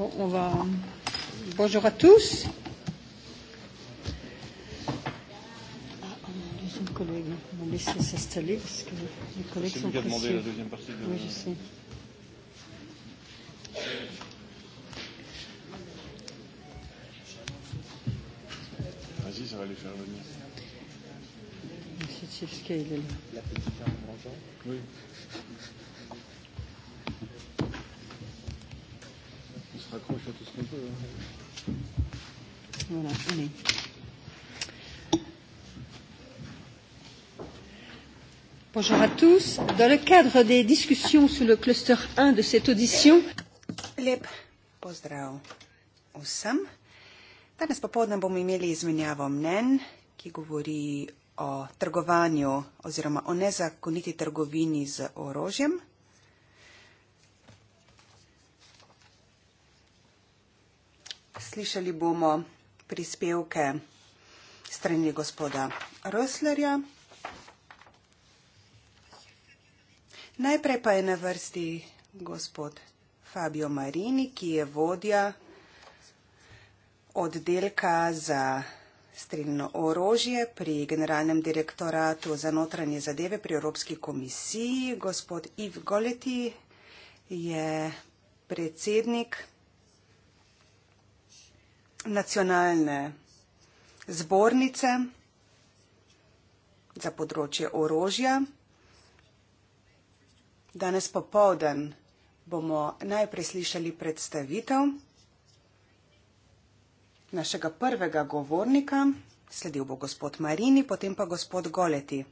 Bon, on va. Bonjour à tous. Ah, on a un deuxième collègue. On va laisser s'installer parce que les collègues sont précieux. demandé la deuxième partie de... Oui, je sais. Vas-y, ça va les faire venir. Monsieur Tchevskaya, il est là. La petite femme en Oui. Unii. Bonjour à tous. Dans le cadre des discussions sur le cluster 1 de cette audition, Lep pozdrav vsem. Danes popovdne bomo imeli izmenjavo mnen, ki govori o trgovanju oziroma o nezakoniti trgovini z orožjem. Slišali bomo prispevke strani gospoda Roslerja. Najprej pa je na vrsti gospod Fabio Marini, ki je vodja oddelka za strelno orožje pri Generalnem direktoratu za notranje zadeve pri Evropski komisiji. Gospod Iv Goleti je predsednik nacionalne zbornice za področje orožja. Danes popovden bomo najprej slišali predstavitev našega prvega govornika, sledil bo gospod Marini, potem pa gospod Goleti.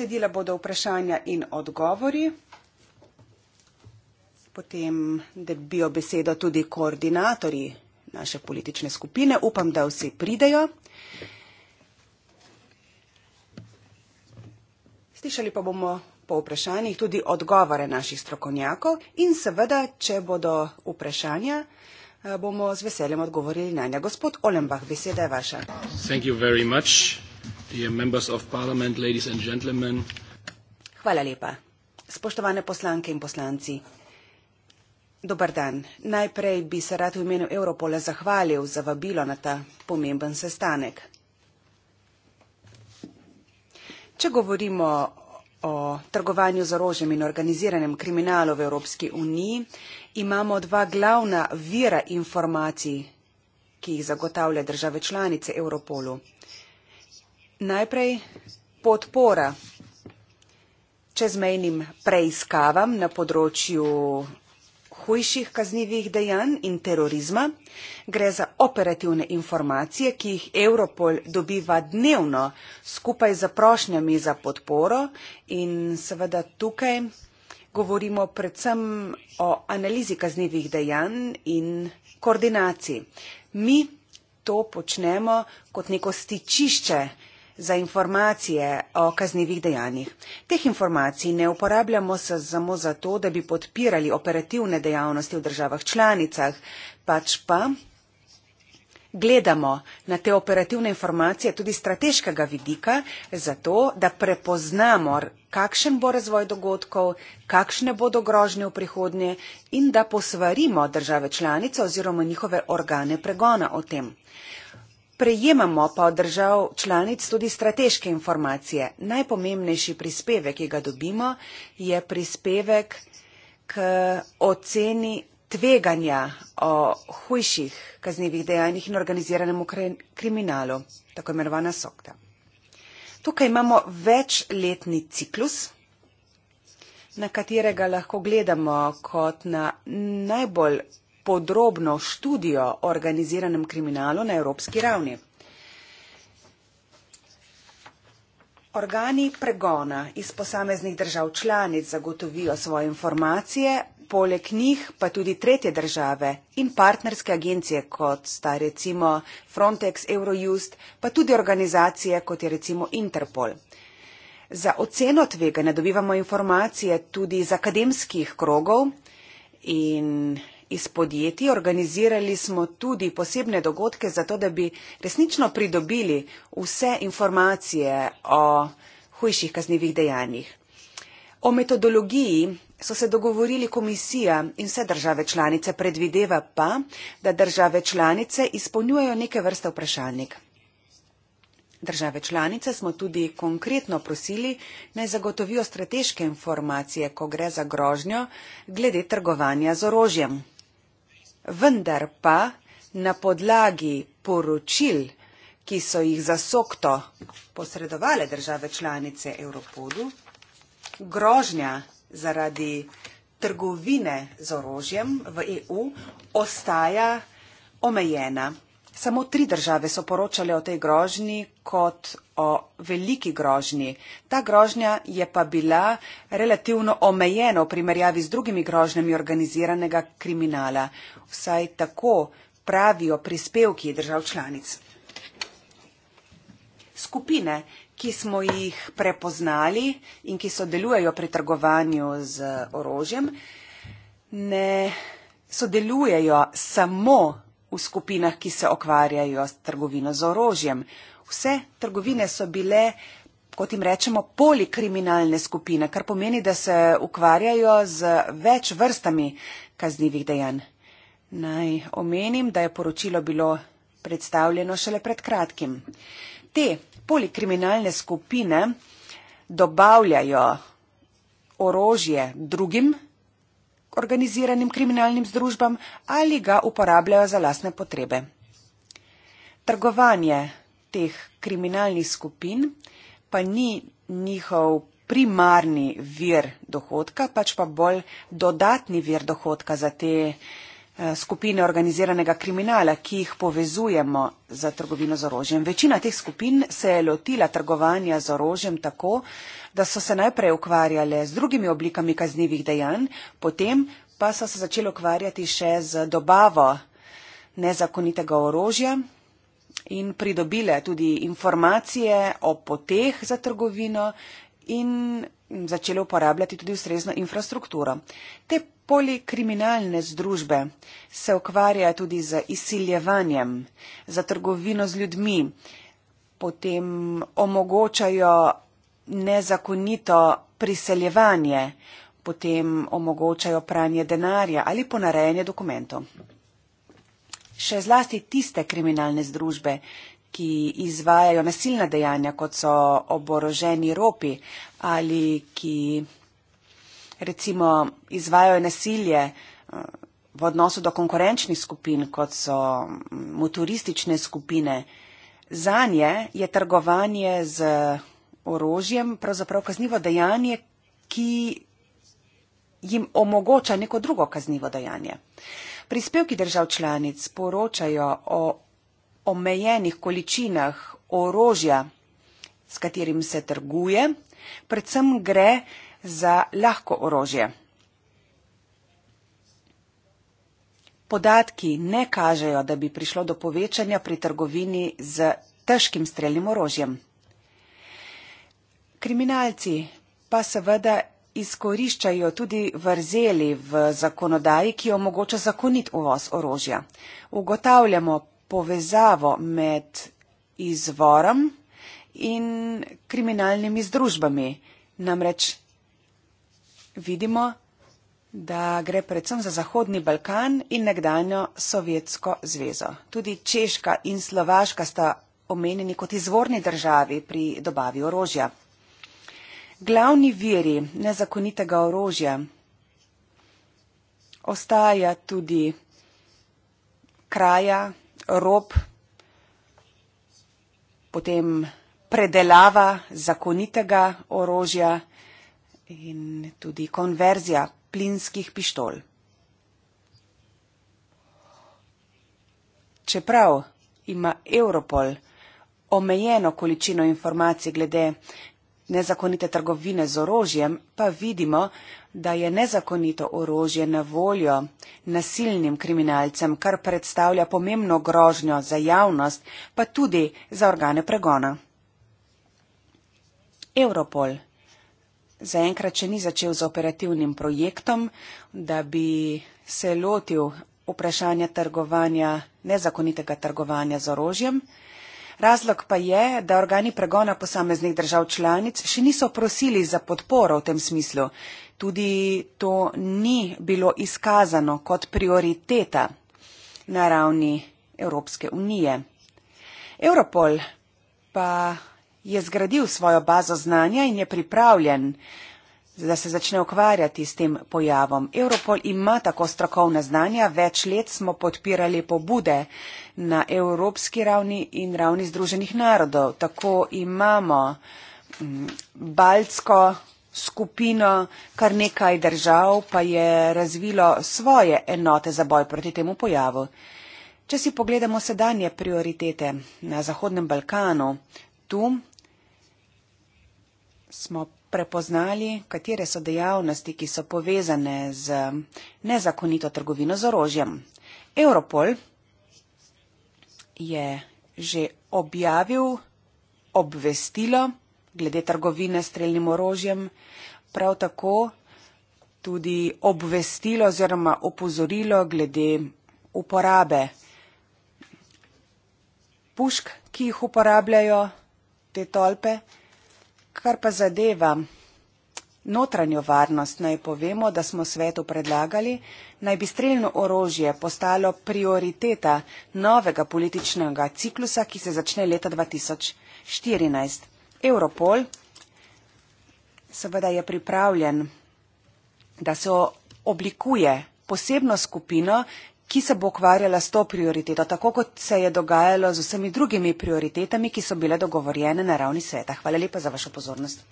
Sledila bodo vprašanja in odgovori potem dobijo besedo tudi koordinatorji naše politične skupine. Upam, da vsi pridejo. Slišali pa bomo po vprašanjih tudi odgovore naših strokovnjakov in seveda, če bodo vprašanja, eh, bomo z veseljem odgovorili na nje. Gospod Olembah, beseda je vaša. Hvala lepa. Spoštovane poslanke in poslanci, Dobar dan. Najprej bi se rad v imenu Europola zahvalil za vabilo na ta pomemben sestanek. Če govorimo o trgovanju z orožjem in organiziranem kriminalu v Evropski uniji, imamo dva glavna vira informacij, ki jih zagotavlja države članice Europolu. Najprej podpora čezmejnim preiskavam na področju hujših kaznjivih dejanj in terorizma. Gre za operativne informacije, ki jih Europol dobiva dnevno skupaj z prošnjami za podporo in seveda tukaj govorimo predvsem o analizi kaznjivih dejanj in koordinaciji. Mi to počnemo kot neko stičišče za informacije o kaznjivih dejanjih. Teh informacij ne uporabljamo se samo zato, da bi podpirali operativne dejavnosti v državah članicah, pač pa gledamo na te operativne informacije tudi strateškega vidika, zato da prepoznamo, kakšen bo razvoj dogodkov, kakšne bodo grožnje v prihodnje in da posvarimo države članice oziroma njihove organe pregona o tem prejemamo pa od držav članic tudi strateške informacije. Najpomembnejši prispevek, ki ga dobimo, je prispevek k oceni tveganja o hujših kaznjivih dejanjih in organiziranemu kriminalu, tako imenovana SOKTA. Tukaj imamo večletni ciklus, na katerega lahko gledamo kot na najbolj podrobno študijo o organiziranem kriminalu na evropski ravni. Organi pregona iz posameznih držav članic zagotovijo svoje informacije, poleg njih pa tudi tretje države in partnerske agencije, kot sta recimo Frontex, Eurojust, pa tudi organizacije, kot je recimo Interpol. Za oceno tvega ne dobivamo informacije tudi iz akademskih krogov in iz podjetij, organizirali smo tudi posebne dogodke, zato da bi resnično pridobili vse informacije o hujših kaznjivih dejanjih. O metodologiji so se dogovorili komisija in vse države članice, predvideva pa, da države članice izpolnjujejo neke vrste vprašalnik. Države članice smo tudi konkretno prosili, naj zagotovijo strateške informacije, ko gre za grožnjo glede trgovanja z orožjem vendar pa na podlagi poročil, ki so jih za sokto posredovale države članice Europodu, grožnja zaradi trgovine z orožjem v EU ostaja omejena. Samo tri države so poročale o tej grožnji kot o veliki grožnji. Ta grožnja je pa bila relativno omejena v primerjavi z drugimi grožnjami organiziranega kriminala. Vsaj tako pravijo prispevki držav članic. Skupine, ki smo jih prepoznali in ki sodelujejo pri trgovanju z orožjem, ne sodelujejo samo v skupinah, ki se okvarjajo s trgovino z orožjem. Vse trgovine so bile, kot jim rečemo, polikriminalne skupine, kar pomeni, da se ukvarjajo z več vrstami kaznjivih dejanj. Naj omenim, da je poročilo bilo predstavljeno šele pred kratkim. Te polikriminalne skupine dobavljajo orožje drugim organiziranim kriminalnim združbam ali ga uporabljajo za lasne potrebe. Trgovanje teh kriminalnih skupin pa ni njihov primarni vir dohodka, pač pa bolj dodatni vir dohodka za te eh, skupine organiziranega kriminala, ki jih povezujemo za trgovino z orožjem. Večina teh skupin se je lotila trgovanja z orožjem tako, da so se najprej ukvarjale z drugimi oblikami kaznjivih dejanj, potem pa so se začeli ukvarjati še z dobavo nezakonitega orožja in pridobile tudi informacije o poteh za trgovino in začele uporabljati tudi ustrezno infrastrukturo. Te polikriminalne združbe se ukvarjajo tudi z izsiljevanjem, za trgovino z ljudmi, potem omogočajo nezakonito priseljevanje, potem omogočajo pranje denarja ali ponarejanje dokumentov. Še zlasti tiste kriminalne združbe, ki izvajajo nasilna dejanja, kot so oboroženi ropi ali ki recimo izvajajo nasilje eh, v odnosu do konkurenčnih skupin, kot so mm, motoristične skupine. Za nje je trgovanje z orožjem, pravzaprav kaznivo dejanje, ki jim omogoča neko drugo kaznivo dejanje. Prispevki držav članic poročajo o omejenih količinah orožja, s katerim se trguje, predvsem gre za lahko orožje. Podatki ne kažejo, da bi prišlo do povečanja pri trgovini z težkim streljnim orožjem. Kriminalci pa seveda izkoriščajo tudi vrzeli v zakonodaji, ki omogoča zakonit uvoz orožja. Ugotavljamo povezavo med izvorom in kriminalnimi združbami. Namreč vidimo, da gre predvsem za Zahodni Balkan in nekdanjo Sovjetsko zvezo. Tudi Češka in Slovaška sta omenjeni kot izvorni državi pri dobavi orožja glavni viri nezakonitega orožja ostaja tudi kraja, rob, potem predelava zakonitega orožja in tudi konverzija plinskih pištol. Čeprav ima Europol omejeno količino informacij glede nezakonite trgovine z orožjem, pa vidimo, da je nezakonito orožje na voljo nasilnim kriminalcem, kar predstavlja pomembno grožnjo za javnost, pa tudi za organe pregona. Europol. Zaenkrat, če ni začel z operativnim projektom, da bi se lotil vprašanja trgovanja, nezakonitega trgovanja z orožjem, Razlog pa je, da organi pregona posameznih držav članic še niso prosili za podporo v tem smislu. Tudi to ni bilo izkazano kot prioriteta na ravni Evropske unije. Europol pa je zgradil svojo bazo znanja in je pripravljen da se začne ukvarjati s tem pojavom. Europol ima tako strokovna znanja, več let smo podpirali pobude na evropski ravni in ravni Združenih narodov. Tako imamo mm, Baltsko skupino, kar nekaj držav pa je razvilo svoje enote za boj proti temu pojavu. Če si pogledamo sedanje prioritete na Zahodnem Balkanu, tu smo prepoznali, katere so dejavnosti, ki so povezane z nezakonito trgovino z orožjem. Europol je že objavil obvestilo glede trgovine streljnim orožjem, prav tako tudi obvestilo oziroma upozorilo glede uporabe pušk, ki jih uporabljajo te tolpe. Kar pa zadeva notranjo varnost, naj povemo, da smo svetu predlagali, naj bi streljno orožje postalo prioriteta novega političnega ciklusa, ki se začne leta 2014. Europol seveda je pripravljen, da se oblikuje posebno skupino, ki se bo ukvarjala s to prioriteto, tako kot se je dogajalo z vsemi drugimi prioritetami, ki so bile dogovorjene na ravni sveta. Hvala lepa za vašo pozornost.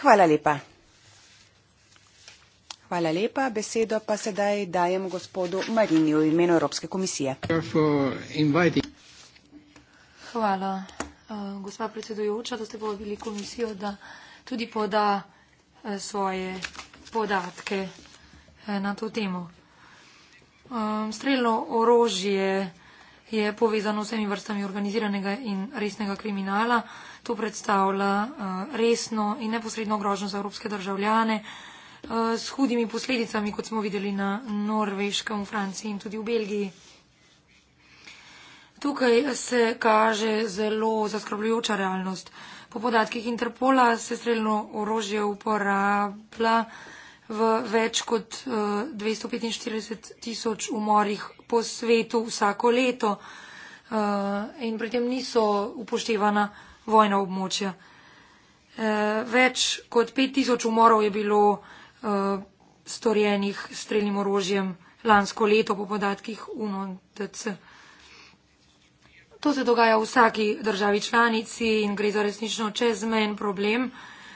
Hvala lepa. Hvala lepa. Besedo pa sedaj dajem gospodu Marinju v imenu Evropske komisije. Hvala, uh, gospa predsedujoča, da ste povabili komisijo, da tudi poda eh, svoje podatke eh, na to temo. Ehm, strelno orožje je povezano z vsemi vrstami organiziranega in resnega kriminala. To predstavlja eh, resno in neposredno grožnjo za evropske državljane s hudimi posledicami, kot smo videli na Norveškem, v Franciji in tudi v Belgiji. Tukaj se kaže zelo zaskrbljujoča realnost. Po podatkih Interpola se streljno orožje uporablja v več kot 245 eh, tisoč umorih po svetu vsako leto eh, in pri tem niso upoštevana vojna območja. Eh, več kot 5 tisoč umorov je bilo storjenih streljnim orožjem lansko leto po podatkih UNODC. To se dogaja v vsaki državi članici in gre za resnično čezmen problem.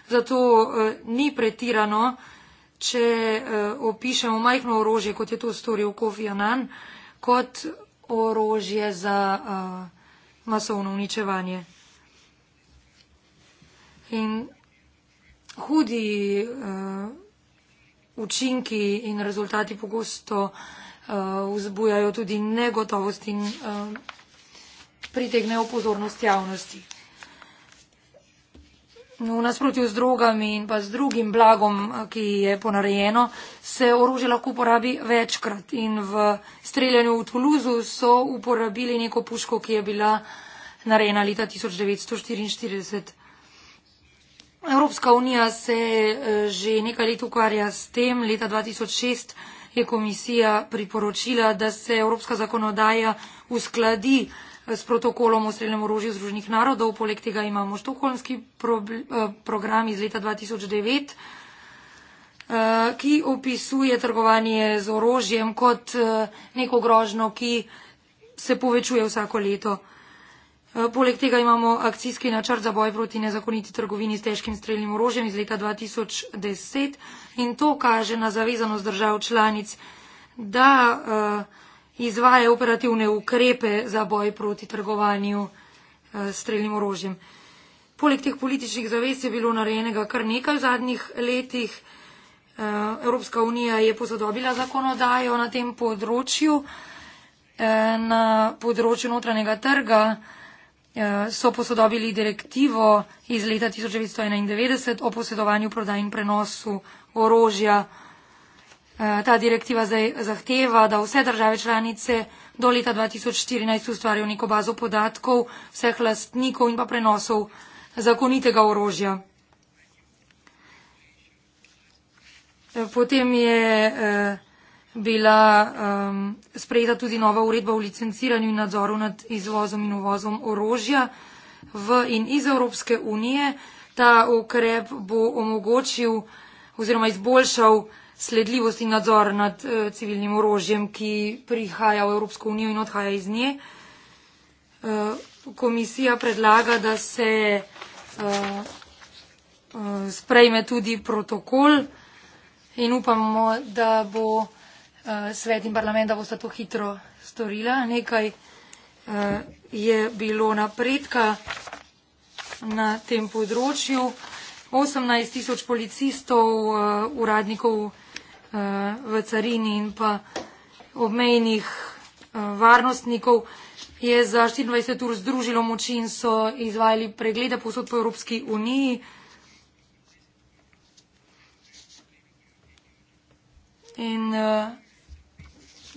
Zato eh, ni pretirano, če eh, opišemo majhno orožje, kot je to storil Kofi Anan, kot orožje za eh, masovno uničevanje. In hudi eh, učinki in rezultati pogosto eh, vzbujajo tudi negotovost in. Eh, pritegnejo pozornost javnosti. V nasprotju z drogami in pa z drugim blagom, ki je ponarejeno, se orožje lahko uporabi večkrat. In v streljanju v Toulouse so uporabili neko puško, ki je bila narejena leta 1944. Evropska unija se eh, že nekaj let ukvarja s tem. Leta 2006 je komisija priporočila, da se evropska zakonodaja uskladi s protokolom o streljnem orožju Združenih narodov. Poleg tega imamo štokholmski eh, program iz leta 2009, eh, ki opisuje trgovanje z orožjem kot eh, neko grožno, ki se povečuje vsako leto. Poleg tega imamo akcijski načrt za boj proti nezakoniti trgovini s težkim streljnim orožjem iz leta 2010 in to kaže na zavezanost držav članic, da uh, izvaja operativne ukrepe za boj proti trgovanju eh, s streljnim orožjem. Poleg teh političnih zavez je bilo narejenega kar nekaj v zadnjih letih. Eh, Evropska unija je posodobila zakonodajo na tem področju. Eh, na področju notranjega trga so posodobili direktivo iz leta 1991 o posedovanju, prodaji in prenosu orožja Eh, ta direktiva zdaj zahteva, da vse države članice do leta 2014 ustvarijo neko bazo podatkov vseh lastnikov in pa prenosov zakonitega orožja. Eh, potem je eh, bila um, sprejeta tudi nova uredba o licenciranju in nadzoru nad izvozom in uvozom orožja v in iz Evropske unije. Ta ukrep bo omogočil oziroma izboljšal uh, sledljivost in nadzor nad uh, civilnim orožjem, ki prihaja v Evropsko unijo in odhaja iz nje. Uh, komisija predlaga, da se uh, uh, sprejme tudi protokol in upamo, da bo uh, svet in parlament, da bosta to hitro storila. Nekaj uh, je bilo napredka na tem področju. 18 tisoč policistov, uh, uradnikov, uh, v carini in pa obmejnih uh, varnostnikov, je za 24 ur združilo moči in so izvajali preglede posod po Evropski uniji. In uh,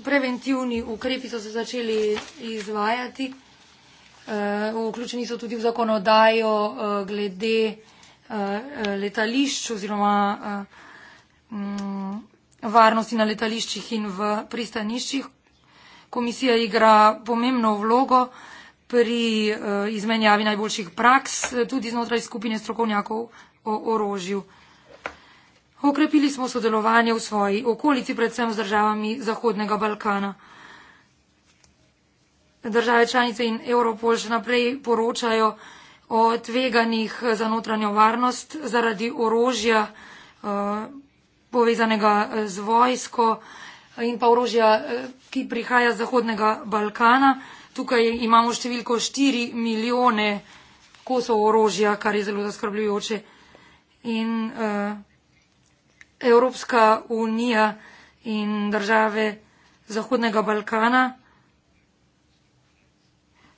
preventivni ukrepi so se začeli izvajati. Uh, vključeni so tudi v zakonodajo uh, glede uh, letališč oziroma uh, varnosti na letališčih in v pristaniščih. Komisija igra pomembno vlogo pri eh, izmenjavi najboljših praks, eh, tudi znotraj skupine strokovnjakov o orožju. Okrepili smo sodelovanje v svoji okolici, predvsem z državami Zahodnega Balkana. Države članice in Europol še naprej poročajo o tveganjih za notranjo varnost zaradi orožja. Uh, povezanega eh, z vojsko eh, in pa orožja, eh, ki prihaja z Zahodnega Balkana. Tukaj imamo številko 4 milijone kosov orožja, kar je zelo zaskrbljujoče. In uh, Evropska unija in države Zahodnega Balkana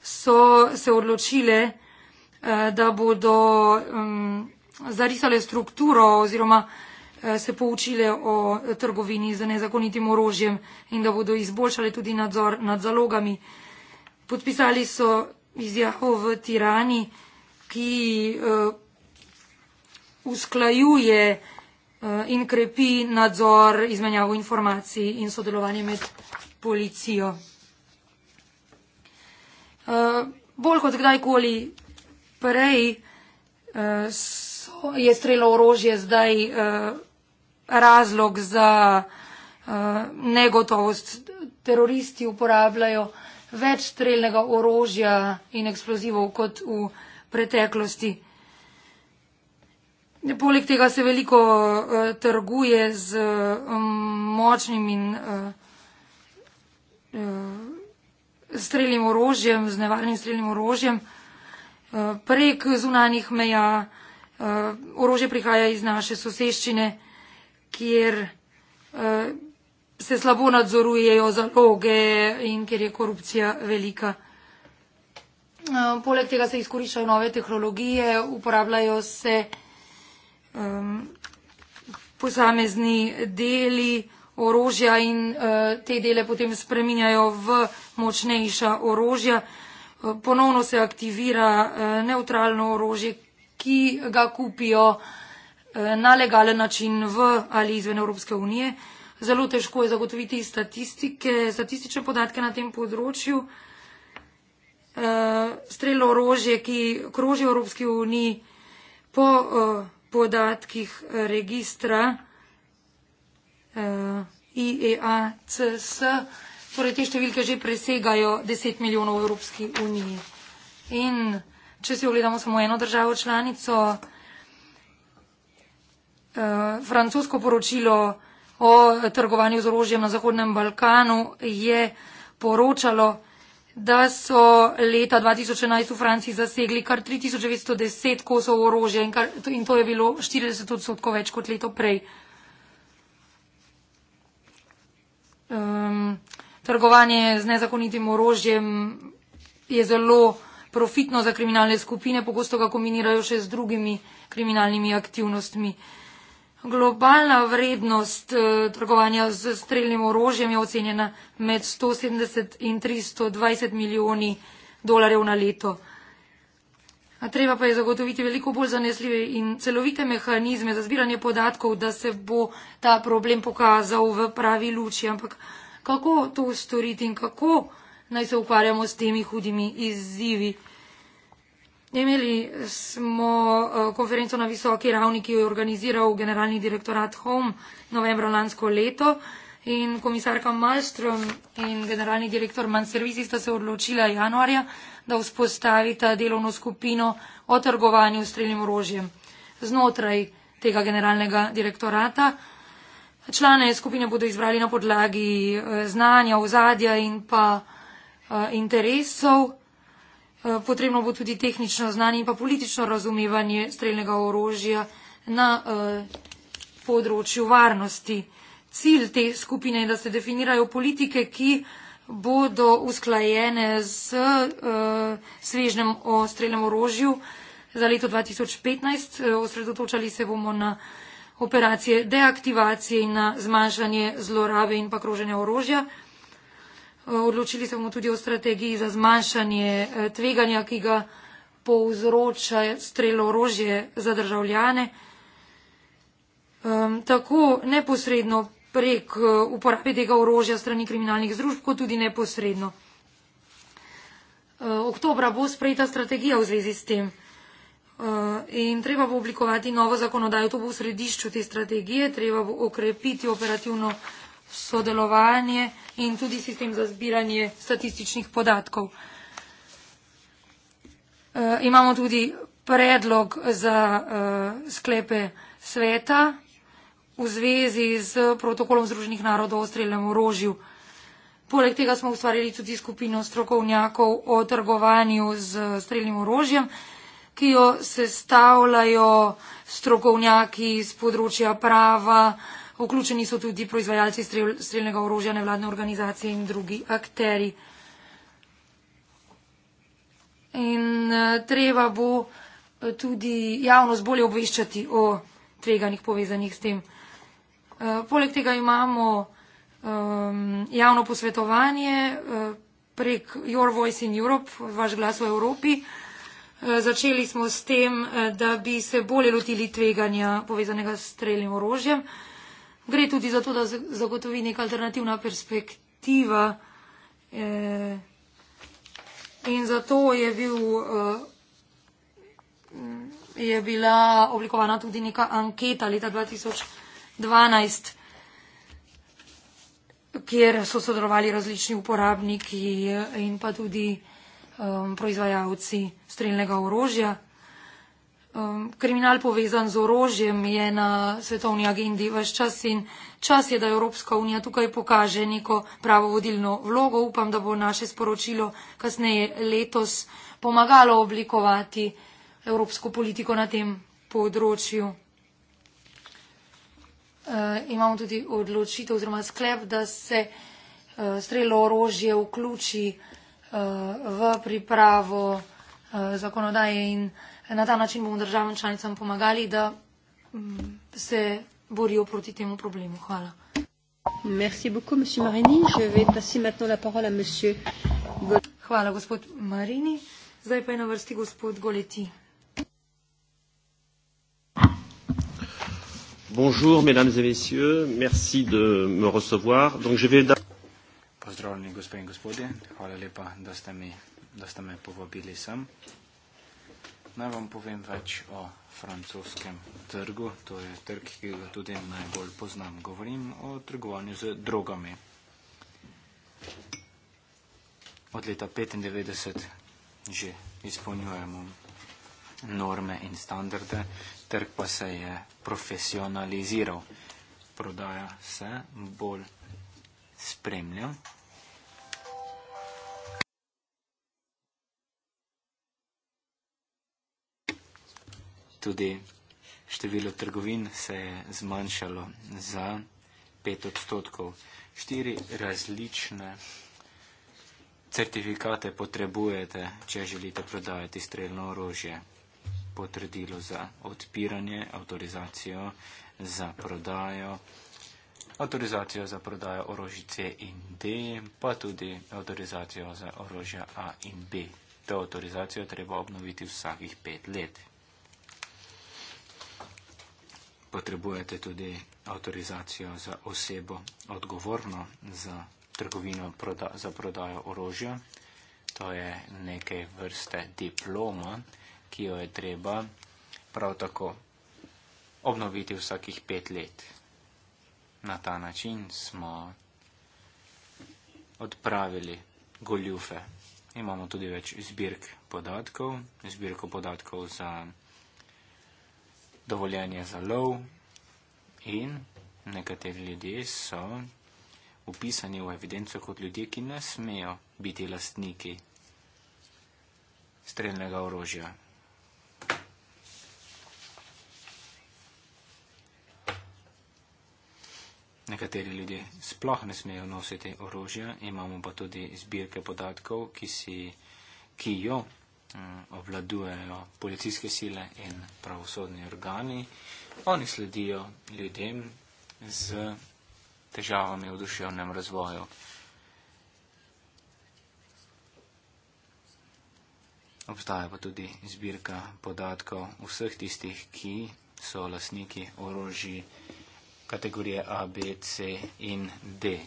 so se odločile, uh, da bodo um, zarisale strukturo oziroma uh, Eh, se poučile o trgovini z nezakonitim orožjem in da bodo izboljšale tudi nadzor nad zalogami. Podpisali so izjavo v Tirani, ki uh, usklajuje uh, in krepi nadzor izmenjavo informacij in sodelovanje med policijo. Uh, bolj kot kdajkoli prej uh, so, je strelo orožje zdaj uh, razlog za eh, negotovost. Teroristi uporabljajo več strelnega orožja in eksplozivov kot v preteklosti. Poleg tega se veliko eh, trguje z mm, močnim in eh, strelnim orožjem, z nevarnim strelnim orožjem. Prek zunanih meja orožje prihaja iz naše soseščine kjer uh, se slabo nadzorujejo zaloge in kjer je korupcija velika. Eh, poleg tega se izkoriščajo nove tehnologije, uporabljajo se um, posamezni deli orožja in uh, te dele potem spreminjajo v močnejša orožja. Uh, ponovno se aktivira uh, neutralno orožje, ki ga kupijo uh, Eh, na legalen način v ali izven Evropske unije. Zelo težko je zagotoviti statistike, statistične podatke na tem področju. Eh, strelo orožje, ki kroži v Evropski uniji po eh, podatkih registra IEACS, torej te številke že presegajo 10 milijonov v Evropski uniji. In če si ogledamo samo eno državo članico, Eh, francosko poročilo o trgovanju z orožjem na Zahodnem Balkanu je poročalo, da so leta 2011 v Franciji zasegli kar 3910 kosov orožja in, kar, in to je bilo 40 odstotkov več kot leto prej. Um, trgovanje z nezakonitim orožjem je zelo profitno za kriminalne skupine, pogosto ga kombinirajo še z drugimi kriminalnimi aktivnostmi. Uh, Globalna vrednost uh, trgovanja z streljnim orožjem je ocenjena med 170 in 320 milijoni dolarjev na leto. A treba pa je zagotoviti veliko bolj zanesljive in celovite mehanizme za zbiranje podatkov, da se bo ta problem pokazal v pravi luči. Ampak kako to storiti in kako naj se ukvarjamo s temi hudimi izzivi? Imeli smo eh, konferenco na visoki ravni, ki jo je organiziral generalni direktorat Home novembra lansko leto in komisarka Malmström in generalni direktor Manservisi sta se odločila januarja, da vzpostavita delovno skupino o trgovanju strelnim orožjem znotraj tega generalnega direktorata. Člane skupine bodo izbrali na podlagi eh, znanja, ozadja in pa eh, interesov. Eh, potrebno bo tudi tehnično znanje in pa politično razumevanje streljnega orožja na eh, področju varnosti. Cilj te skupine je, da se definirajo politike, ki bodo usklajene s eh, svežnem o streljnem orožju za leto 2015. Osredotočali se bomo na operacije deaktivacije in na zmanjšanje zlorabe in pa kroženja orožja. Odločili se bomo tudi o strategiji za zmanjšanje eh, tveganja, ki ga povzroča strelo orožje za državljane. Ehm, tako neposredno prek eh, uporabe tega orožja strani kriminalnih združb, kot tudi neposredno. Eh, oktobra bo sprejeta strategija v zvezi s tem in treba bo oblikovati novo zakonodajo. To bo v središču te strategije, treba bo okrepiti operativno sodelovanje in tudi sistem za zbiranje statističnih podatkov. E, imamo tudi predlog za e, sklepe sveta v zvezi z protokolom Združenih narodov o streljnem orožju. Poleg tega smo ustvarili tudi skupino strokovnjakov o trgovanju z streljnim orožjem, ki jo sestavljajo strokovnjaki iz področja prava, Vključeni so tudi proizvajalci strel, strelnega orožja, nevladne organizacije in drugi akteri. In eh, treba bo eh, tudi javnost bolje obveščati o tveganjih povezanih s tem. Eh, poleg tega imamo ehm, javno posvetovanje prek Your Voice in Europe, vaš glas v Evropi. Začeli smo s tem, da bi se bolje lotili tveganja povezanega s strelnim orožjem gre tudi za to, da zagotovi neka alternativna perspektiva. Eh, in zato je, bil, eh, je bila oblikovana tudi neka anketa leta 2012, kjer so sodelovali različni uporabniki in pa tudi eh, proizvajalci strelnega orožja. Um, kriminal povezan z orožjem je na svetovni agendi vse čas in čas je, da Evropska unija tukaj pokaže neko pravo vodilno vlogo. Upam, da bo naše sporočilo kasneje letos pomagalo oblikovati evropsko politiko na tem področju. Uh, imamo tudi odločitev oziroma sklep, da se uh, strelo orožje vključi uh, v pripravo uh, zakonodaje in uh, na ta način bomo državam članicam pomagali, da mm, se borijo proti temu problemu. Hvala. Merci beaucoup, monsieur Marini. Je vais passer maintenant la parole à monsieur Goleti. Hvala, gospod Marini. Zdaj pa je na vrsti gospod Goleti. Bonjour, mesdames et messieurs. Merci de me recevoir. Donc, je vais... Pozdravljeni, gospe in gospodje. Hvala lepa, da ste, mi, da ste me povabili sem. Naj vam povem več o francoskem trgu. To je trg, ki ga tudi najbolj poznam. Govorim o trgovanju z drogami. Od leta 1995 že izpolnjujemo norme in standarde, trg pa se je profesionaliziral. Prodaja se bolj spremlja, Tudi število trgovin se je zmanjšalo za pet odstotkov. Štiri različne certifikate potrebujete, če želite prodajati streljno orožje. Potrdilo za odpiranje, avtorizacijo za prodajo, avtorizacijo za prodajo orožje C in D, pa tudi avtorizacijo za orožje A in B. To avtorizacijo treba obnoviti vsakih pet let potrebujete tudi avtorizacijo za osebo odgovorno za trgovino proda, za prodajo orožja. To je nekaj vrste diploma, ki jo je treba prav tako obnoviti vsakih pet let. Na ta način smo odpravili goljufe. Imamo tudi več zbirk podatkov, zbirko podatkov za dovoljenje za lov in nekateri ljudje so upisani v evidenco kot ljudje, ki ne smejo biti lastniki streljnega orožja. Nekateri ljudje sploh ne smejo nositi orožja, imamo pa tudi zbirke podatkov, ki, si, ki jo Eh, obvladujejo policijske sile in pravosodni organi. Oni sledijo ljudem z težavami v duševnem razvoju. Obstaja pa tudi zbirka podatkov vseh tistih, ki so lasniki orožij kategorije A, B, C in D.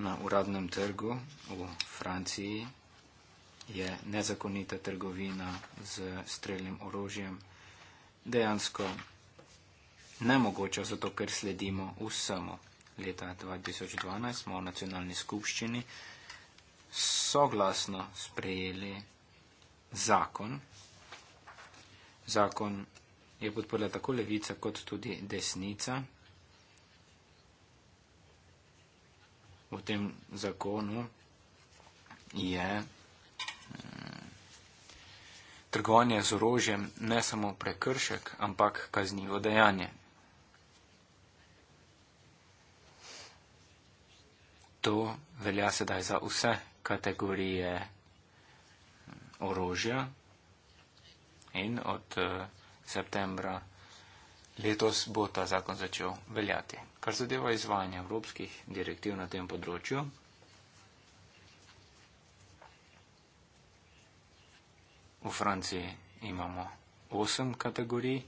na uradnem trgu v Franciji je nezakonita trgovina z streljnim orožjem dejansko nemogoča, zato ker sledimo vsemu. Leta 2012 smo v nacionalni skupščini soglasno sprejeli zakon. Zakon je podprla tako levica kot tudi desnica. v tem zakonu je eh, trgovanje z orožjem ne samo prekršek, ampak kaznivo dejanje. To velja sedaj za vse kategorije eh, orožja in od eh, septembra letos bo ta zakon začel veljati. Kar zadeva izvajanje evropskih direktiv na tem področju, v Franciji imamo 8 kategorij,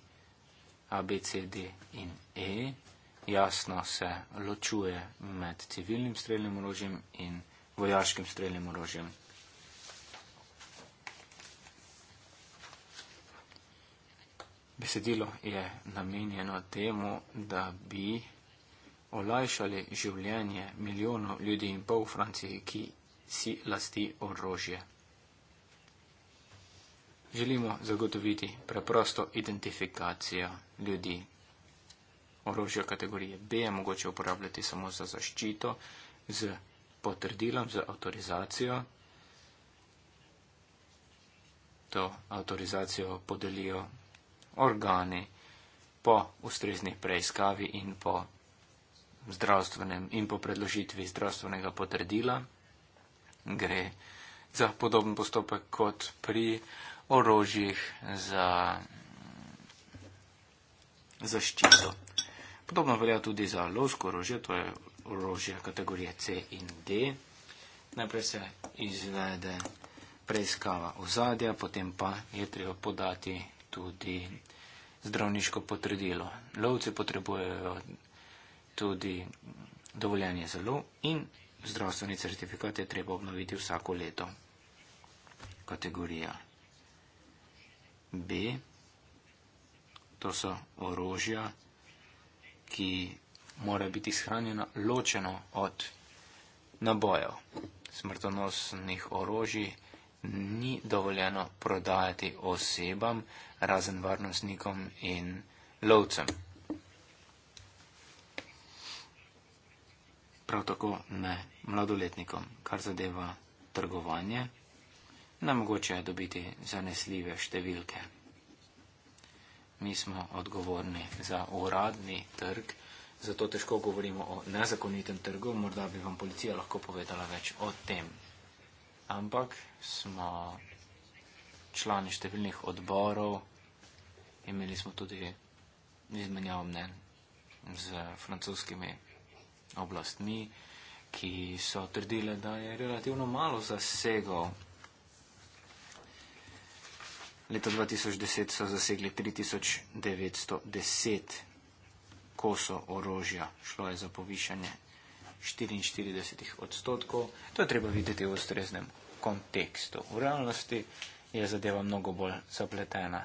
A, B, C, D in E. Jasno se ločuje med civilnim streljnim orožjem in vojaškim streljnim orožjem. Besedilo je namenjeno temu, da bi olajšali življenje milijonov ljudi in pol v Franciji, ki si lasti orožje. Želimo zagotoviti preprosto identifikacijo ljudi. Orožje kategorije B je mogoče uporabljati samo za zaščito, z potrdilom, z avtorizacijo. To avtorizacijo podelijo organi po ustrezni preiskavi in po zdravstvenem in po predložitvi zdravstvenega potrdila. Gre za podoben postopek kot pri orožjih za zaščito. Podobno velja tudi za lovsko orožje, to je orožje kategorije C in D. Najprej se izvede preiskava ozadja, potem pa je treba podati tudi zdravniško potrdilo. Lovci potrebujejo tudi dovoljenje za lov in zdravstveni certifikat je treba obnoviti vsako leto. Kategorija B. To so orožja, ki mora biti shranjena ločeno od nabojev smrtonosnih orožij ni dovoljeno prodajati osebam, razen varnostnikom in lovcem. Prav tako ne mladoletnikom, kar zadeva trgovanje, ne mogoče je dobiti zanesljive številke. Mi smo odgovorni za uradni trg, zato težko govorimo o nezakonitem trgu, morda bi vam policija lahko povedala več o tem ampak smo člani številnih odborov, imeli smo tudi izmenjavo mnen z francoskimi oblastmi, ki so trdile, da je relativno malo zasegov. Leta 2010 so zasegli 3910 kosov orožja, šlo je za povišanje 44 odstotkov. To je treba videti v ustreznem kontekstu. V realnosti je zadeva mnogo bolj zapletena.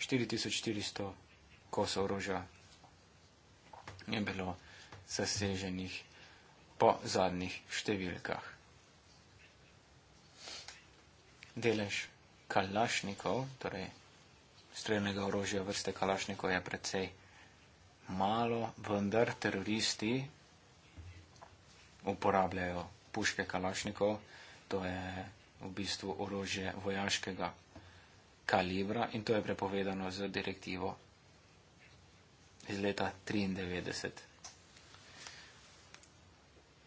4400 kosov orožja je bilo zaseženih po zadnjih številkah. Delež kalašnikov, torej strelnega orožja vrste kalašnikov je precej malo, vendar teroristi uporabljajo puške kalašnikov, to je v bistvu orožje vojaškega kalibra in to je prepovedano z direktivo iz leta 1993.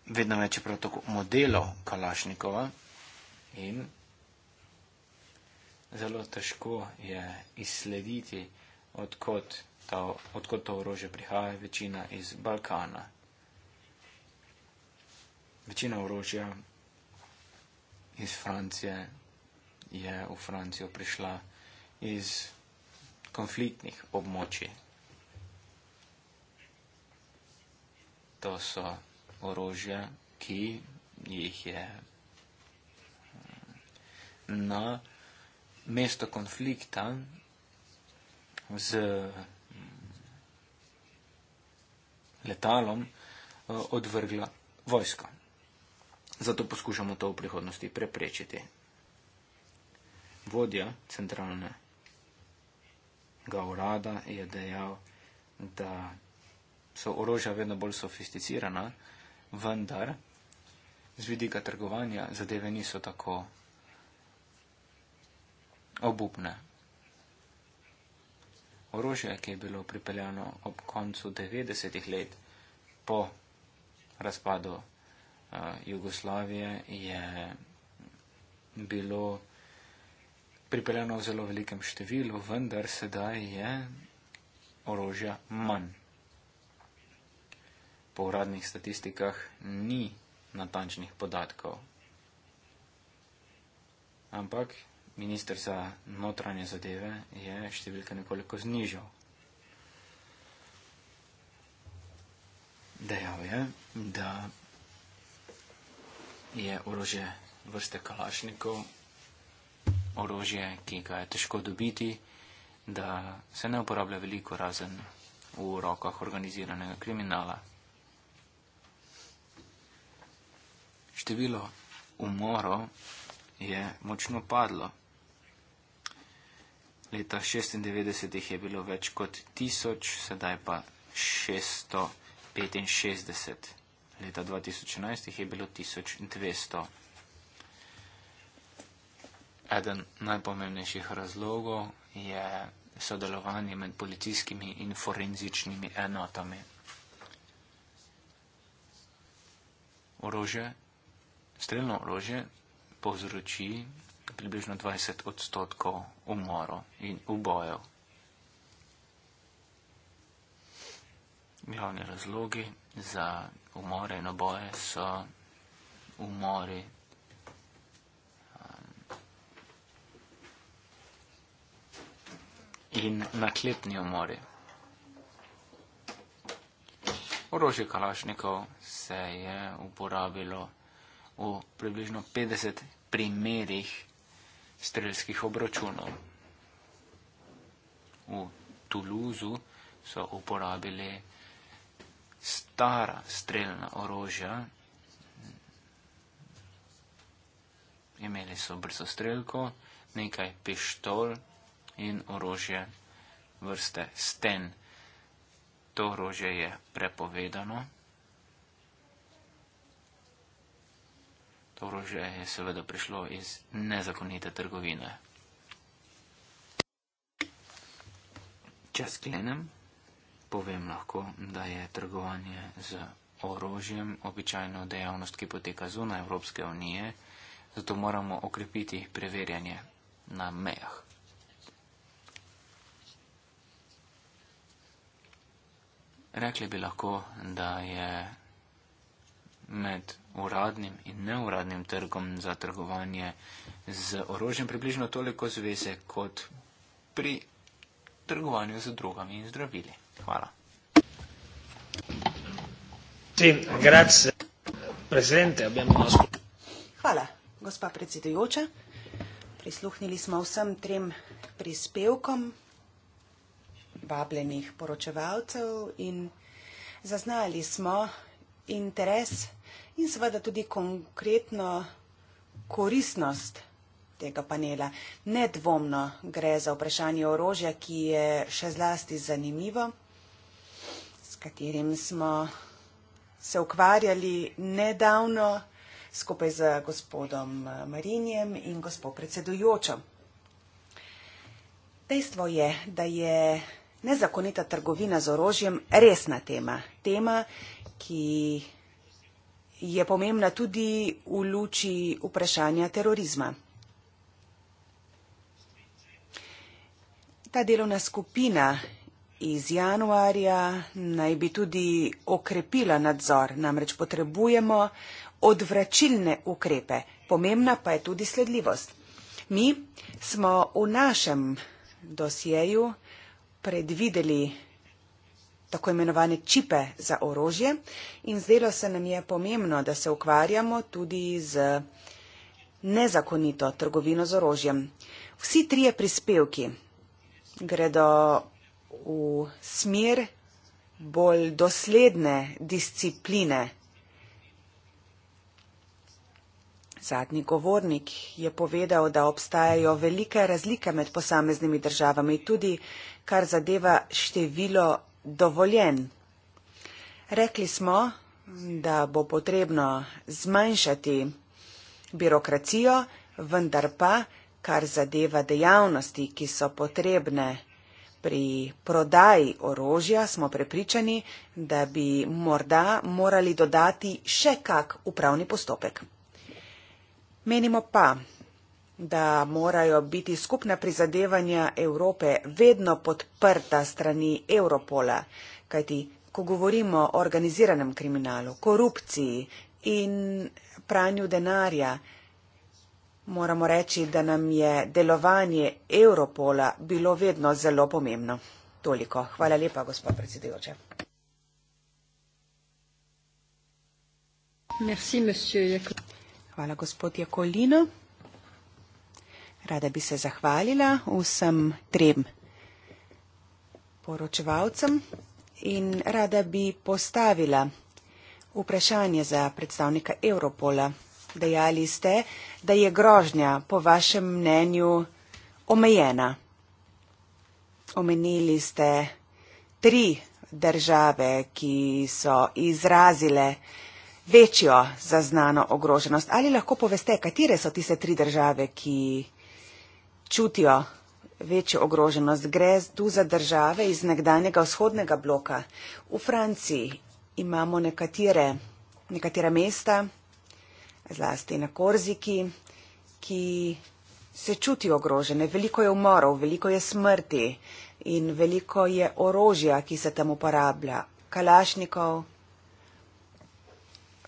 Vedno več je protokol modelov kalašnikova in zelo težko je izslediti, odkot, ta, odkot to orožje prihaja, večina iz Balkana večina orožja iz Francije je v Francijo prišla iz konfliktnih območij. To so orožja, ki jih je eh, na mesto konflikta z mm, letalom eh, odvrgla vojska. Zato poskušamo to v prihodnosti preprečiti. Vodja centralnega urada je dejal, da so orožja vedno bolj sofisticirana, vendar z vidika trgovanja zadeve niso tako obupne. Orožje, ki je bilo pripeljano ob koncu 90-ih let po razpadu Jugoslavije je bilo pripeljano v zelo velikem številu, vendar sedaj je orožja manj. Po uradnih statistikah ni natančnih podatkov. Ampak minister za notranje zadeve je številka nekoliko znižal. Dejal je, da je orožje vrste kalašnikov, orožje, ki ga je težko dobiti, da se ne uporablja veliko razen v rokah organiziranega kriminala. Število umorov je močno padlo. Leta 96 jih je bilo več kot tisoč, sedaj pa 665 leta 2011 jih je bilo 1200. Eden najpomembnejših razlogov je sodelovanje med policijskimi in forenzičnimi enotami. Orože, strelno orože povzroči približno 20 odstotkov umorov in ubojev. glavni razlogi za umore in oboje so umori. Um, in naklepni umori. Orožje kalašnikov se je uporabilo v približno 50 primerih strelskih obračunov. V Tuluzu so uporabili stara strelna orožja. Imeli so brzo strelko, nekaj pištol in orožje vrste sten. To orožje je prepovedano. To orožje je seveda prišlo iz nezakonite trgovine. Če sklenem povem lahko, da je trgovanje z orožjem običajno dejavnost, ki poteka zunaj Evropske unije, zato moramo okrepiti preverjanje na mejah. Rekli bi lahko, da je med uradnim in neuradnim trgom za trgovanje z orožjem približno toliko zveze kot pri trgovanju z drogami in zdravili. Hvala. Sì, grazie, presidente. Abbiamo... Hvala, gospa predsedujoča. Prisluhnili smo vsem trem prispevkom vabljenih poročevalcev in zaznali smo interes in seveda tudi konkretno koristnost tega panela. Nedvomno gre za vprašanje orožja, ki je še zlasti zanimivo katerim smo se ukvarjali nedavno skupaj z gospodom eh, Marinjem in gospod predsedujočo. Dejstvo je, da je nezakonita trgovina z orožjem resna tema. Tema, ki je pomembna tudi v luči vprašanja terorizma. Ta delovna skupina iz januarja naj bi tudi okrepila nadzor. Namreč potrebujemo odvračilne ukrepe. Pomembna pa je tudi sledljivost. Mi smo v našem dosjeju predvideli tako imenovane čipe za orožje in zdelo se nam je pomembno, da se ukvarjamo tudi z nezakonito trgovino z orožjem. Vsi trije prispevki gredo v smer bolj dosledne discipline. Zadnji govornik je povedal, da obstajajo velike razlike med posameznimi državami, tudi kar zadeva število dovoljen. Rekli smo, da bo potrebno zmanjšati birokracijo, vendar pa, kar zadeva dejavnosti, ki so potrebne Pri prodaji orožja smo prepričani, da bi morda morali dodati še kak upravni postopek. Menimo pa, da morajo biti skupna prizadevanja Evrope vedno podprta strani Europola, kajti ko govorimo o organiziranem kriminalu, korupciji in pranju denarja, Moramo reči, da nam je delovanje Europola bilo vedno zelo pomembno. Toliko. Hvala lepa, gospod predsedujoče. Merci, Hvala, gospod Jakolino. Rada bi se zahvalila vsem trem poročevalcem in rada bi postavila vprašanje za predstavnika Europola. Dejali ste, da je grožnja po vašem mnenju omejena. Omenili ste tri države, ki so izrazile večjo zaznano ogroženost. Ali lahko poveste, katere so tiste tri države, ki čutijo večjo ogroženost? Gre tu za države iz nekdanjega vzhodnega bloka. V Franciji imamo nekatere, nekatera mesta, zlasti na Korziki, ki se čuti ogrožene. Veliko je umorov, veliko je smrti in veliko je orožja, ki se tam uporablja, kalašnikov.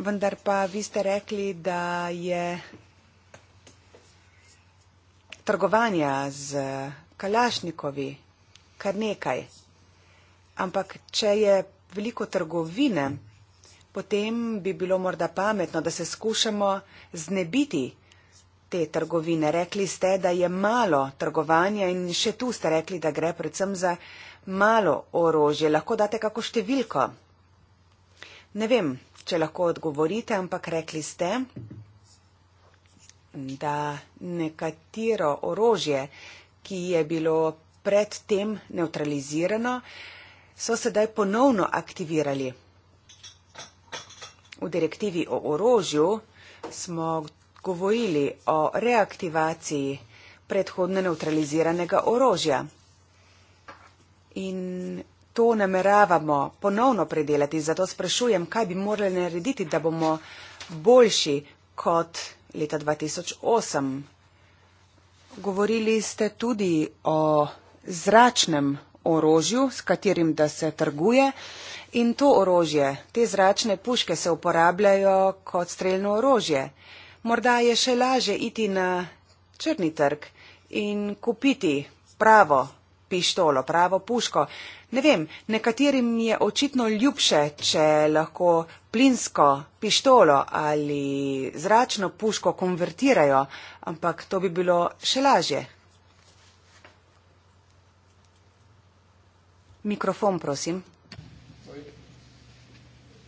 Vendar pa vi ste rekli, da je trgovanja z kalašnikovi kar nekaj. Ampak če je veliko trgovine, potem bi bilo morda pametno, da se skušamo znebiti te trgovine. Rekli ste, da je malo trgovanja in še tu ste rekli, da gre predvsem za malo orožje. Lahko date kako številko? Ne vem, če lahko odgovorite, ampak rekli ste, da nekatero orožje, ki je bilo predtem neutralizirano, so sedaj ponovno aktivirali. V direktivi o orožju smo govorili o reaktivaciji predhodno neutraliziranega orožja. In to nameravamo ponovno predelati, zato sprašujem, kaj bi morali narediti, da bomo boljši kot leta 2008. Govorili ste tudi o zračnem orožju, s katerim da se trguje. Uh, In to orožje, te zračne puške se uporabljajo kot streljno orožje. Morda je še laže iti na črni trg in kupiti pravo pištolo, pravo puško. Ne vem, nekaterim je očitno ljubše, če lahko plinsko pištolo ali zračno puško konvertirajo, ampak to bi bilo še laže. Mikrofon, prosim.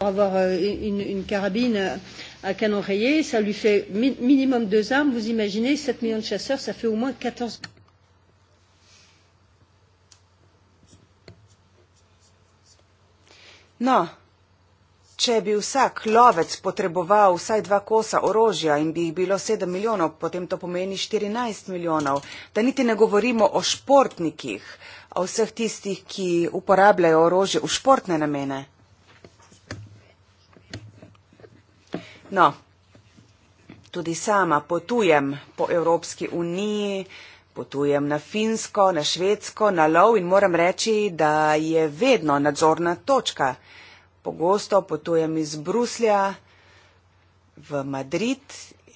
Avoir euh, une, une carabine à canon rayé, ça lui fait mi minimum deux armes. Vous imaginez, 7 millions de chasseurs, ça fait au moins 14. No, če bi vsak lovec potreboval vsaj dva kosa orožja in bi jih bilo 7 milijonov, potem to pomeni 14 milijonov. Da niti ne govorimo o športnikih, o vseh tistih, ki uporabljajo orožje v športne namene. No, tudi sama potujem po Evropski uniji, potujem na Finsko, na Švedsko, na lov in moram reči, da je vedno nadzorna točka. Pogosto potujem iz Bruslja v Madrid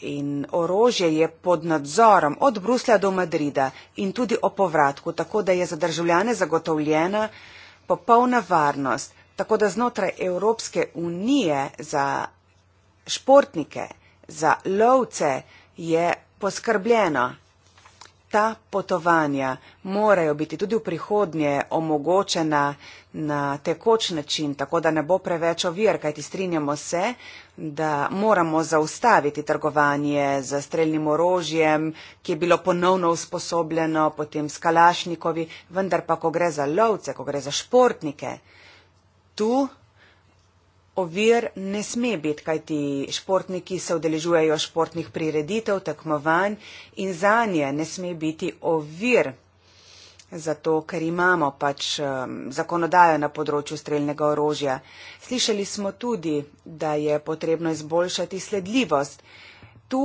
in orožje je pod nadzorom od Bruslja do Madrida in tudi o povratku, tako da je za državljane zagotovljena popolna varnost. Tako da znotraj Evropske unije za športnike, za lovce je poskrbljeno. Ta potovanja morajo biti tudi v prihodnje omogočena na tekoč način, tako da ne bo preveč ovir, kajti strinjamo se, da moramo zaustaviti trgovanje z streljnim orožjem, ki je bilo ponovno usposobljeno potem s kalašnikovi, vendar pa, ko gre za lovce, ko gre za športnike, tu Ovir ne sme biti, kaj ti športniki se odeležujejo športnih prireditev, tekmovanj in za nje ne sme biti ovir. Zato, ker imamo pač um, zakonodajo na področju streljnega orožja. Slišali smo tudi, da je potrebno izboljšati sledljivost. Tu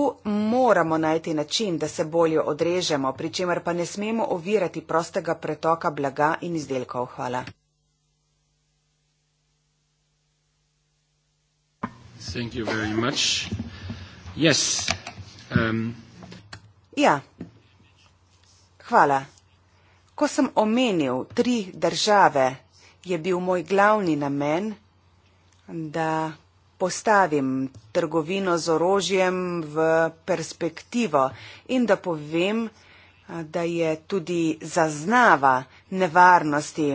moramo najti način, da se bolje odrežemo, pri čemer pa ne smemo ovirati prostega pretoka blaga in izdelkov. Hvala. Thank you very much. Yes. Um. Ja, hvala. Ko sem omenil tri države, je bil moj glavni namen, da postavim trgovino z orožjem v perspektivo in da povem, da je tudi zaznava nevarnosti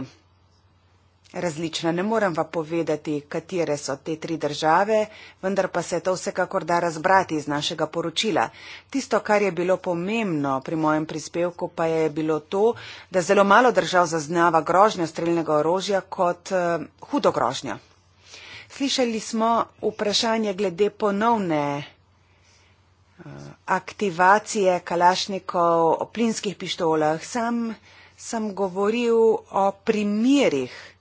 različna. Ne moram pa povedati, katere so te tri države, vendar pa se to vsekakor da razbrati iz našega poročila. Tisto, kar je bilo pomembno pri mojem prispevku, pa je bilo to, da zelo malo držav zaznava grožnjo streljnega orožja kot uh, hudo grožnjo. Slišali smo vprašanje glede ponovne eh, aktivacije kalašnikov o plinskih pištolah. Sam sem govoril o primerih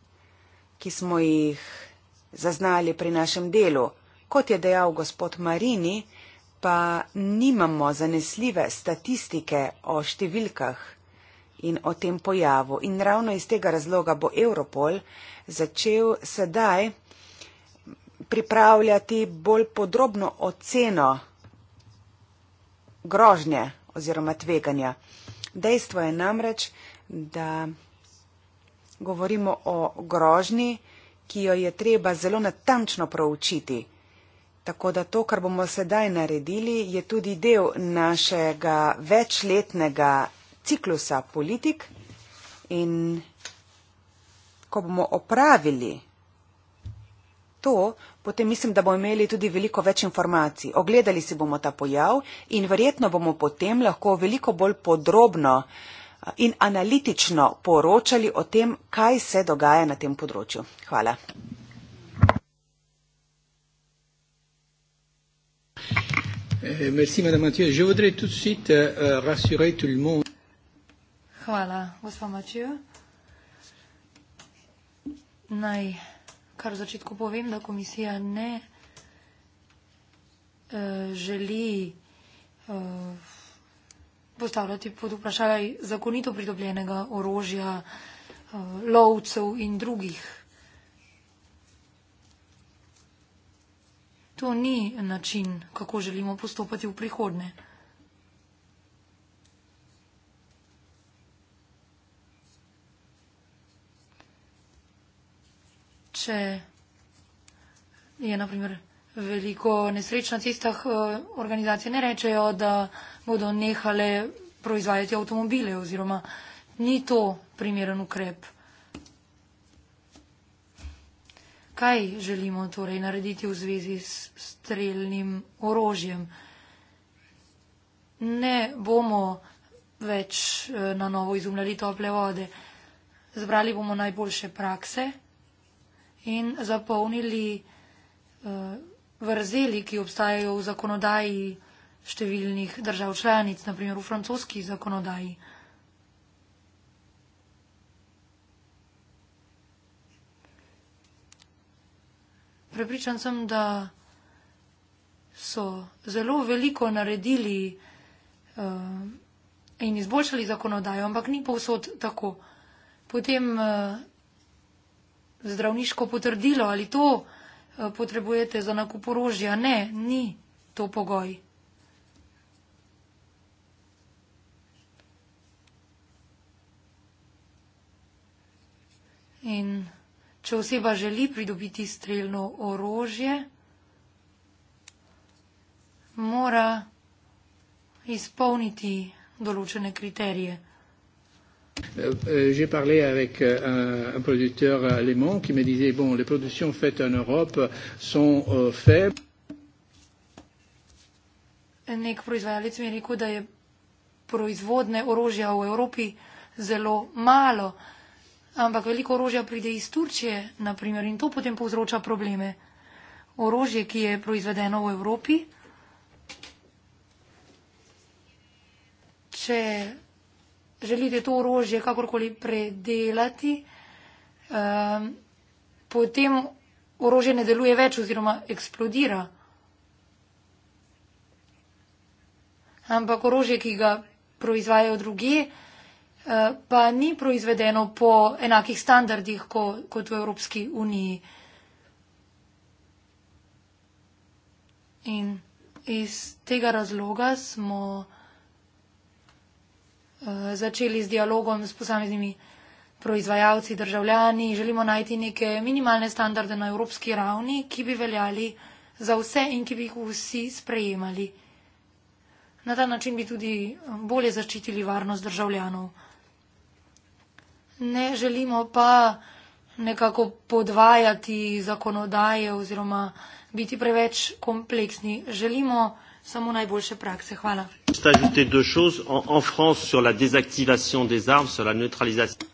ki smo jih zaznali pri našem delu. Kot je dejal gospod Marini, pa nimamo zanesljive statistike o številkah in o tem pojavu. In ravno iz tega razloga bo Europol začel sedaj pripravljati bolj podrobno oceno grožnje oziroma tveganja. Dejstvo je namreč, da govorimo o grožnji, ki jo je treba zelo natančno proučiti. Tako da to, kar bomo sedaj naredili, je tudi del našega večletnega ciklusa politik in ko bomo opravili to, potem mislim, da bomo imeli tudi veliko več informacij. Ogledali si bomo ta pojav in verjetno bomo potem lahko veliko bolj podrobno uh, in analitično poročali o tem, kaj se dogaja na tem področju. Hvala. Eh, euh, euh, Hvala, gospa Mathieu. Naj kar v začetku povem, da komisija ne uh, želi uh, postavljati pod vprašanje zakonito pridobljenega orožja, eh, lovcev in drugih. To ni način, kako želimo postopati v prihodnje. Če je, na primer, veliko nesreč na cestah, eh, organizacije ne rečejo, da bodo nehale proizvajati avtomobile oziroma ni to primeren ukrep. Kaj želimo torej narediti v zvezi s streljnim orožjem? Ne bomo več eh, na novo izumljali tople vode. Zbrali bomo najboljše prakse in zapolnili uh, vrzeli, ki obstajajo v zakonodaji številnih držav članic, naprimer v francoski zakonodaji. Prepričan sem, da so zelo veliko naredili uh, in izboljšali zakonodajo, ampak ni povsod tako. Potem uh, zdravniško potrdilo ali to, uh, Eh, potrebujete za nakup orožja. Ne, ni to pogoj. In če oseba želi pridobiti streljno orožje, mora izpolniti določene kriterije. Euh, euh, j'ai parlé avec euh, un, un producteur allemand qui me disait bon, les productions faites en Europe sont euh, faibles. Nek proizvajalec mi je rekel, da je proizvodne orožja v Evropi zelo malo, ampak veliko orožja pride iz Turčije, naprimer, in to potem povzroča probleme. Orožje, ki je proizvedeno v Evropi, če želite to orožje kakorkoli predelati, um, potem orožje ne deluje več oziroma eksplodira. Ampak orožje, ki ga proizvajajo druge, eh, pa ni proizvedeno po enakih standardih kot v Evropski uniji. In iz tega razloga smo. Eh, začeli z dialogom s posameznimi proizvajalci, državljani. Želimo najti neke minimalne standarde na evropski ravni, ki bi veljali za vse in ki bi jih vsi sprejemali. Na ta način bi tudi bolje zaščitili varnost državljanov. Ne želimo pa nekako podvajati zakonodaje oziroma biti preveč kompleksni. Želimo samo najboljše prakse. Hvala.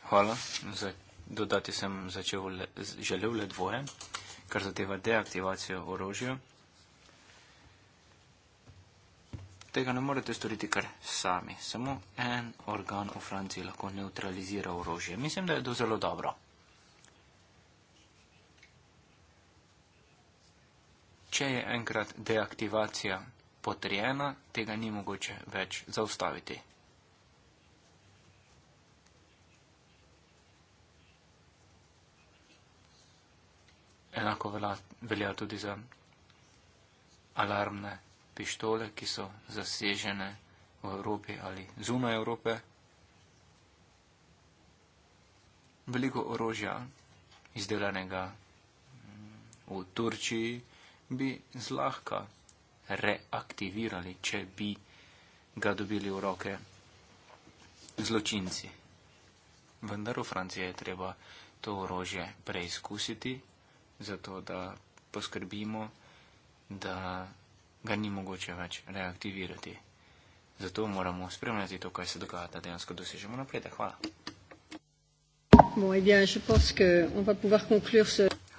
Hvala. Zdaj, dodati sem začel le, želel le dvoje, kar zadeva deaktivacijo orožja. Tega ne morete storiti kar sami. Samo en organ v Franciji lahko neutralizira orožje. Mislim, da je to zelo dobro. Če je enkrat deaktivacija potrjena, tega ni mogoče več zaustaviti. Enako velja, velja tudi za alarmne pištole, ki so zasežene v Evropi ali zunaj Evrope. Veliko orožja, izdelanega v Turčiji, bi zlahka reaktivirali, če bi ga dobili v roke zločinci. Vendar v Franciji je treba to orožje preizkusiti, zato da poskrbimo, da ga ni mogoče več reaktivirati. Zato moramo spremljati to, kaj se dogaja, da dejansko dosežemo napredek. Hvala. Eh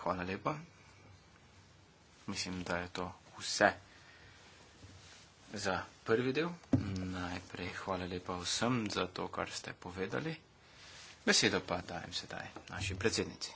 Hvala lepa. Mislim, da je to vse za prvi del. Najprej hvala lepa vsem za to, kar ste povedali. Besedo pa dajem sedaj naši predsednici.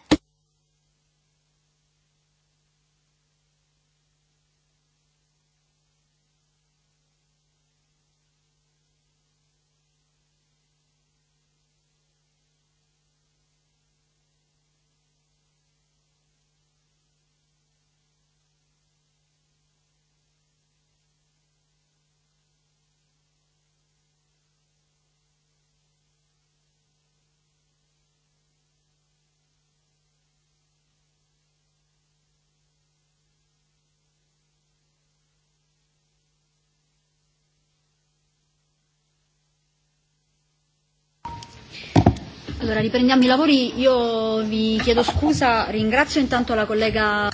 Allora riprendiamo i lavori, io vi chiedo scusa, ringrazio intanto la collega.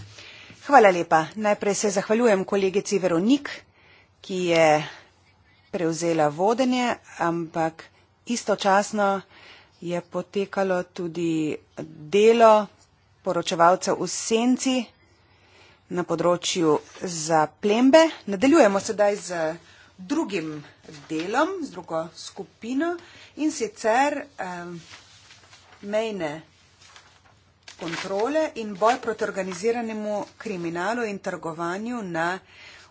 Hvala lepa. Najprej se zahvaljujem kolegici Veronik, ki je prevzela vodenje, ampak istočasno je potekalo tudi delo poročevalcev v senci na področju za plembe. Nadaljujemo sedaj z drugim delom, z drugo skupino in sicer. Um, mejne kontrole in boj proti organiziranemu kriminalu in trgovanju na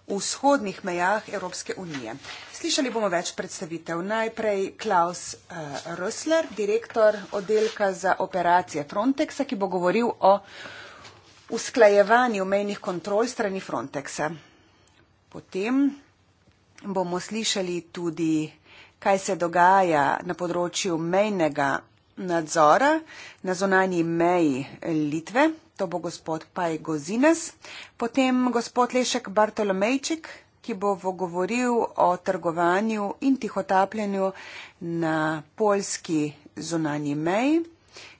vzhodnih mejah Evropske unije. Slišali bomo več predstavitev. Najprej Klaus uh, Rösler, direktor oddelka za operacije Frontexa, ki bo govoril o usklajevanju mejnih kontrol strani Frontexa. Potem bomo slišali tudi, kaj se dogaja na področju mejnega nadzora na zonanji meji Litve, to bo gospod Paj Gozines, potem gospod Lešek Bartolomejčik, ki bo govoril o trgovanju in tihotapljenju na polski zonanji meji,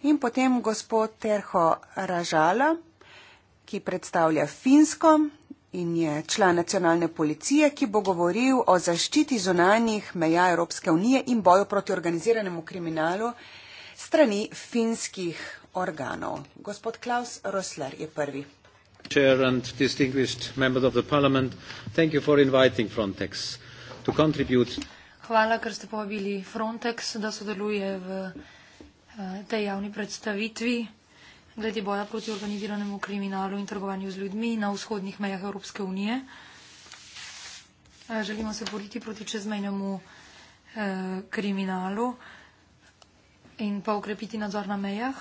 in potem gospod Terho Ražala, ki predstavlja Finsko in je član nacionalne policije, ki bo govoril o zaščiti zonanjih meja Evropske unije in boju proti organiziranemu kriminalu strani finskih organov. Gospod Klaus Rosler je prvi. Chair and distinguished members of the parliament, thank you for inviting Frontex to contribute. Hvala, ker ste povabili Frontex, da sodeluje v eh, tej javni predstavitvi glede boja proti organiziranemu kriminalu in trgovanju z ljudmi na vzhodnih mejah Evropske unije. Eh, želimo se boriti proti čezmejnemu eh, kriminalu in pa ukrepiti nadzor na mejah.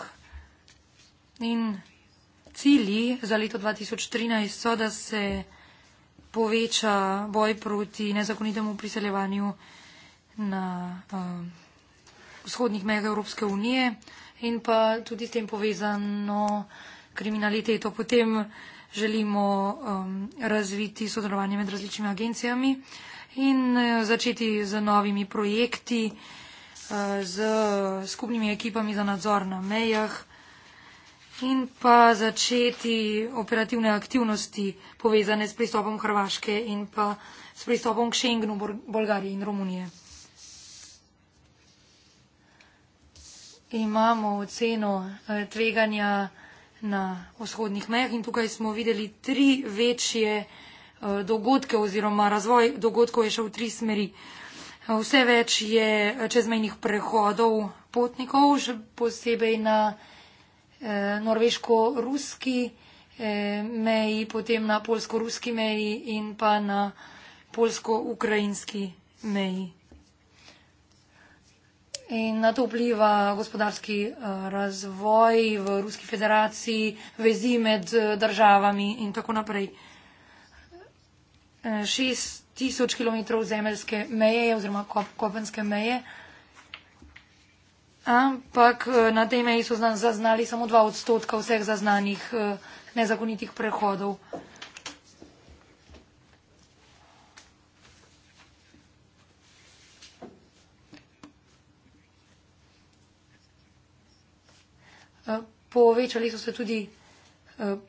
In cilji za leto 2013 so, da se poveča boj proti nezakonitemu priseljevanju na uh, vzhodnih mejah Evropske unije in pa tudi s tem povezano kriminaliteto. Potem želimo um, razviti sodelovanje med različnimi agencijami in uh, začeti z novimi projekti. Uh, z skupnimi ekipami za nadzor na mejah in pa začeti operativne aktivnosti povezane s pristopom Hrvaške in pa s pristopom k Schengenu Bolgarije in Romunije. Imamo oceno tveganja na vzhodnih mejah in tukaj smo videli tri večje dogodke oziroma razvoj dogodkov je šel v tri smeri. Vse več je eh, čezmejnih prehodov potnikov, še posebej na eh, norveško-ruski eh, meji, potem na polsko-ruski meji in pa na polsko-ukrajinski meji. In na to vpliva gospodarski eh, razvoj v Ruski federaciji, vezi med eh, državami in tako naprej. Šest tisoč kilometrov zemeljske meje oziroma kop, kopenske meje. Ampak eh, na tej meji so znan, zaznali samo dva odstotka vseh zaznanih eh, nezakonitih prehodov. Eh, povečali so se tudi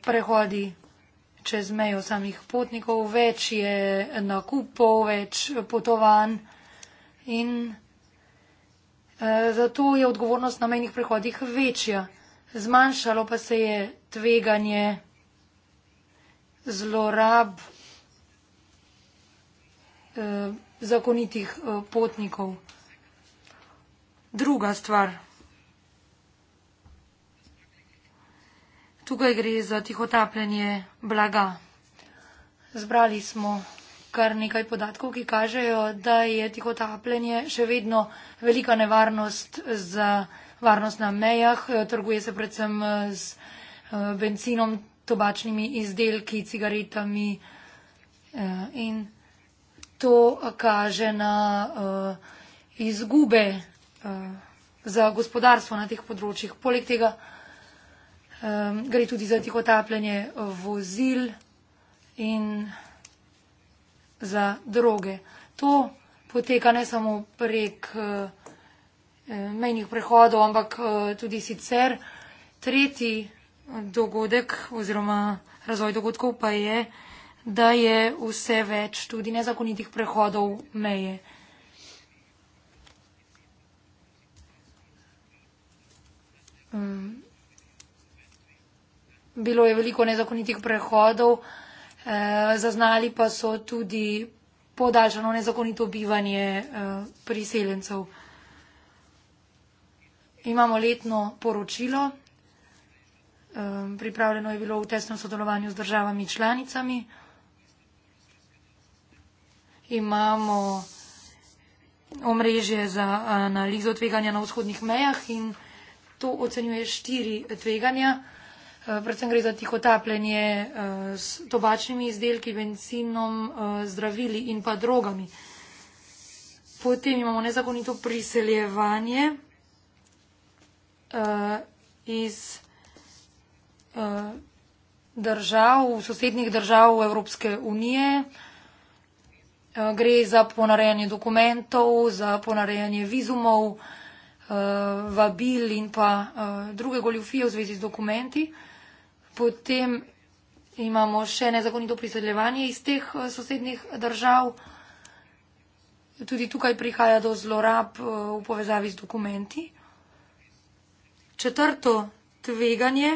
prehodi čez mejo samih potnikov, več je nakupov, več potovanj in eh, zato je odgovornost na mejnih prehodih večja. Zmanjšalo pa se je tveganje zlorab eh, zakonitih eh, potnikov. Druga stvar. Tukaj gre za tihotapljanje blaga. Zbrali smo kar nekaj podatkov, ki kažejo, da je tihotapljanje še vedno velika nevarnost za varnost na mejah. Trguje se predvsem z eh, benzinom, tobačnimi izdelki, cigaretami eh, in to kaže na eh, izgube za gospodarstvo na teh področjih. Poleg tega, Um, gre tudi za tihotapljanje vozil in za droge. To poteka ne samo prek uh, mejnih prehodov, ampak uh, tudi sicer. Tretji dogodek oziroma razvoj dogodkov pa je, da je vse več tudi nezakonitih prehodov meje. Um, bilo je veliko nezakonitih prehodov, eh, zaznali pa so tudi podaljšano nezakonito bivanje eh, priseljencev. Imamo letno poročilo, eh, pripravljeno je bilo v tesnem sodelovanju z državami članicami. Imamo omrežje za analizo tveganja na vzhodnih mejah in to ocenjuje štiri tveganja. Eh, predvsem gre za tihotapljenje eh, s tobačnimi izdelki, benzinom, eh, zdravili in pa drogami. Potem imamo nezakonito priseljevanje iz držav, sosednjih držav Evropske unije. Gre za ponarejanje dokumentov, za ponarejanje vizumov, vabil in pa druge goljufije v zvezi z dokumenti potem imamo še nezakonito priseljevanje iz teh eh, sosednjih držav. Tudi tukaj prihaja do zlorab eh, v povezavi z dokumenti. Četrto tveganje,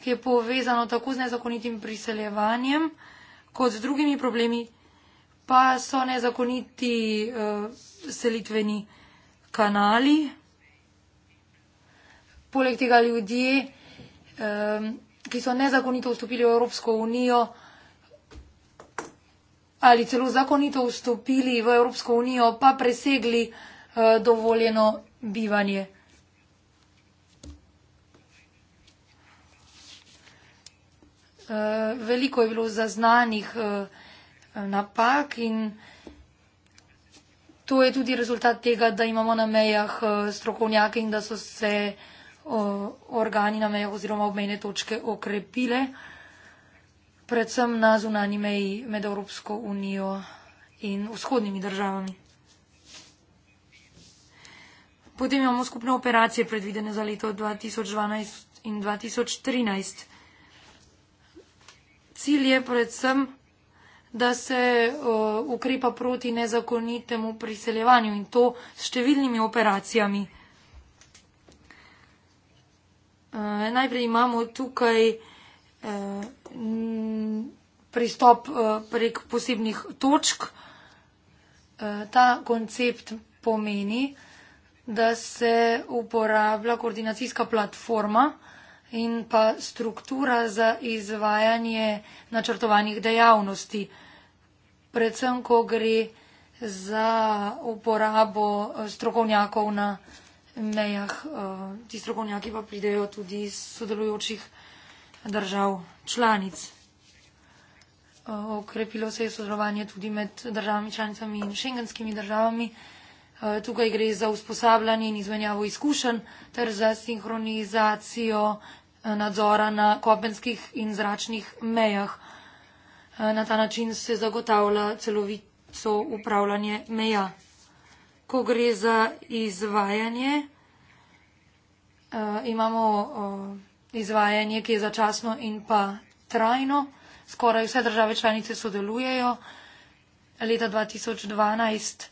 ki je povezano tako z nezakonitim priseljevanjem kot z drugimi problemi, pa so nezakoniti eh, selitveni kanali. Poleg tega ljudje ki so nezakonito vstopili v Evropsko unijo ali celo zakonito vstopili v Evropsko unijo, pa presegli eh, dovoljeno bivanje. Eh, veliko je bilo zaznanih eh, napak in to je tudi rezultat tega, da imamo na mejah strokovnjake in da so se vsega organi na meji oziroma obmejne točke okrepile, predvsem na zunani meji med Evropsko unijo in vzhodnimi državami. Potem imamo skupne operacije predvidene za leto 2012 in 2013. Cilj je predvsem, da se uh, ukrepa proti nezakonitemu priseljevanju in to s številnimi operacijami. Eh, najprej imamo tukaj eh, pristop eh, prek posebnih točk. Ta koncept pomeni, da se uporablja koordinacijska platforma in pa struktura za izvajanje načrtovanih dejavnosti. Predvsem, ko gre za uporabo strokovnjakov na področju mejah. Eh, ti strokovnjaki pa pridejo tudi iz sodelujočih držav članic. Eh, okrepilo se je sodelovanje tudi med državami članicami in šengenskimi državami. Eh, tukaj gre za usposabljanje in izmenjavo izkušenj ter za sinhronizacijo nadzora na kopenskih in zračnih mejah. Na ta način se zagotavlja celovito upravljanje meja ko gre za izvajanje, uh, imamo uh, izvajanje, ki je začasno in pa trajno. Skoraj vse države članice sodelujejo. Leta 2012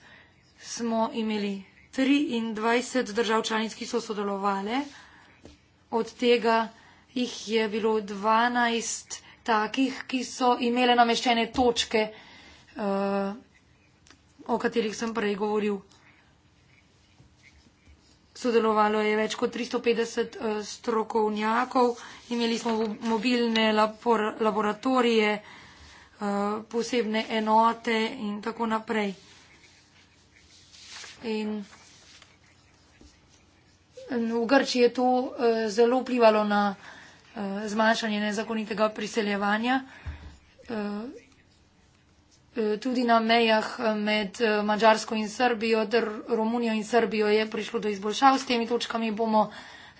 smo imeli 23 držav članic, ki so sodelovali. Od tega jih je bilo 12 takih, ki so imele nameščene točke, uh, o katerih sem prej govoril sodelovalo je več kot 350 eh, strokovnjakov, imeli smo mobilne labor laboratorije, eh, posebne enote in tako naprej. In v Grči je to eh, zelo vplivalo na zmanjšanje nezakonitega priseljevanja. Eh, tudi na mejah eh, med eh, Mačarsko in Srbijo, ter Romunijo in Srbijo je prišlo do izboljšav. S temi točkami bomo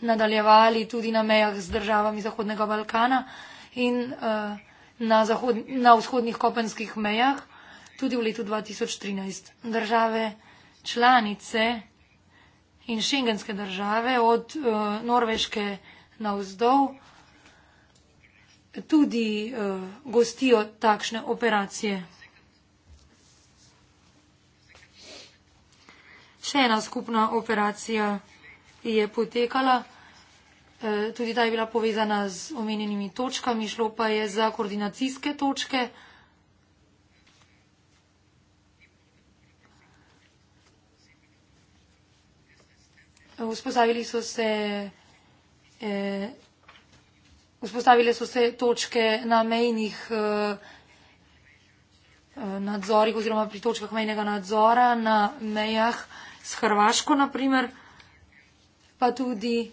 nadaljevali tudi na mejah z državami Zahodnega Balkana in na, zahod, na vzhodnih kopenskih mejah tudi v letu 2013. Države članice in šengenske države od Norveške navzdol tudi gostijo takšne operacije. še ena skupna operacija je potekala. E, tudi ta je bila povezana z omenjenimi točkami, šlo pa je za koordinacijske točke. Vzpostavili so se, eh, vzpostavile so se točke na mejnih eh, nadzorih oziroma pri točkah mejnega nadzora na mejah. Eh, s Hrvaško naprimer, pa tudi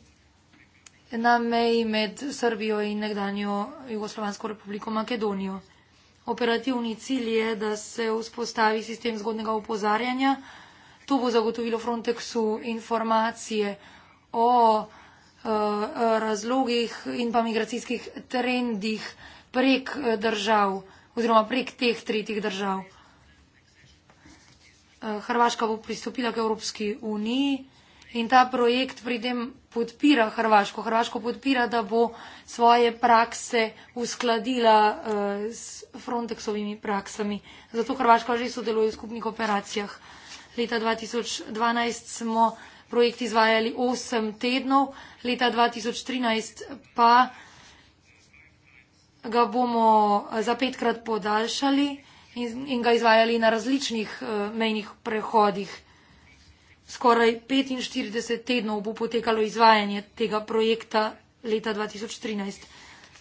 na meji med Srbijo in nekdanjo Jugoslovansko republiko Makedonijo. Operativni cilj je, da se vzpostavi sistem zgodnega upozarjanja. To bo zagotovilo Frontexu informacije o uh, razlogih in pa migracijskih trendih prek eh, držav oziroma prek teh tretjih držav. Eh, Hrvaška bo pristopila k Evropski uniji in ta projekt pri tem podpira Hrvaško. Hrvaško podpira, da bo svoje prakse uskladila eh, s Frontexovimi praksami. Zato Hrvaška že sodeluje v skupnih operacijah. Leta 2012 smo projekt izvajali 8 tednov, leta 2013 pa ga bomo eh, za petkrat podaljšali in, in ga izvajali na različnih uh, mejnih prehodih. Skoraj 45 tednov bo potekalo izvajanje tega projekta leta 2013.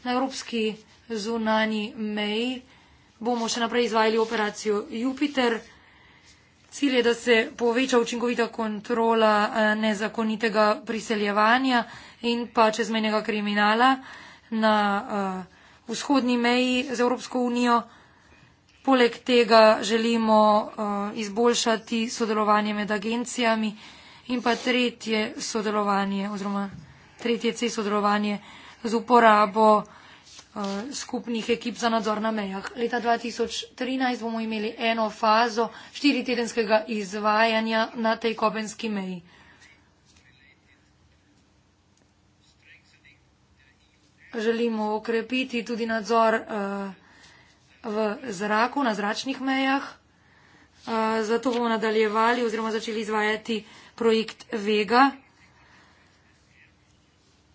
Na evropski zunani meji bomo še naprej izvajali operacijo Jupiter. Cilj je, da se poveča učinkovita kontrola eh, nezakonitega priseljevanja in pa čezmejnega kriminala na uh, vzhodni meji z Evropsko unijo. Poleg tega želimo uh, izboljšati sodelovanje med agencijami in pa tretje sodelovanje oziroma tretje C sodelovanje z uporabo uh, skupnih ekip za nadzor na mejah. Leta 2013 bomo imeli eno fazo štiritedenskega izvajanja na tej kopenski meji. Želimo okrepiti tudi nadzor. Uh, v zraku, na zračnih mejah. Zato bomo nadaljevali oziroma začeli izvajati projekt Vega.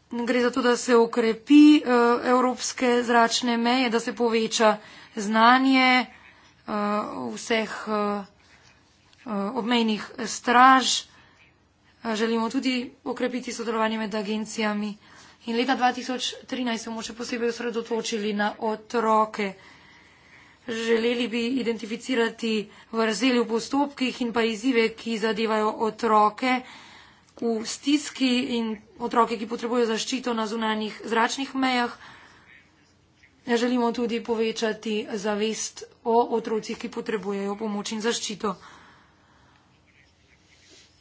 Gre za to, da se ukrepi e, evropske zračne meje, da se poveča znanje e, vseh e, obmejnih straž. Želimo tudi okrepiti sodelovanje med agencijami. In leta 2013 smo še posebej osredotočili na otroke, Želeli bi identificirati vrzeli v postopkih in pa izzive, ki zadevajo otroke v stiski in otroke, ki potrebujo zaščito na zunanjih zračnih mejah. Želimo tudi povečati zavest o otrocih, ki potrebujejo pomoč in zaščito.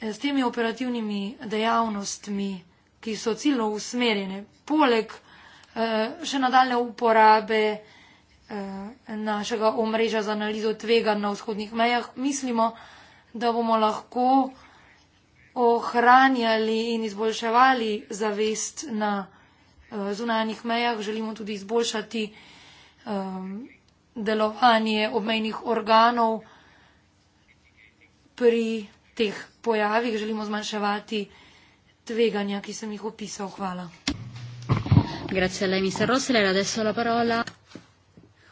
S temi operativnimi dejavnostmi, ki so ciljno usmerjene, poleg eh, še nadaljne uporabe, Eh, našega omrežja za analizo tvega na vzhodnih mejah, mislimo, da bomo lahko ohranjali in izboljševali zavest na eh, zunanjih mejah. Želimo tudi izboljšati eh, delovanje obmejnih organov pri teh pojavih. Želimo zmanjševati tveganja, ki sem jih opisal. Hvala. Grazie a lei, Mr. Rossler. Adesso la parola.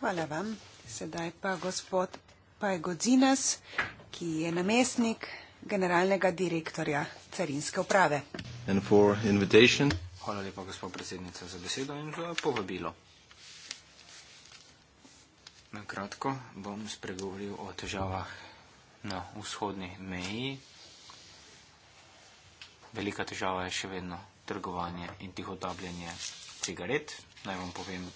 Hvala vam. Sedaj pa gospod Pajgodzinas, ki je namestnik generalnega direktorja carinske uprave. Hvala lepa, gospod predsednica, za besedo in za povabilo. Na kratko bom spregovoril o težavah na vzhodni meji. Velika težava je še vedno trgovanje in tihotabljanje cigaret. Naj vam povem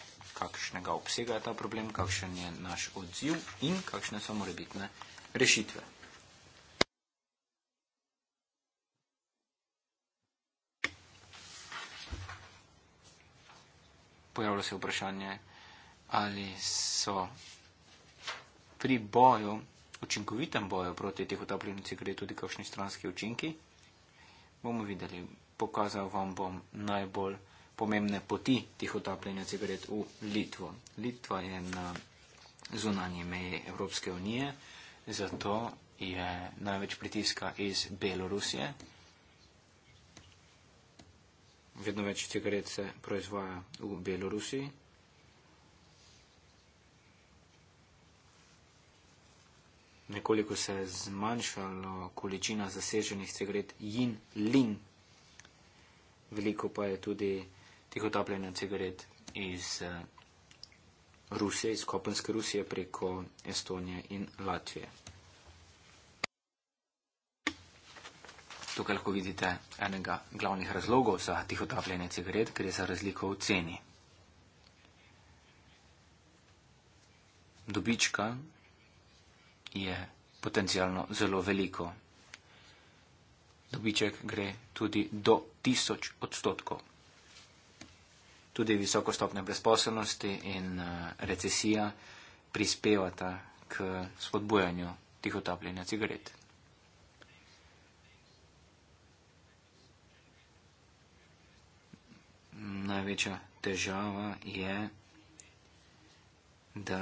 kakšnega obsega je ta problem, kakšen je naš odziv in kakšne so morebitne rešitve. Pojavlja se vprašanje, ali so pri boju, učinkovitem boju proti teh utapljenih cigaret tudi kakšni stranski učinki. Bomo videli, pokazal vam bom najbolj učinkovit pomembne poti tihotapljenja cigaret v Litvo. Litva je na zunanji meji Evropske unije, zato je največ pritiska iz Belorusije. Vedno več cigaret se proizvaja v Belorusiji. Nekoliko se je zmanjšalo količina zaseženih cigaret in lin. Veliko pa je tudi tihotapljenja cigaret iz eh, Rusije, iz Kopenske Rusije preko Estonije in Latvije. Tukaj lahko vidite enega glavnih razlogov za tihotapljenje cigaret, ker je za razliko v ceni. Dobička je potencijalno zelo veliko. Dobiček gre tudi do tisoč odstotkov tudi visoko stopnja brezposobnosti in eh, recesija prispevata k spodbujanju tihotapljenja cigaret. Največja težava je, da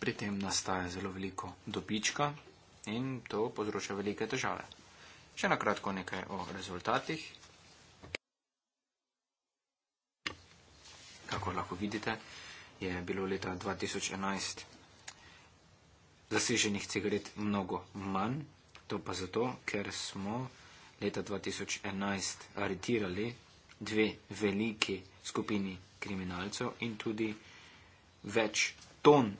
pri tem nastaja zelo veliko dobička in to povzroča velike težave. Še na kratko nekaj o rezultatih. kako lahko vidite, je bilo leta 2011 zaseženih cigaret mnogo manj, to pa zato, ker smo leta 2011 aretirali dve velike skupini kriminalcev in tudi več ton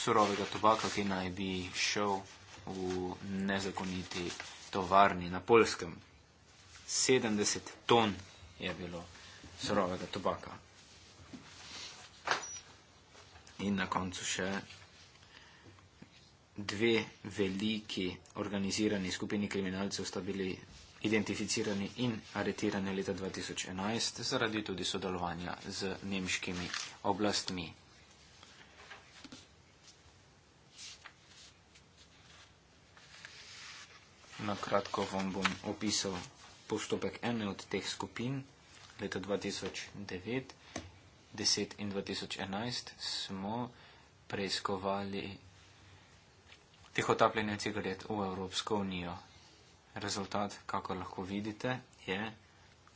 surovega tobaka, ki naj bi šel v nezakoniti tovarni na Polskem. 70 ton je bilo surovega tobaka in na koncu še dve veliki organizirani skupini kriminalcev sta bili identificirani in aretirani leta 2011 zaradi tudi sodelovanja z nemškimi oblastmi. Na kratko vam bom opisal postopek ene od teh skupin leta 2009. 2010 in 2011 smo preiskovali tihotapljenje cigaret v Evropsko unijo. Rezultat, kako lahko vidite, je,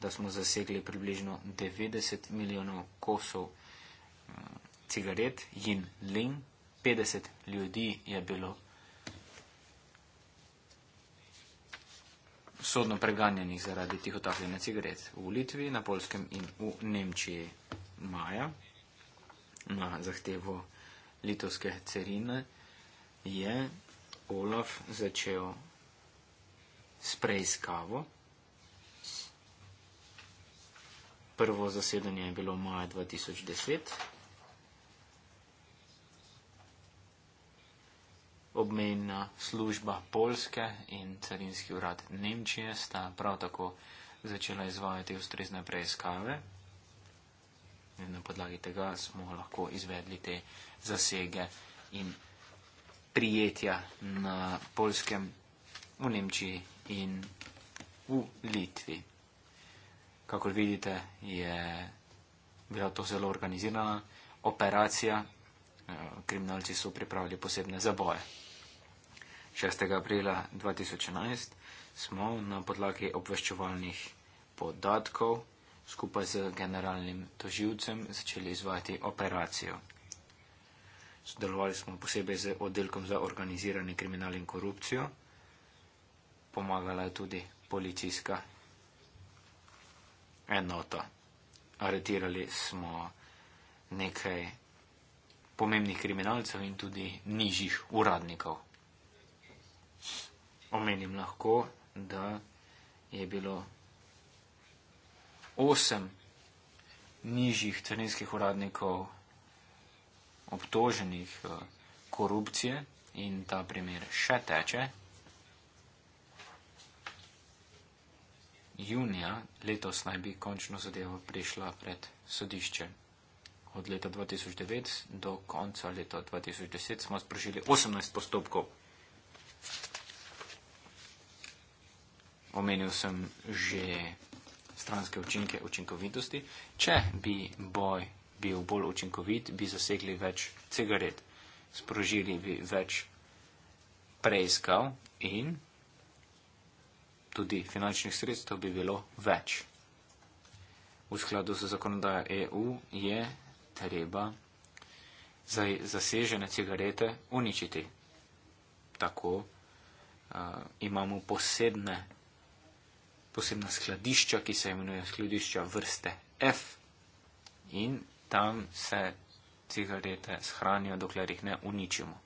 da smo zasegli približno 90 milijonov kosov mm, cigaret in lin. 50 ljudi je bilo sodno preganjenih zaradi tihotapljenja cigaret v Litvi, na Polskem in v Nemčiji maja na zahtevo litovske carine je Olaf začel s preiskavo. Prvo zasedanje je bilo maja 2010. Obmejna služba Polske in carinski urad Nemčije sta prav tako začela izvajati ustrezne preiskave in na podlagi tega smo lahko izvedli te zasege in prijetja na Polskem, v Nemčiji in v Litvi. Kakor vidite, je bila to zelo organizirana operacija, kriminalci so pripravili posebne zaboje. 6. aprila 2011 smo na podlagi obveščevalnih podatkov skupaj z generalnim toživcem začeli izvajati operacijo. Sodelovali smo posebej z oddelkom za organizirani kriminal in korupcijo. Pomagala je tudi policijska enota. Aretirali smo nekaj pomembnih kriminalcev in tudi nižjih uradnikov. Omenim lahko, da je bilo osem nižjih carinskih uradnikov obtoženih eh, korupcije in ta primer še teče. Junija letos naj bi končno zadeva prišla pred sodišče. Od leta 2009 do konca leta 2010 smo sprožili 18 postopkov. Omenil sem že stranske učinke učinkovitosti. Če bi boj bil bolj učinkovit, bi zasegli več cigaret, sprožili bi več preiskav in tudi finančnih sredstev bi bilo več. V skladu z zakonodajo EU je treba zdaj zasežene cigarete uničiti. Tako uh, imamo posebne posebna skladišča, ki se imenuje skladišča vrste F in tam se cigarete shranijo, dokler jih ne uničimo.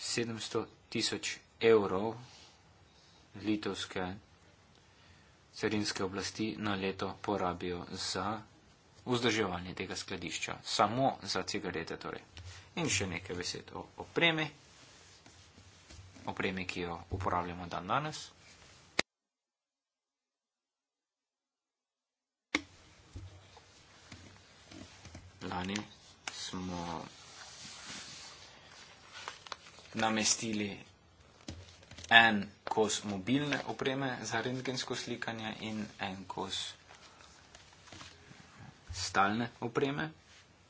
700 tisoč evrov litovske carinske oblasti na leto porabijo za vzdrževanje tega skladišča, samo za cigarete torej. In še nekaj besed o opremi opremi, ki jo uporabljamo dan danes. Lani smo namestili en kos mobilne opreme za rentgensko slikanje in en kos stalne opreme.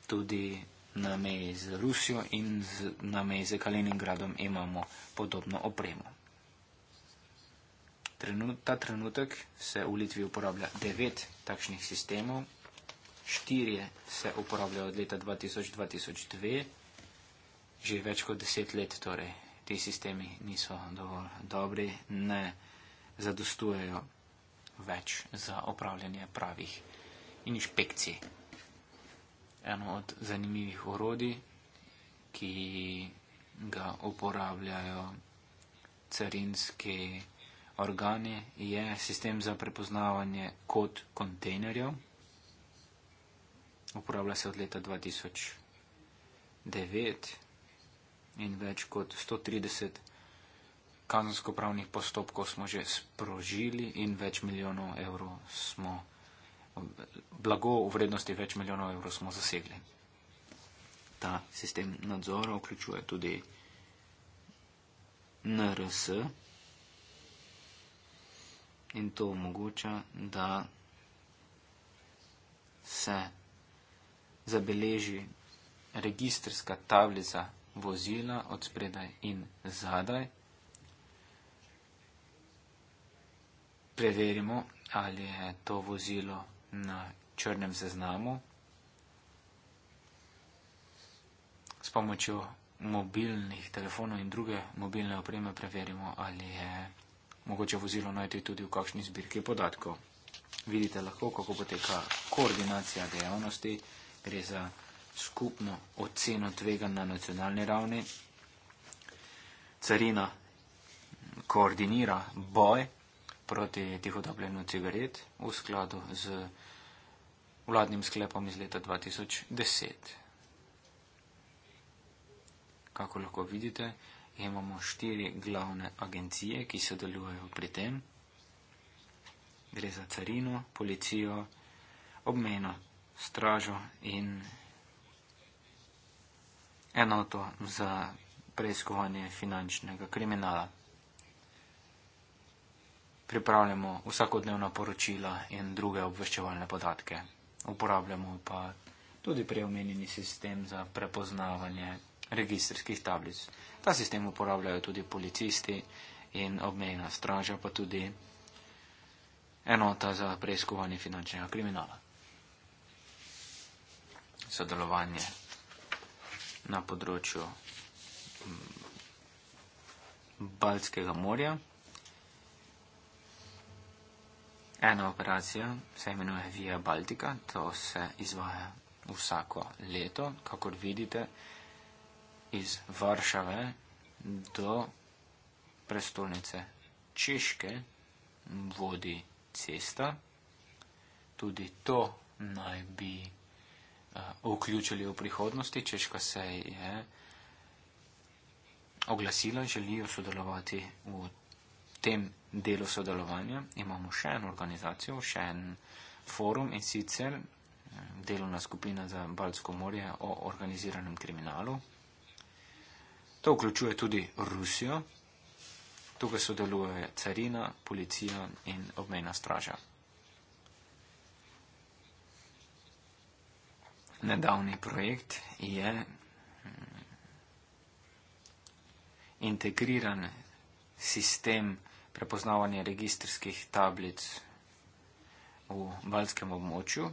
Tudi na meji z Rusijo in z, na meji z Kaliningradom imamo podobno opremo. Trenut, ta trenutek se v Litvi uporablja devet takšnih sistemov, štirje se uporabljajo od leta 2000-2002, že več kot deset let torej. Ti sistemi niso dovolj dobri, ne zadostujejo več za opravljanje pravih inšpekcij eno od zanimivih orodij, ki ga uporabljajo carinski organi, je sistem za prepoznavanje kod kontejnerjev. Uporablja se od leta 2009 in več kot 130 kazensko-pravnih postopkov smo že sprožili in več milijonov evrov smo sprožili blago v vrednosti več milijonov evrov smo zasegli. Ta sistem nadzora vključuje tudi NRS in to omogoča, da se zabeleži registrska tablica vozila od spredaj in zadaj. Preverimo, ali je to vozilo na črnem seznamu s pomočjo mobilnih telefonov in druge mobilne opreme preverimo, ali je mogoče vozilo najti tudi v kakšni zbirki podatkov. Vidite lahko, kako poteka koordinacija dejavnosti, gre za skupno oceno tvega na nacionalni ravni. Carina koordinira boj proti tihotapljenju cigaret v skladu z vladnim sklepom iz leta 2010. Kako lahko vidite, imamo štiri glavne agencije, ki se delujejo pri tem. Gre za carino, policijo, obmejno stražo in enoto za preiskovanje finančnega kriminala pripravljamo vsakodnevna poročila in druge obveščevalne podatke. Uporabljamo pa tudi preomenjeni sistem za prepoznavanje registrskih tablic. Ta sistem uporabljajo tudi policisti in obmejna straža, pa tudi enota za preiskovanje finančnega kriminala. Sodelovanje na področju mm, Baltskega morja. Ena operacija se imenuje Via Baltica, to se izvaja vsako leto, kakor vidite, iz Varšave do prestolnice Češke vodi cesta. Tudi to naj bi uh, vključili v prihodnosti. Češka se je oglasila, želijo sodelovati v tem delu sodelovanja imamo še eno organizacijo, še en forum in sicer eh, delovna skupina za Baltsko morje o organiziranem kriminalu. To vključuje tudi Rusijo. Tukaj sodeluje carina, policija in obmejna straža. Nedavni projekt je hm, integriran sistem prepoznavanje registrskih tablic v valjskem območju.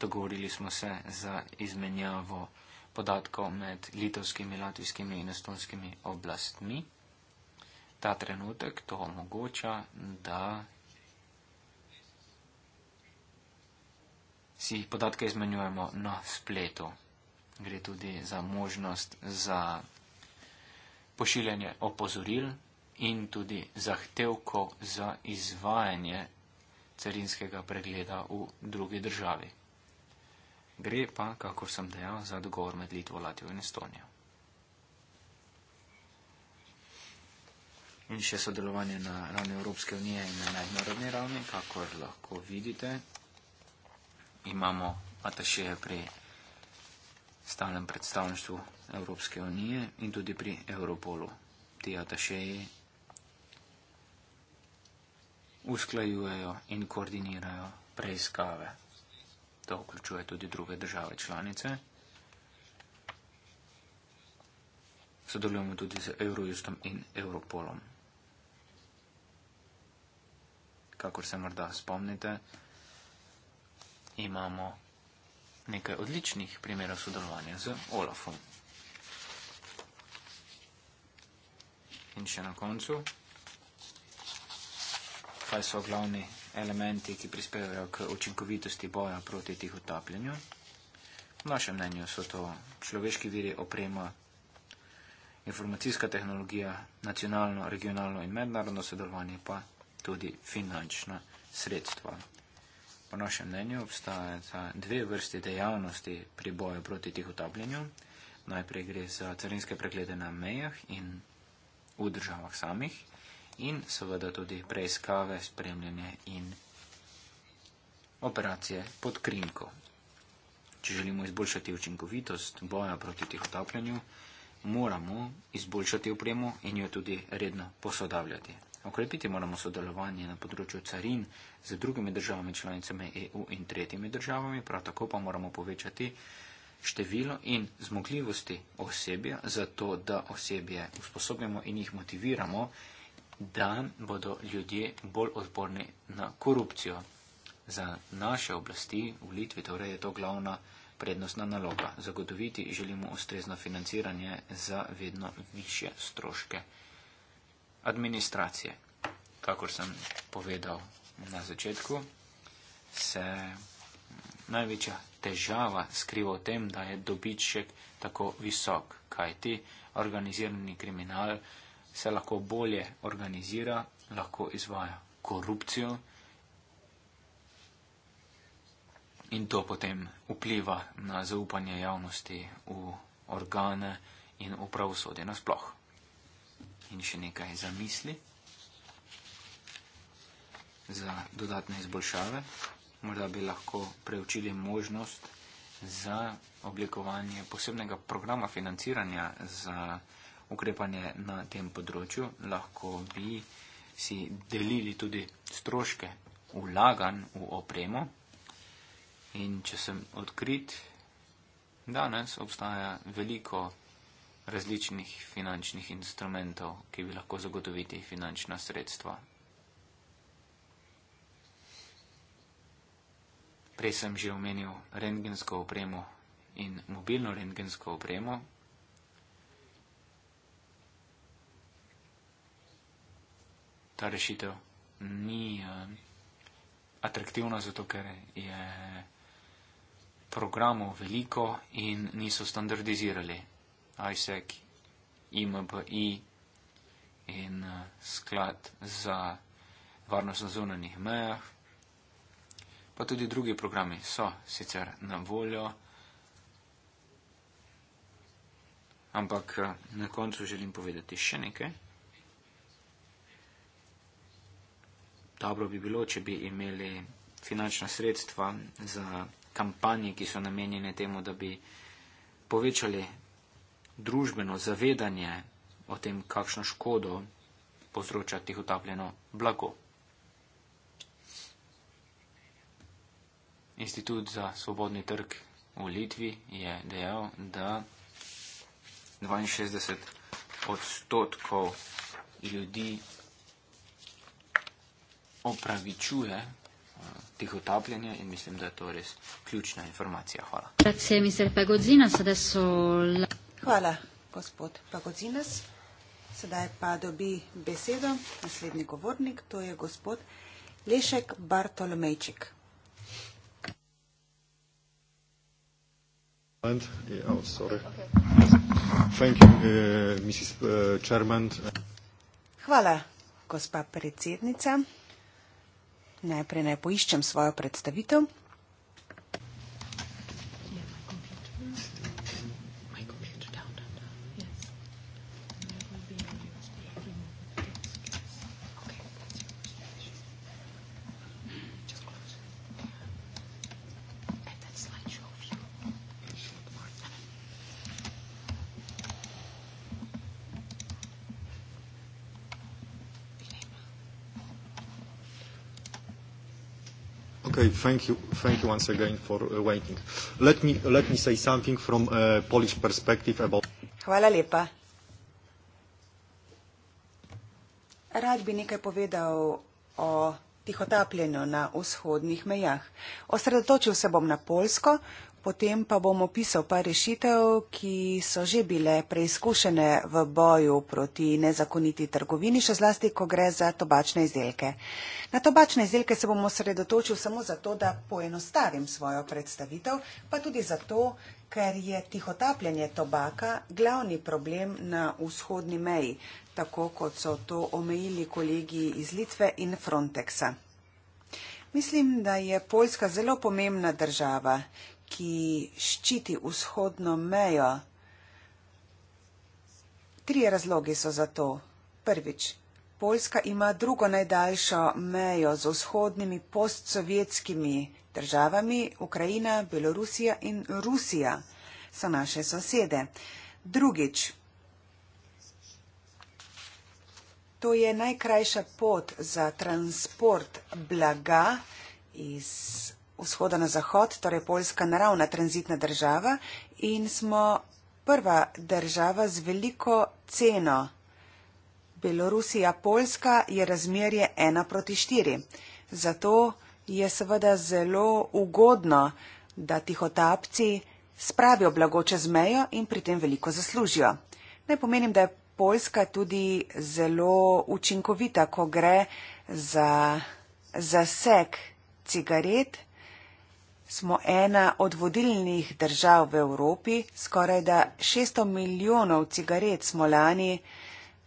Dogovorili smo se za izmenjavo podatkov med litovskimi, latvijskimi in estonskimi oblastmi. Ta trenutek to omogoča, da si podatke izmenjujemo na spletu. Gre tudi za možnost za pošiljanje opozoril in tudi zahtevkov za izvajanje carinskega pregleda v drugi državi. Gre pa, kako sem dejal, za dogovor med Litvo, Latvijo in Estonijo. In še sodelovanje na ravni Evropske unije in na mednarodni ravni, kako lahko vidite, imamo ataše pri stalnem predstavništvu Evropske unije in tudi pri Europolu. Ti ataše usklajujejo in koordinirajo preiskave. To vključuje tudi druge države članice. Sodelujemo tudi z Eurojustom in Europolom. Kakor se morda spomnite, imamo nekaj odličnih primerov sodelovanja z Olafom. In še na koncu kaj so glavni elementi, ki prispevajo k učinkovitosti boja proti tih utapljanju. V našem mnenju so to človeški viri, oprema, informacijska tehnologija, nacionalno, regionalno in mednarodno sodelovanje, pa tudi finančna sredstva. Po našem mnenju obstajata dve vrsti dejavnosti pri boju proti tih utapljanju. Najprej gre za carinske preglede na mejah in v državah samih in seveda tudi preiskave, spremljanje in operacije pod krinko. Če želimo izboljšati učinkovitost boja proti tihotapljanju, moramo izboljšati opremo in jo tudi redno posodavljati. Okrepiti moramo sodelovanje na področju carin z drugimi državami članicami EU in tretjimi državami, prav tako pa moramo povečati število in zmogljivosti osebja, zato da osebje usposobljamo in jih motiviramo, da bodo ljudje bolj odporni na korupcijo. Za naše oblasti v Litvi torej je to glavna prednostna naloga. Zagotoviti želimo ustrezno financiranje za vedno više stroške administracije. Kakor sem povedal na začetku, se največja težava skriva v tem, da je dobiček tako visok, kajti organizirani kriminal se lahko bolje organizira, lahko izvaja korupcijo in to potem vpliva na zaupanje javnosti v organe in v pravosodje nasploh. In še nekaj za misli, za dodatne izboljšave. Morda bi lahko preučili možnost za oblikovanje posebnega programa financiranja za ukrepanje na tem področju, lahko bi si delili tudi stroške ulagan v opremo. In če sem odkrit, danes obstaja veliko različnih finančnih instrumentov, ki bi lahko zagotoviti finančna sredstva. Prej sem že omenil rengensko opremo in mobilno rengensko opremo, ta rešitev ni um, atraktivna, zato ker je programov veliko in niso standardizirali. ISEC, IMBI in uh, sklad za varnost na zunanih mejah. Pa tudi drugi programi so sicer na voljo, ampak eh, na koncu želim povedati še nekaj. dobro bi bilo, če bi imeli finančna sredstva za kampanje, ki so namenjene temu, da bi povečali družbeno zavedanje o tem, kakšno škodo povzroča tih utapljeno blago. Institut za svobodni trg v Litvi je dejal, da 62 odstotkov ljudi opravičuje eh, tihotapljenje in mislim, da je to res ključna informacija. Hvala. Hvala, gospod Pagodzines. Sedaj pa dobi besedo naslednji govornik, to je gospod Lešek Bartolomejček. Eh, oh, eh, Hvala, gospa predsednica najprej naj poiščem svojo predstavitev. thank you. Thank you once again for uh, waiting. Let me say something from a uh, Polish perspective about- Hvala lepa. Rad bi nekaj povedal o tihotapljenju na vzhodnih mejah. Osredotočil se bom na Poljsko, potem pa bom opisal pa rešitev, ki so že bile preizkušene v boju proti nezakoniti trgovini, še zlasti, ko gre za tobačne izdelke. Na tobačne izdelke se bom osredotočil samo zato, da poenostavim svojo predstavitev, pa tudi zato, ker je tihotapljanje tobaka glavni problem na vzhodni meji, tako kot so to omejili kolegi iz Litve in Frontexa. Mislim, da je Poljska zelo pomembna država, ki ščiti vzhodno mejo. Trije razlogi so za to. Prvič, Poljska ima drugo najdaljšo mejo z vzhodnimi postsovjetskimi državami, Ukrajina, Belorusija in Rusija so naše sosede. Drugič, to je najkrajša pot za transport blaga iz vzhoda na zahod, torej Poljska naravna tranzitna država in smo prva država z veliko ceno. Belorusija-Poljska je razmerje ena proti štiri. Zato je seveda zelo ugodno, da tihotapci spravijo blago čez mejo in pri tem veliko zaslužijo. Naj pomenim, da je Poljska tudi zelo učinkovita, ko gre za zaseg cigaret smo ena od vodilnih držav v Evropi, skoraj da 600 milijonov cigaret smo lani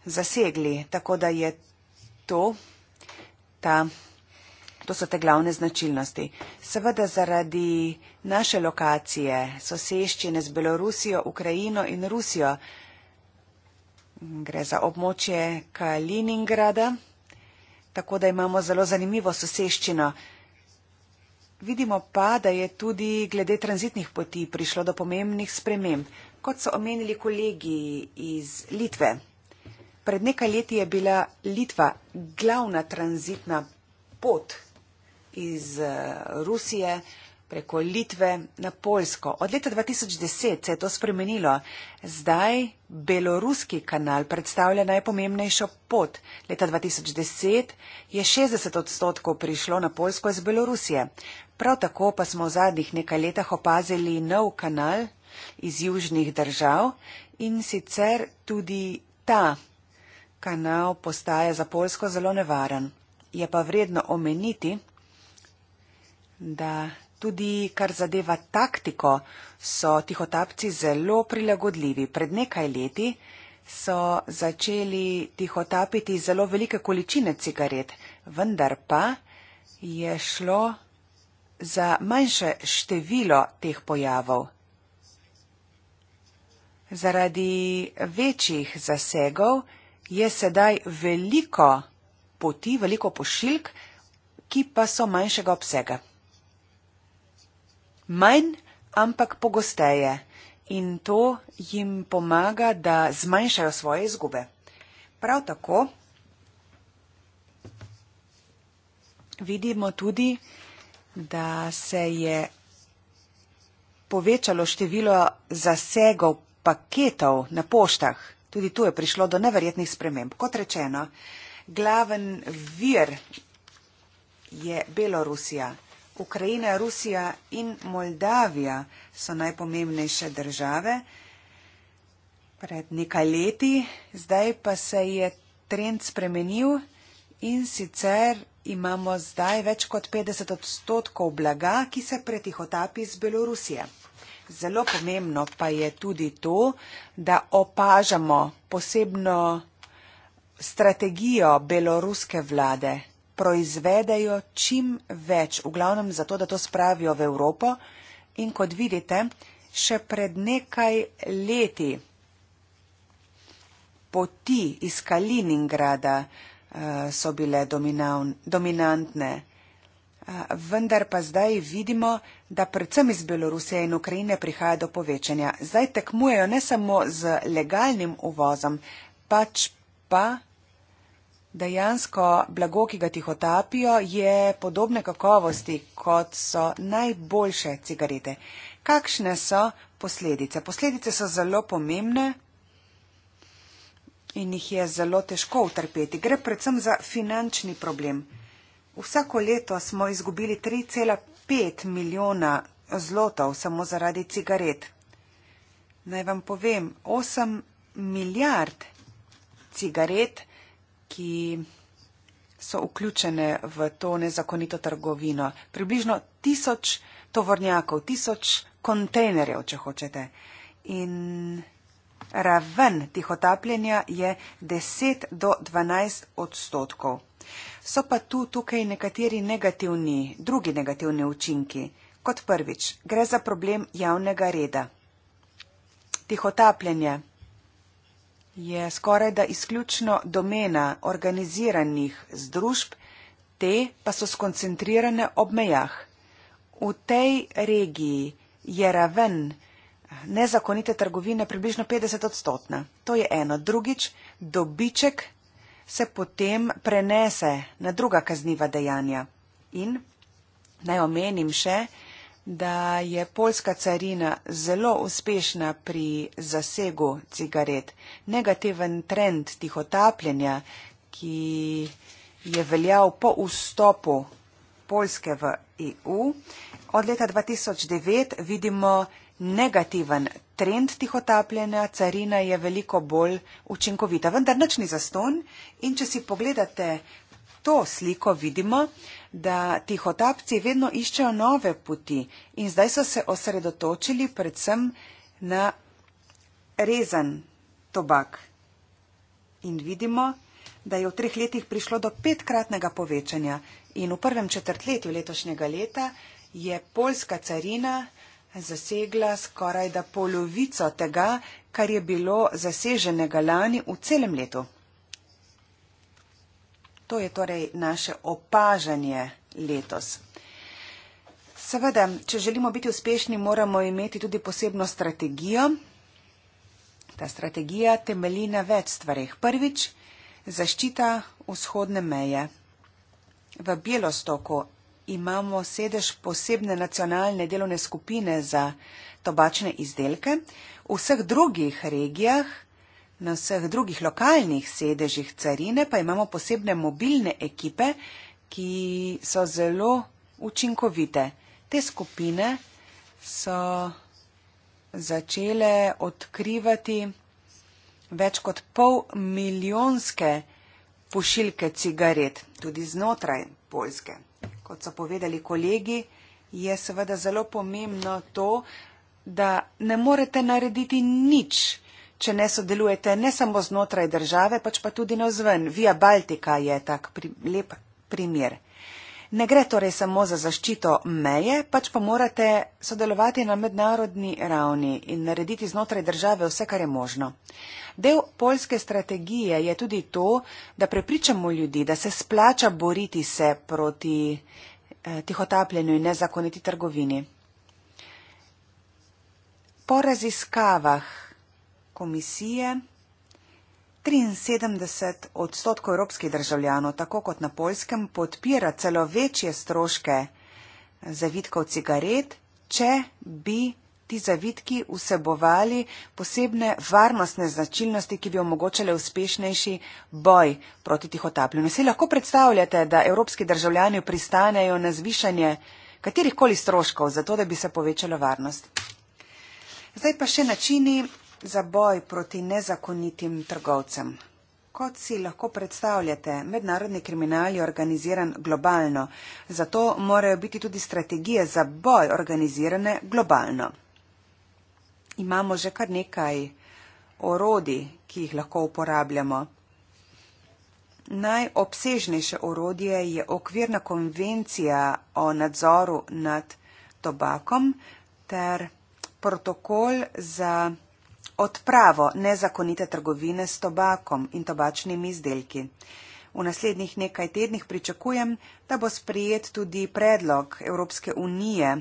zasegli, tako da je to, ta, to so te glavne značilnosti. Seveda zaradi naše lokacije, soseščine z Belorusijo, Ukrajino in Rusijo, gre za območje Kaliningrada, tako da imamo zelo zanimivo soseščino. Vidimo pa, da je tudi glede tranzitnih poti prišlo do pomembnih sprememb, kot so omenili kolegi iz Litve. Pred nekaj leti je bila Litva glavna tranzitna pot iz eh, Rusije preko Litve na Poljsko. Od leta 2010 se je to spremenilo. Zdaj beloruski kanal predstavlja najpomembnejšo pot. Leta 2010 je 60 odstotkov prišlo na Poljsko iz Belorusije. Prav tako pa smo v zadnjih nekaj letah opazili nov kanal iz južnih držav in sicer tudi ta kanal postaja za Poljsko zelo nevaren. Je pa vredno omeniti, da Tudi kar zadeva taktiko, so tihotapci zelo prilagodljivi. Pred nekaj leti so začeli tihotapiti zelo velike količine cigaret, vendar pa je šlo za manjše število teh pojavov. Zaradi večjih zasegov je sedaj veliko poti, veliko pošiljk, ki pa so manjšega obsega manj, ampak pogosteje. In to jim pomaga, da zmanjšajo svoje izgube. Prav tako vidimo tudi, da se je povečalo število zasegov paketov na poštah. Tudi tu je prišlo do neverjetnih sprememb. Kot rečeno, glaven vir je Belorusija. Ukrajina, Rusija in Moldavija so najpomembnejše države pred nekaj leti, zdaj pa se je trend spremenil in sicer imamo zdaj več kot 50 odstotkov blaga, ki se pretihotapi iz Belorusije. Zelo pomembno pa je tudi to, da opažamo posebno strategijo beloruske vlade, proizvedejo čim več, v glavnem zato, da to spravijo v Evropo. In kot vidite, še pred nekaj leti poti iz Kaliningrada eh, so bile dominantne. Eh, vendar pa zdaj vidimo, da predvsem iz Belorusije in Ukrajine prihaja do povečanja. Zdaj tekmujejo ne samo z legalnim uvozom, pač pa dejansko blago, ki ga tihotapijo, je podobne kakovosti, kot so najboljše cigarete. Kakšne so posledice? Posledice so zelo pomembne in jih je zelo težko utrpeti. Gre predvsem za finančni problem. Vsako leto smo izgubili 3,5 milijona zlotov samo zaradi cigaret. Naj vam povem, 8 milijard cigaret ki so vključene v to nezakonito trgovino. Približno tisoč tovornjakov, tisoč kontejnerjev, če hočete. In raven tih otapljenja je 10 do 12 odstotkov. So pa tu tukaj nekateri negativni, drugi negativni učinki. Kot prvič, gre za problem javnega reda. Tih otapljenja je skoraj da izključno domena organiziranih združb, te pa so skoncentrirane ob mejah. V tej regiji je raven nezakonite trgovine približno 50 odstotna. To je eno. Drugič, dobiček se potem prenese na druga kazniva dejanja. In naj omenim še, da je polska carina zelo uspešna pri zasegu cigaret. Negativen trend tihotapljenja, ki je veljal po vstopu Polske v EU, od leta 2009 vidimo negativen trend tihotapljenja, carina je veliko bolj učinkovita, vendar nič ni zaston in če si pogledate to sliko vidimo, da tihotapci vedno iščejo nove poti in zdaj so se osredotočili predvsem na rezan tobak. In vidimo, da je v treh letih prišlo do petkratnega povečanja in v prvem četrtletju letošnjega leta je polska carina zasegla skoraj da polovico tega, kar je bilo zaseženega lani v celem letu. To je torej naše opažanje letos. Seveda, če želimo biti uspešni, moramo imeti tudi posebno strategijo. Ta strategija temelji na več stvarih. Prvič, zaščita vzhodne meje. V Bjelostoku imamo sedež posebne nacionalne delovne skupine za tobačne izdelke. V vseh drugih regijah Na vseh drugih lokalnih sedežih carine pa imamo posebne mobilne ekipe, ki so zelo učinkovite. Te skupine so začele odkrivati več kot pol milijonske pošiljke cigaret, tudi znotraj Poljske. Kot so povedali kolegi, je seveda zelo pomembno to, da ne morete narediti nič če ne sodelujete ne samo znotraj države, pač pa tudi na zven. Via Baltica je tak pri, lep primer. Ne gre torej samo za zaščito meje, pač pa morate sodelovati na mednarodni ravni in narediti znotraj države vse, kar je možno. Del polske strategije je tudi to, da prepričamo ljudi, da se splača boriti se proti eh, tihotapljenju in nezakoniti trgovini. Po raziskavah komisije. 73 odstotkov evropskih državljanov, tako kot na polskem, podpira celo večje stroške zavitkov cigaret, če bi ti zavitki vsebovali posebne varnostne značilnosti, ki bi omogočale uspešnejši boj proti tih otapljenju. Si lahko predstavljate, da evropski državljani pristanejo na zvišanje katerihkoli stroškov, zato da bi se povečala varnost. Zdaj pa še načini za boj proti nezakonitim trgovcem. Kot si lahko predstavljate, mednarodni kriminal je organiziran globalno, zato morajo biti tudi strategije za boj organizirane globalno. Imamo že kar nekaj orodij, ki jih lahko uporabljamo. Najobsežnejše orodje je okvirna konvencija o nadzoru nad tobakom ter protokol za odpravo nezakonite trgovine s tobakom in tobačnimi izdelki. V naslednjih nekaj tednih pričakujem, da bo sprejet tudi predlog Evropske unije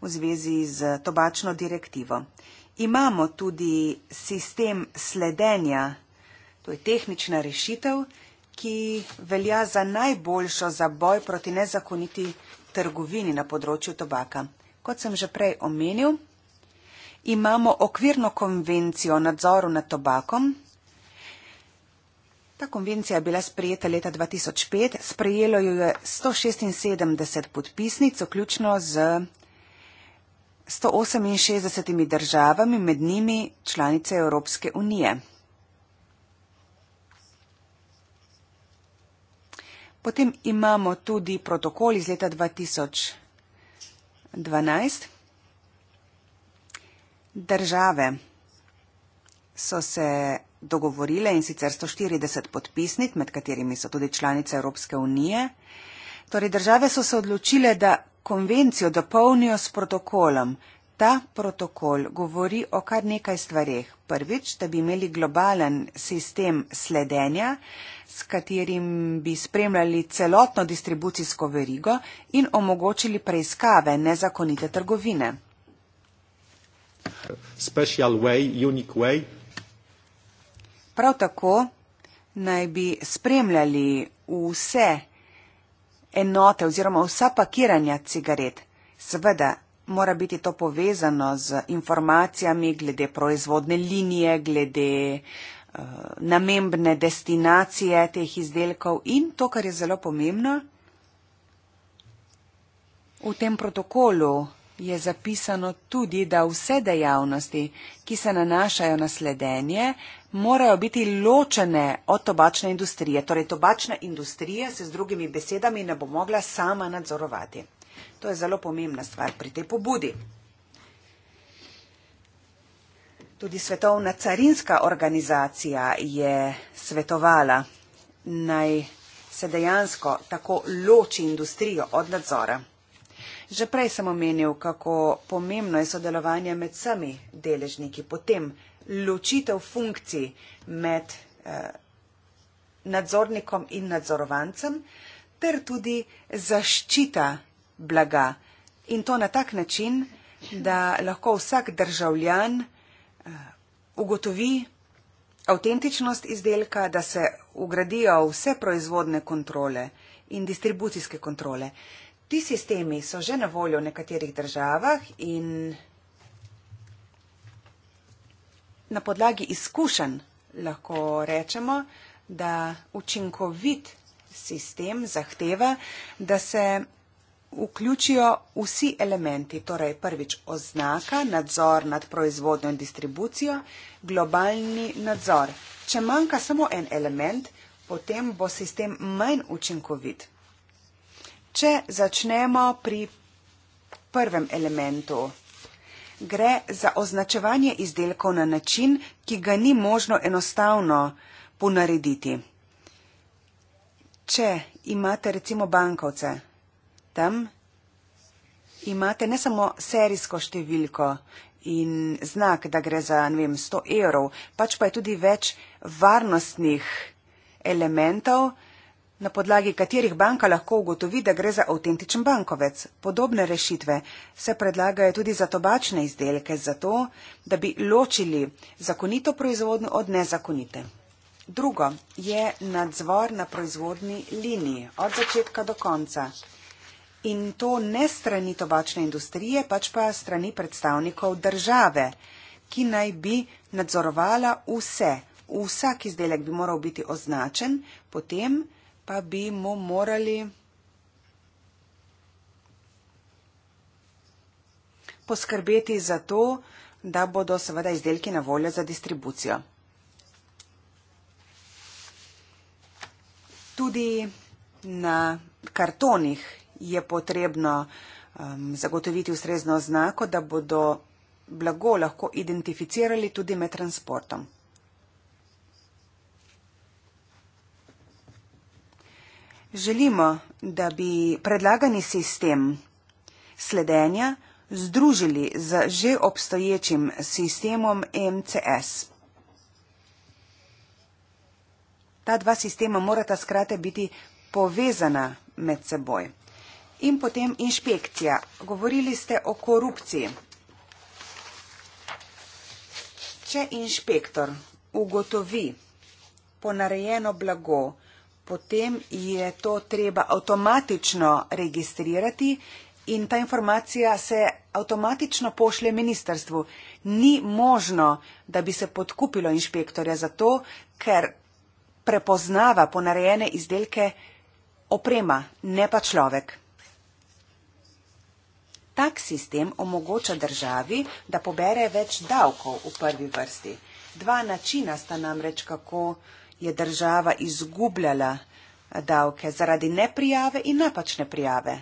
v zvezi z tobačno direktivo. Imamo tudi sistem sledenja, to je tehnična rešitev, ki velja za najboljšo za boj proti nezakoniti trgovini na področju tobaka. Kot sem že prej omenil, imamo okvirno konvencijo o nadzoru nad tobakom. Ta konvencija je bila sprejeta leta 2005, sprejelo jo je 176 podpisnic, vključno z 168 državami, med njimi članice Evropske unije. Potem imamo tudi protokol iz leta 2012, države so se dogovorile in sicer 140 podpisnik, med katerimi so tudi članice Evropske unije. Torej, države so se odločile, da konvencijo dopolnijo s protokolom. Ta protokol govori o kar nekaj stvarih. Prvič, da bi imeli globalen sistem sledenja, s katerim bi spremljali celotno distribucijsko verigo in omogočili preiskave nezakonite trgovine special way, unique way. Prav tako naj bi spremljali vse enote oziroma vsa pakiranja cigaret. Seveda mora biti to povezano z informacijami glede proizvodne linije, glede uh, namembne destinacije teh izdelkov in to, kar je zelo pomembno, v tem protokolu je zapisano tudi, da vse dejavnosti, ki se nanašajo na sledenje, morajo biti ločene od tobačne industrije. Torej, tobačna industrija se z drugimi besedami ne bo mogla sama nadzorovati. To je zelo pomembna stvar pri tej pobudi. Tudi Svetovna carinska organizacija je svetovala naj se dejansko tako loči industrijo od nadzora. Že prej sem omenil, kako pomembno je sodelovanje med vsemi deležniki, potem ločitev funkcij med eh, nadzornikom in nadzorovancem, ter tudi zaščita blaga. In to na tak način, da lahko vsak državljan eh, ugotovi avtentičnost izdelka, da se ugradijo vse proizvodne kontrole in distribucijske kontrole. Eh, Ti sistemi so že na voljo v nekaterih državah in na podlagi izkušenj lahko rečemo, da učinkovit sistem zahteva, da se vključijo vsi elementi, torej prvič oznaka, nadzor nad proizvodno in distribucijo, globalni nadzor. Če manjka samo en element, potem bo sistem manj učinkovit. Če začnemo pri prvem elementu, gre za označevanje izdelkov na način, ki ga ni možno enostavno ponarediti. Če imate recimo bankovce, tam imate ne samo serijsko številko in znak, da gre za vem, 100 evrov, pač pa je tudi več varnostnih elementov, na podlagi katerih banka lahko ugotovi, da gre za avtentičen bankovec. Podobne rešitve se predlagajo tudi za tobačne izdelke, zato da bi ločili zakonito proizvodnjo od nezakonite. Drugo je nadzor na proizvodni liniji od začetka do konca. In to ne strani tobačne industrije, pač pa strani predstavnikov države, ki naj bi nadzorovala vse. Vsak izdelek bi moral biti označen, potem pa bi mu morali poskrbeti za to, da bodo seveda izdelki na voljo za distribucijo. Tudi na kartonih je potrebno um, zagotoviti ustrezno znako, da bodo blago lahko identificirali tudi med transportom. Želimo, da bi predlagani sistem sledenja združili z že obstoječim sistemom MCS. Ta dva sistema morata skrate biti povezana med seboj. In potem inšpekcija. Govorili ste o korupciji. Če inšpektor ugotovi ponarejeno blago, potem je to treba avtomatično registrirati in ta informacija se avtomatično pošlje ministerstvu. Ni možno, da bi se podkupilo inšpektorja za to, ker prepoznava ponarejene izdelke oprema, ne pa človek. Tak sistem omogoča državi, da pobere več davkov v prvi vrsti. Dva načina sta namreč, kako uh, je država izgubljala eh, davke zaradi neprijave in napačne prijave.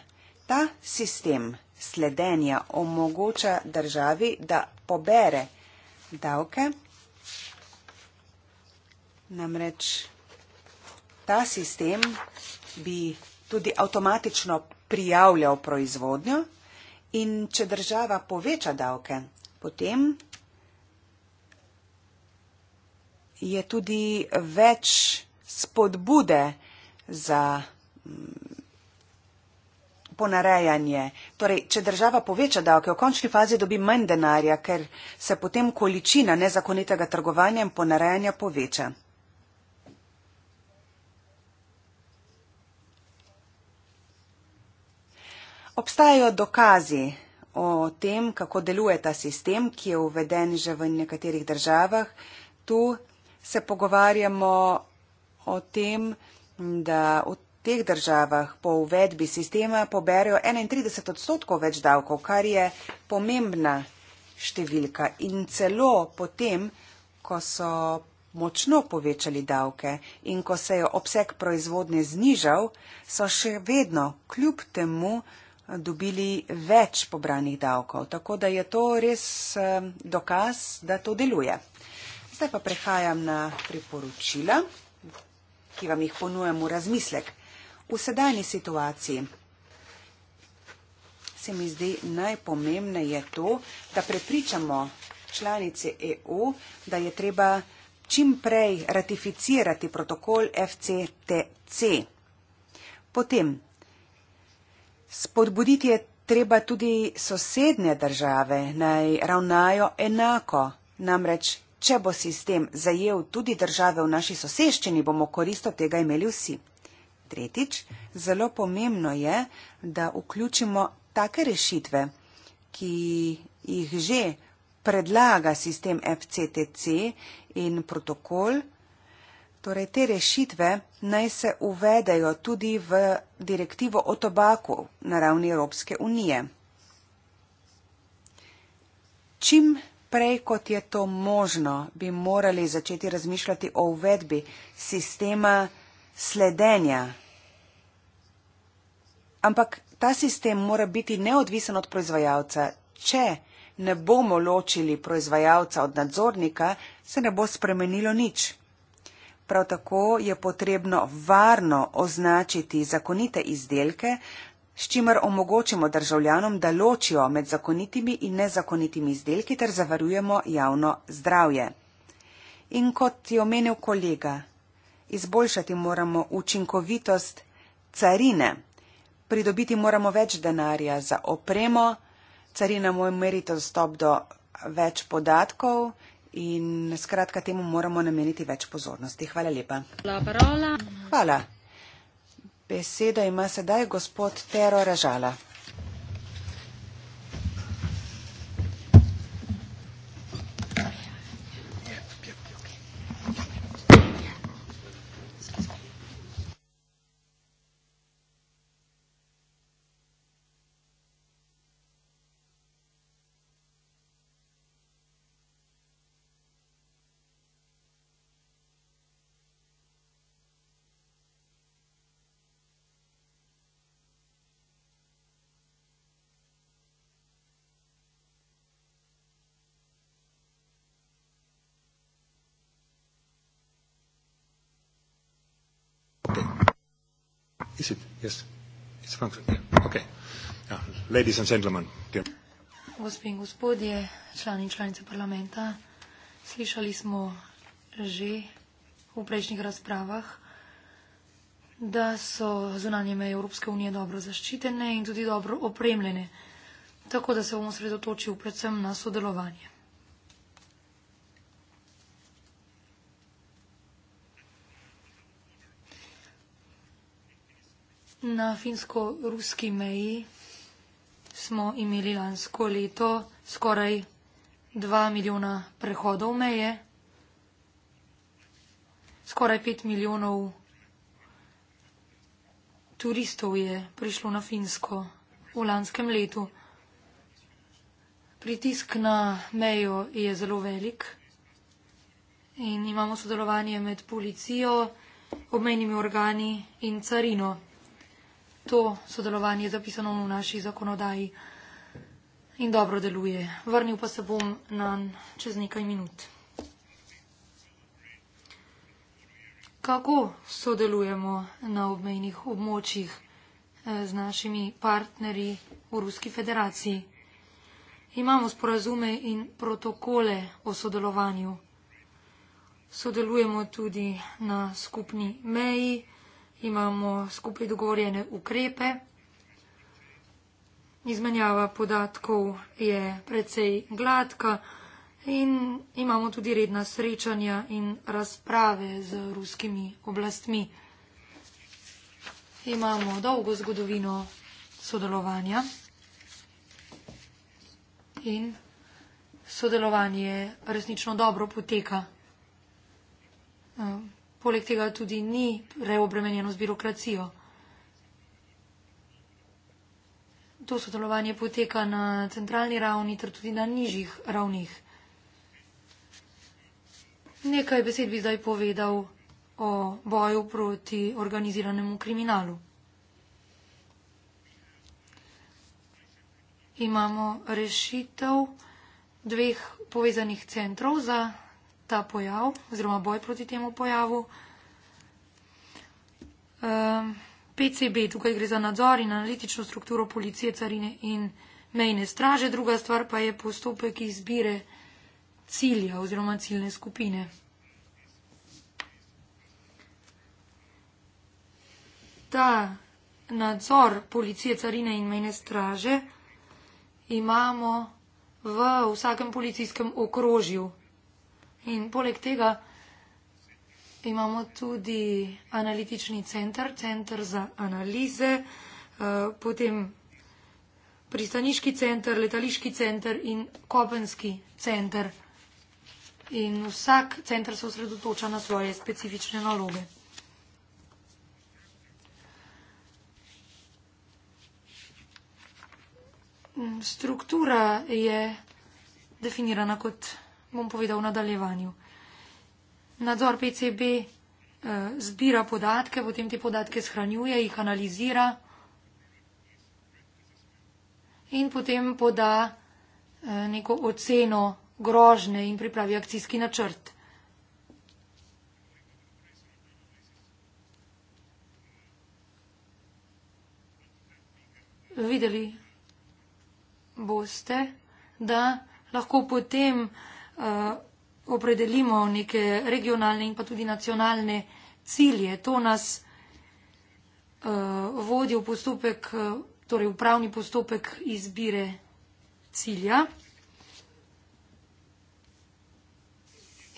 Ta sistem sledenja omogoča državi, da pobere davke. Namreč ta sistem bi tudi avtomatično prijavljal proizvodnjo in če država poveča davke, potem je tudi več spodbude za mm, ponarejanje. Torej, če država poveča davke, v končni fazi dobi manj denarja, ker se potem količina nezakonitega trgovanja in ponarejanja poveča. Obstajajo dokazi o tem, kako deluje ta sistem, ki je uveden že v nekaterih državah. Tu se pogovarjamo o tem, da v teh državah po uvedbi sistema poberajo 31 odstotkov več davkov, kar je pomembna številka. In celo potem, ko so močno povečali davke in ko se je obseg proizvodne znižal, so še vedno kljub temu eh, dobili več pobranih davkov. Tako da je to res eh, dokaz, da to deluje. Zdaj pa prehajam na priporočila, ki vam jih ponujem v razmislek. V sedajni situaciji se mi zdi najpomembneje to, da prepričamo članice EU, da je treba čim prej ratificirati protokol FCTC. Potem spodbuditi je treba tudi sosednje države, naj ravnajo enako. Namreč Če bo sistem zajel tudi države v naši soseščini, bomo koristo tega imeli vsi. Tretjič, zelo pomembno je, da vključimo take rešitve, ki jih že predlaga sistem FCTC in protokol. Torej, te rešitve naj se uvedejo tudi v direktivo o tobaku na ravni Evropske unije. Čim prej, kot je to možno, bi morali začeti razmišljati o uvedbi sistema sledenja. Ampak ta sistem mora biti neodvisen od proizvajalca. Če ne bomo ločili proizvajalca od nadzornika, se ne bo spremenilo nič. Prav tako je potrebno varno označiti zakonite izdelke, s čimer omogočimo državljanom, da ločijo med zakonitimi in nezakonitimi izdelki ter zavarujemo javno zdravje. In kot je omenil kolega, izboljšati moramo učinkovitost carine, pridobiti moramo več denarja za opremo, carina mora meriti dostop do več podatkov in skratka temu moramo nameniti več pozornosti. Hvala lepa. La parola. Hvala. Besedo ima sedaj gospod Tero Režala. Is it? Yes. It's functioning. Okay. Ladies and gentlemen, dear. Gospe in gospodje, člani in članice parlamenta, slišali smo že v prejšnjih razpravah, da so zunanje meje Evropske unije dobro zaščitene in tudi dobro opremljene, tako da se bomo sredotočili predvsem na sodelovanje. Na finsko-ruski meji smo imeli lansko leto skoraj 2 milijona prehodov meje, skoraj 5 milijonov turistov je prišlo na Finsko v lanskem letu. Pritisk na mejo je zelo velik in imamo sodelovanje med policijo, obmejnimi organi in carino to sodelovanje zapisano v naši zakonodaji in dobro deluje. Vrnil pa se bom na čez nekaj minut. Kako sodelujemo na obmejnih območjih eh, z našimi partnerji v Ruski federaciji? Imamo sporazume in protokole o sodelovanju. Sodelujemo tudi na skupni meji imamo skupaj dogovorjene ukrepe. Izmenjava podatkov je precej gladka in imamo tudi redna srečanja in razprave z ruskimi oblastmi. Imamo dolgo zgodovino sodelovanja in sodelovanje resnično dobro poteka poleg tega tudi ni preobremenjeno z birokracijo. To sodelovanje poteka na centralni ravni ter tudi na nižjih ravnih. Nekaj besed bi zdaj povedal o boju proti organiziranemu kriminalu. Imamo rešitev dveh povezanih centrov za ta pojav oziroma boj proti temu pojavu. Um, ehm, PCB, tukaj gre za nadzor in analitično strukturo policije, carine in mejne straže, druga stvar pa je postopek izbire cilja oziroma ciljne skupine. Ta nadzor policije, carine in mejne straže imamo v vsakem policijskem okrožju. In poleg tega imamo tudi analitični center, center za analize, eh, potem pristaniški center, letališki center in kopenski center. In vsak center se osredotoča na svoje specifične naloge. Struktura je definirana kot bom povedal v nadaljevanju. Nadzor PCB eh, zbira podatke, potem te podatke shranjuje, jih analizira in potem poda eh, neko oceno grožne in pripravi akcijski načrt. Videli boste, da lahko potem Eh, opredelimo neke regionalne in pa tudi nacionalne cilje. To nas eh, vodi v postopek, eh, torej v pravni postopek izbire cilja.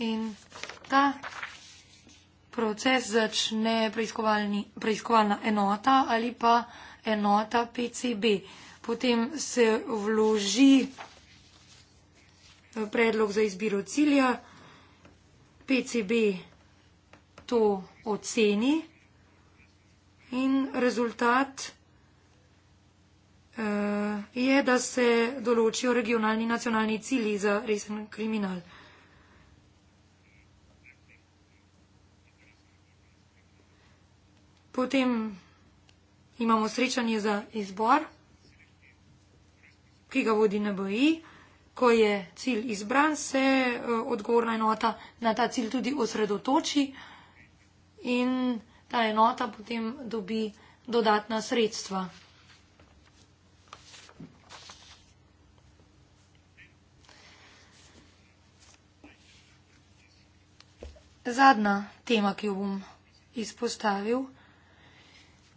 In ta proces začne preiskovalna enota ali pa enota PCB. Potem se vloži predlog za izbiro cilja, PCB to oceni in rezultat eh, je, da se določijo regionalni nacionalni cilji za resen kriminal. Potem imamo srečanje za izbor, ki ga vodi NBI ko je cilj izbran, se eh, odgovorna enota na ta cilj tudi osredotoči in ta enota potem dobi dodatna sredstva. Zadnja tema, ki jo bom izpostavil,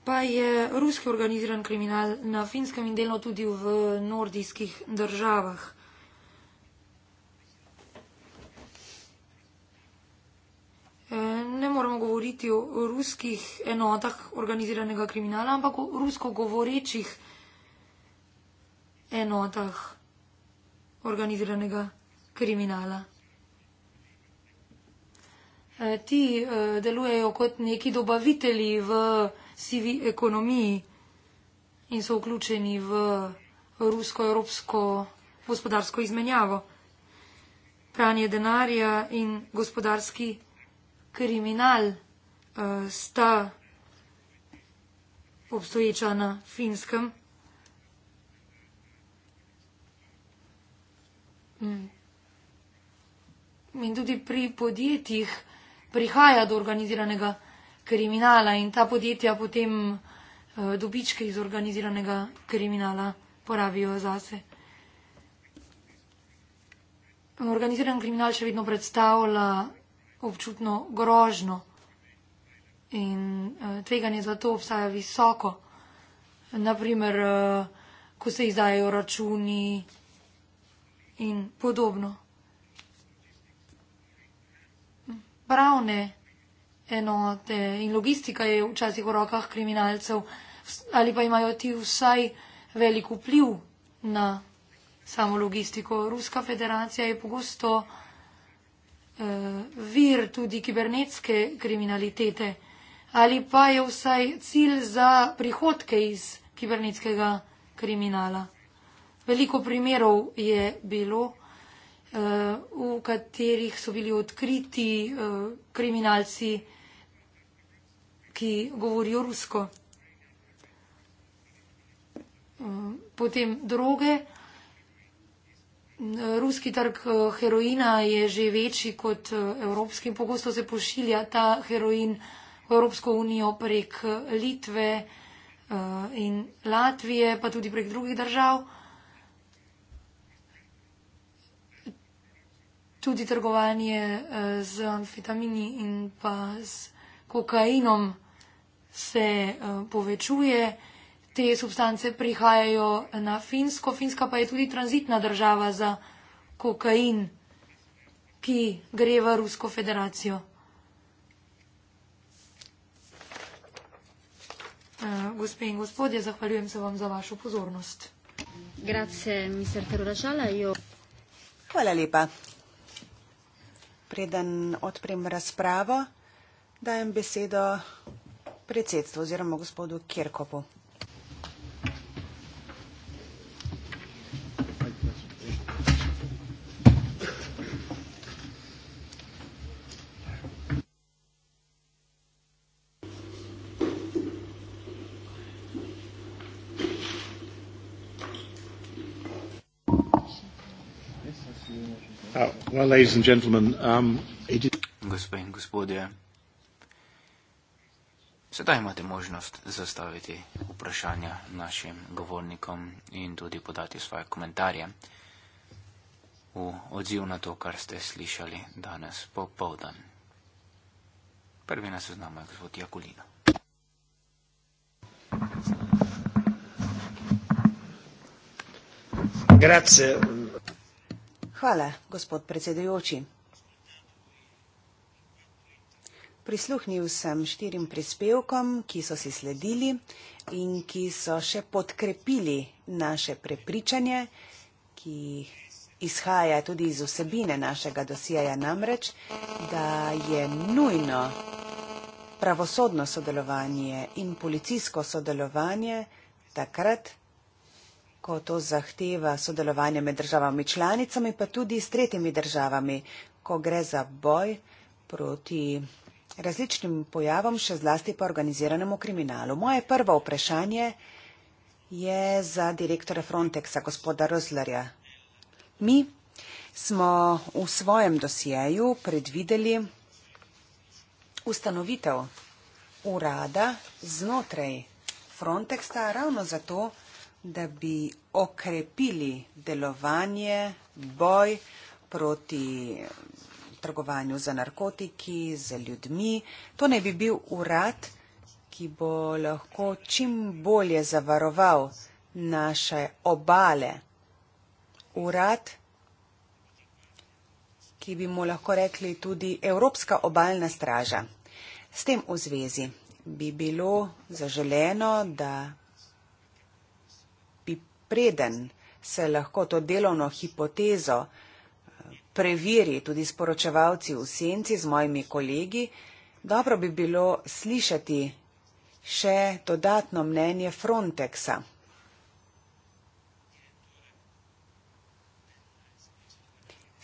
pa je ruski organiziran kriminal na finskem in delno tudi v nordijskih državah. ne moremo govoriti o ruskih enotah organiziranega kriminala, ampak o rusko govorečih enotah organiziranega kriminala. E, ti e, delujejo kot neki dobavitelji v sivi ekonomiji in so vključeni v rusko-evropsko gospodarsko izmenjavo, pranje denarja in gospodarski kriminal uh, sta obstoječa na finskem. Mm. In tudi pri podjetjih prihaja do organiziranega kriminala in ta podjetja potem uh, dobičke iz organiziranega kriminala porabijo zase. Organiziran kriminal še vedno predstavlja občutno grožno in uh, tveganje za to obstaja visoko. Naprimer, uh, eh, ko se izdajo računi in podobno. Pravne enote in logistika je včasih v rokah kriminalcev ali pa imajo ti vsaj velik vpliv na samo logistiko. Ruska federacija je pogosto eh, vir tudi kibernetske kriminalitete ali pa je vsaj cilj za prihodke iz kibernetskega kriminala. Veliko primerov je bilo, eh, v katerih so bili odkriti eh, kriminalci, ki govorijo rusko. Eh, potem druge. Ruski trg eh, heroina je že večji kot eh, evropski in pogosto se pošilja ta heroin v Evropsko unijo prek eh, Litve in Latvije, pa tudi prek drugih držav. Tudi trgovanje z amfetamini in pa z kokainom se povečuje te substance prihajajo na Finsko. Finska pa je tudi tranzitna država za kokain, ki gre v Rusko federacijo. Eh, gospe in gospodje, zahvaljujem se vam za vašo pozornost. Grazie, mister Terurašala. Hvala lepa. Preden odprem razpravo, dajem besedo predsedstvu oziroma gospodu Kirkopu. ladies and gentlemen, um, it is... Gospod in gospodje, sedaj imate možnost zastaviti vprašanja našim govornikom in tudi podati svoje komentarje v odziv na to, kar ste slišali danes popovdan. Prvi nas znamo je gospod Jakulina. Grazie. Hvala, gospod predsedujoči. Prisluhnil sem štirim prispevkom, ki so si sledili in ki so še podkrepili naše prepričanje, ki izhaja tudi iz vsebine našega dosijaja namreč, da je nujno pravosodno sodelovanje in policijsko sodelovanje takrat, ko to zahteva sodelovanje med državami članicami, pa tudi s tretjimi državami, ko gre za boj proti različnim pojavom, še zlasti pa organiziranemu kriminalu. Moje prvo vprašanje je za direktora Frontexa, gospoda Rozlerja. Mi smo v svojem dosjeju predvideli ustanovitev urada znotraj Frontexa ravno zato, da bi okrepili delovanje, boj proti trgovanju za narkotiki, za ljudmi. To ne bi bil urad, ki bo lahko čim bolje zavaroval naše obale. Urad, ki bi mu lahko rekli tudi Evropska obaljna straža. S tem v zvezi bi bilo zaželeno, da preden se lahko to delovno hipotezo eh, preveri tudi sporočevalci v senci z mojimi kolegi, dobro bi bilo slišati še dodatno mnenje Frontexa.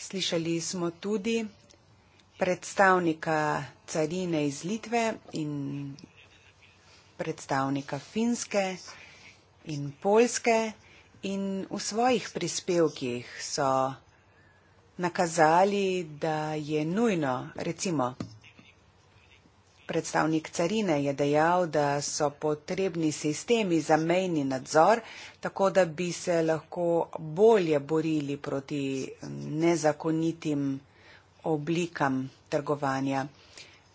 Slišali smo tudi predstavnika carine iz Litve in predstavnika finske in polske. In v svojih prispevkih so nakazali, da je nujno, recimo, predstavnik carine je dejal, da so potrebni sistemi za mejni nadzor, tako da bi se lahko bolje borili proti nezakonitim oblikam trgovanja.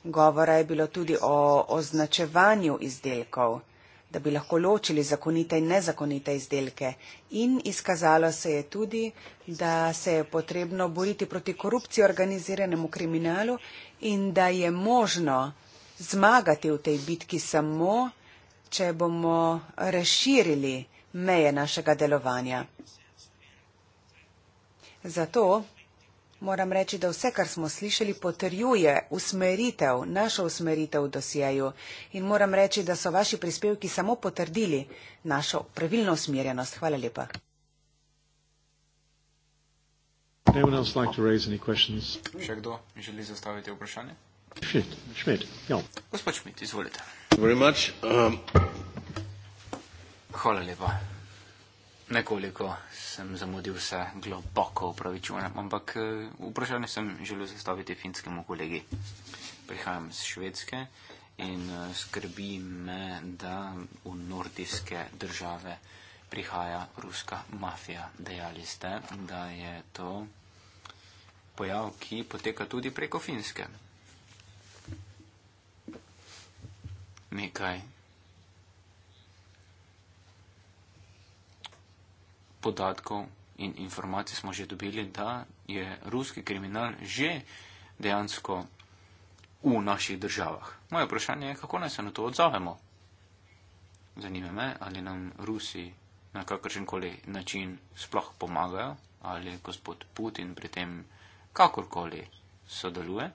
Govora je bilo tudi o označevanju izdelkov da bi lahko ločili zakonite in nezakonite izdelke. In izkazalo se je tudi, da se je potrebno boriti proti korupciji, organiziranemu kriminalu in da je možno zmagati v tej bitki samo, če bomo razširili meje našega delovanja. Zato Moram reči, da vse, kar smo slišali, potrjuje usmeritev, našo usmeritev v dosjeju. In moram reči, da so vaši prispevki samo potrdili našo pravilno usmerjenost. Hvala lepa. Še kdo želi zastaviti vprašanje? Gospod Šmit, izvolite. Um, Hvala lepa nekoliko sem zamudil se, globoko upravičujem, ampak eh, vprašanje sem želel zastaviti finskemu kolegi. Prihajam iz Švedske in eh, skrbi me, da v nordijske države prihaja ruska mafija. Dejali ste, da je to pojav, ki poteka tudi preko finske. Nekaj podatkov in informacij smo že dobili, da je ruski kriminal že dejansko v naših državah. Moje vprašanje je, kako naj se na to odzovemo. Zanima me, ali nam Rusi na kakršen koli način sploh pomagajo, ali gospod Putin pri tem kakorkoli sodeluje.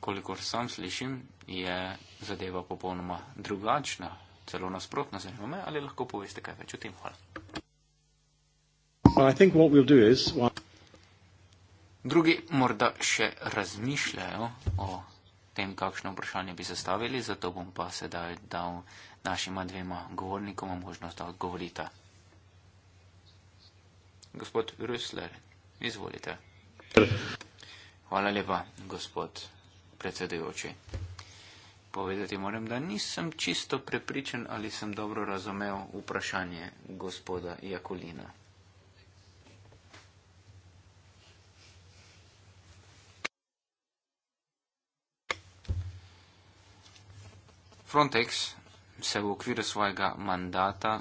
Kolikor sam slišim, je zadeva popolnoma drugačna celo nasprotno zanima me, ali lahko poveste kaj več o tem. Hvala. We'll is... Drugi morda še razmišljajo o tem, kakšno vprašanje bi zastavili, zato bom pa sedaj dal našima dvema govornikoma možnost, da odgovorita. Gospod Rusler, izvolite. Hvala lepa, gospod predsedujoči povedati moram, da nisem čisto prepričan, ali sem dobro razumel vprašanje gospoda Jakulina. Frontex se v okviru svojega mandata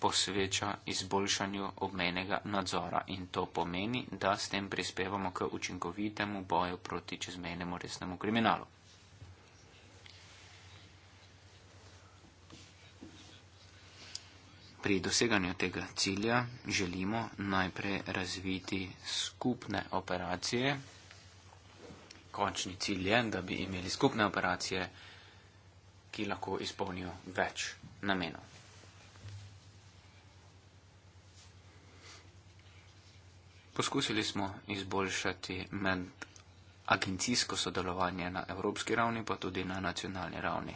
posveča izboljšanju obmejnega nadzora in to pomeni, da s tem prispevamo k učinkovitemu boju proti čezmejnemu resnemu kriminalu. pri doseganju tega cilja želimo najprej razviti skupne operacije. Končni cilj je, da bi imeli skupne operacije, ki lahko izpolnijo več namenov. Poskusili smo izboljšati med agencijsko sodelovanje na evropski ravni, pa tudi na nacionalni ravni,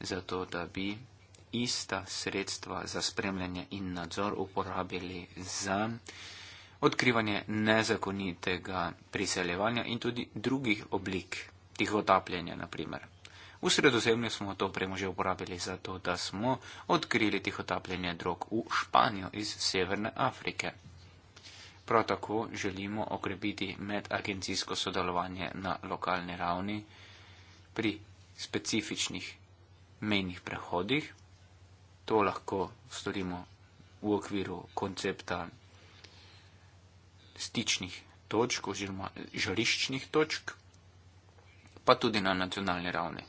zato da bi ista sredstva za spremljanje in nadzor uporabili za odkrivanje nezakonitega priseljevanja in tudi drugih oblik tihotapljenja, naprimer. V sredozemlju smo to opremo že uporabili zato, da smo odkrili tihotapljenje drog v Španijo iz Severne Afrike. Prav tako želimo okrepiti medagencijsko sodelovanje na lokalni ravni pri specifičnih mejnih prehodih, to lahko storimo v okviru koncepta stičnih točk oziroma žariščnih točk, pa tudi na nacionalni ravni.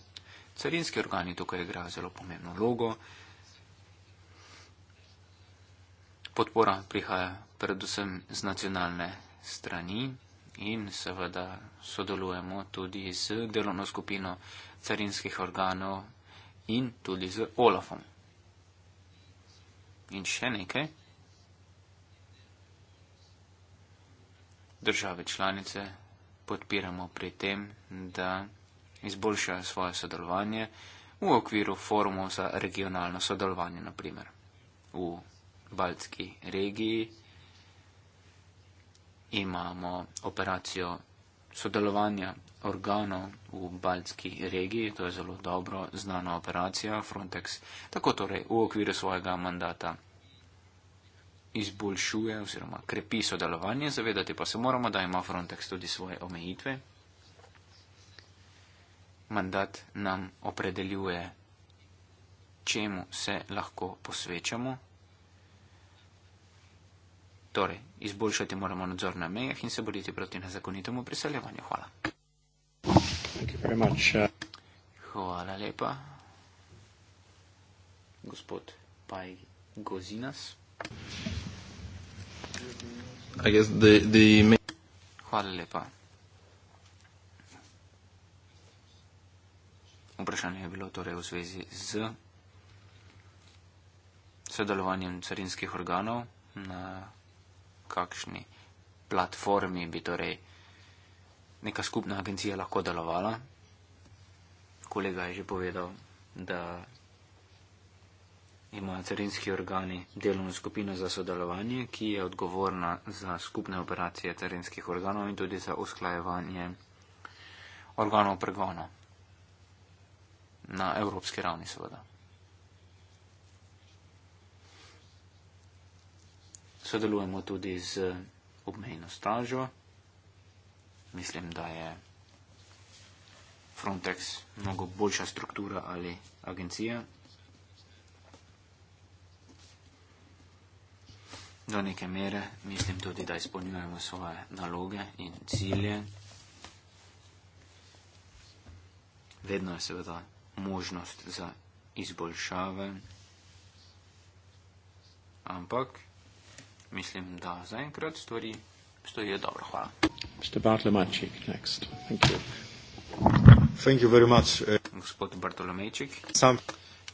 Carinski organi tukaj igrajo zelo pomembno vlogo. Podpora prihaja predvsem z nacionalne strani in seveda sodelujemo tudi z delovno skupino carinskih organov in tudi z OLAF-om. In še nekaj. Države članice podpiramo pri tem, da izboljšajo svoje sodelovanje v okviru forumov za regionalno sodelovanje, naprimer v Baltski regiji imamo operacijo sodelovanja organov v Baltski regiji. To je zelo dobro znana operacija Frontex. Tako torej v okviru svojega mandata izboljšuje oziroma krepi sodelovanje. Zavedati pa se moramo, da ima Frontex tudi svoje omejitve. Mandat nam opredeljuje, čemu se lahko posvečamo. Torej, izboljšati moramo nadzor na mejah in se boriti proti nezakonitemu priseljevanju. Hvala. Thank you very much. Hvala lepa. Gospod Paj Gozinas. I guess the, the main... Hvala lepa. Vprašanje je bilo torej v zvezi z sodelovanjem carinskih organov, na kakšni platformi bi torej neka skupna agencija lahko delovala. Kolega je že povedal, da imajo carinski organi delovno skupino za sodelovanje, ki je odgovorna za skupne operacije carinskih organov in tudi za usklajevanje organov pregona na evropski ravni seveda. Sodelujemo tudi z obmejno stražo mislim, da je Frontex mnogo boljša struktura ali agencija. Do neke mere mislim tudi, da izpolnjujemo svoje naloge in cilje. Vedno je seveda možnost za izboljšave, ampak mislim, da zaenkrat stvari što je dobro. Hvala. Mr. Bartlomacic, next. Thank you. Thank you very much. Gospod Bartolomečik. Sam.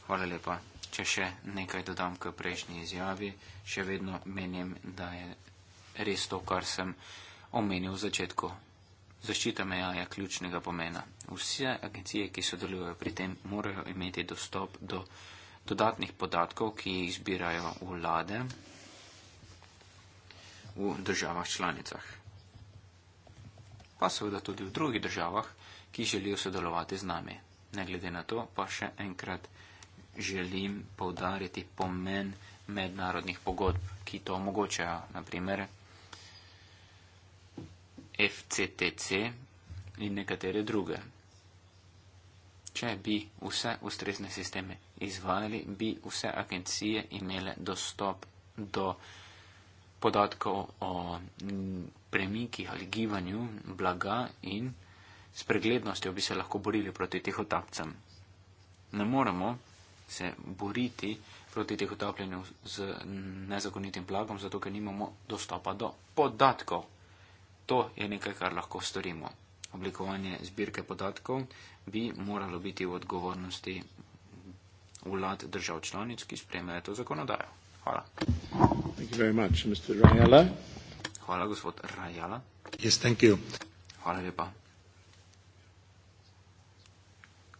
Hvala lepa. Če še nekaj dodam k prejšnji izjavi, še vedno menim, da je res to, kar sem omenil v začetku. Zaščita meja je ključnega pomena. Vse agencije, ki sodelujejo pri tem, morajo imeti dostop do dodatnih podatkov, ki jih zbirajo vlade v državah članicah. Pa seveda tudi v drugih državah, ki želijo sodelovati z nami. Ne glede na to, pa še enkrat želim povdariti pomen mednarodnih pogodb, ki to omogočajo. Naprimer FCTC in nekatere druge. Če bi vse ustrezne sisteme izvajali, bi vse agencije imele dostop do podatkov o mm, premikih ali gibanju blaga in s preglednostjo bi se lahko borili proti teh otapcem. Ne moremo se boriti proti teh otapljenju z nezakonitim blagom, zato ker nimamo dostopa do podatkov. To je nekaj, kar lahko storimo. Oblikovanje zbirke podatkov bi moralo biti v odgovornosti vlad držav članic, ki sprejmejo to zakonodajo. Hvala. Much, Hvala, gospod Rajala. Yes, Hvala lepa.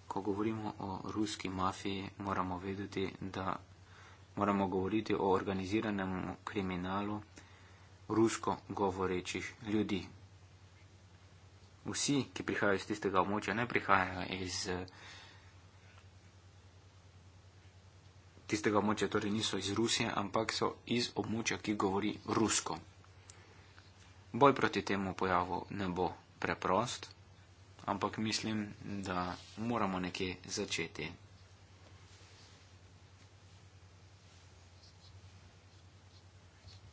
Ko govorimo o ruski mafiji, moramo vedeti, da moramo govoriti o organiziranem kriminalu rusko govorečih ljudi. Vsi, ki prihajajo iz tistega območja, ne prihajajo iz eh, tistega območja, torej niso iz Rusije, ampak so iz območja, ki govori rusko. Boj proti temu pojavu ne bo preprost, ampak mislim, da moramo nekje začeti.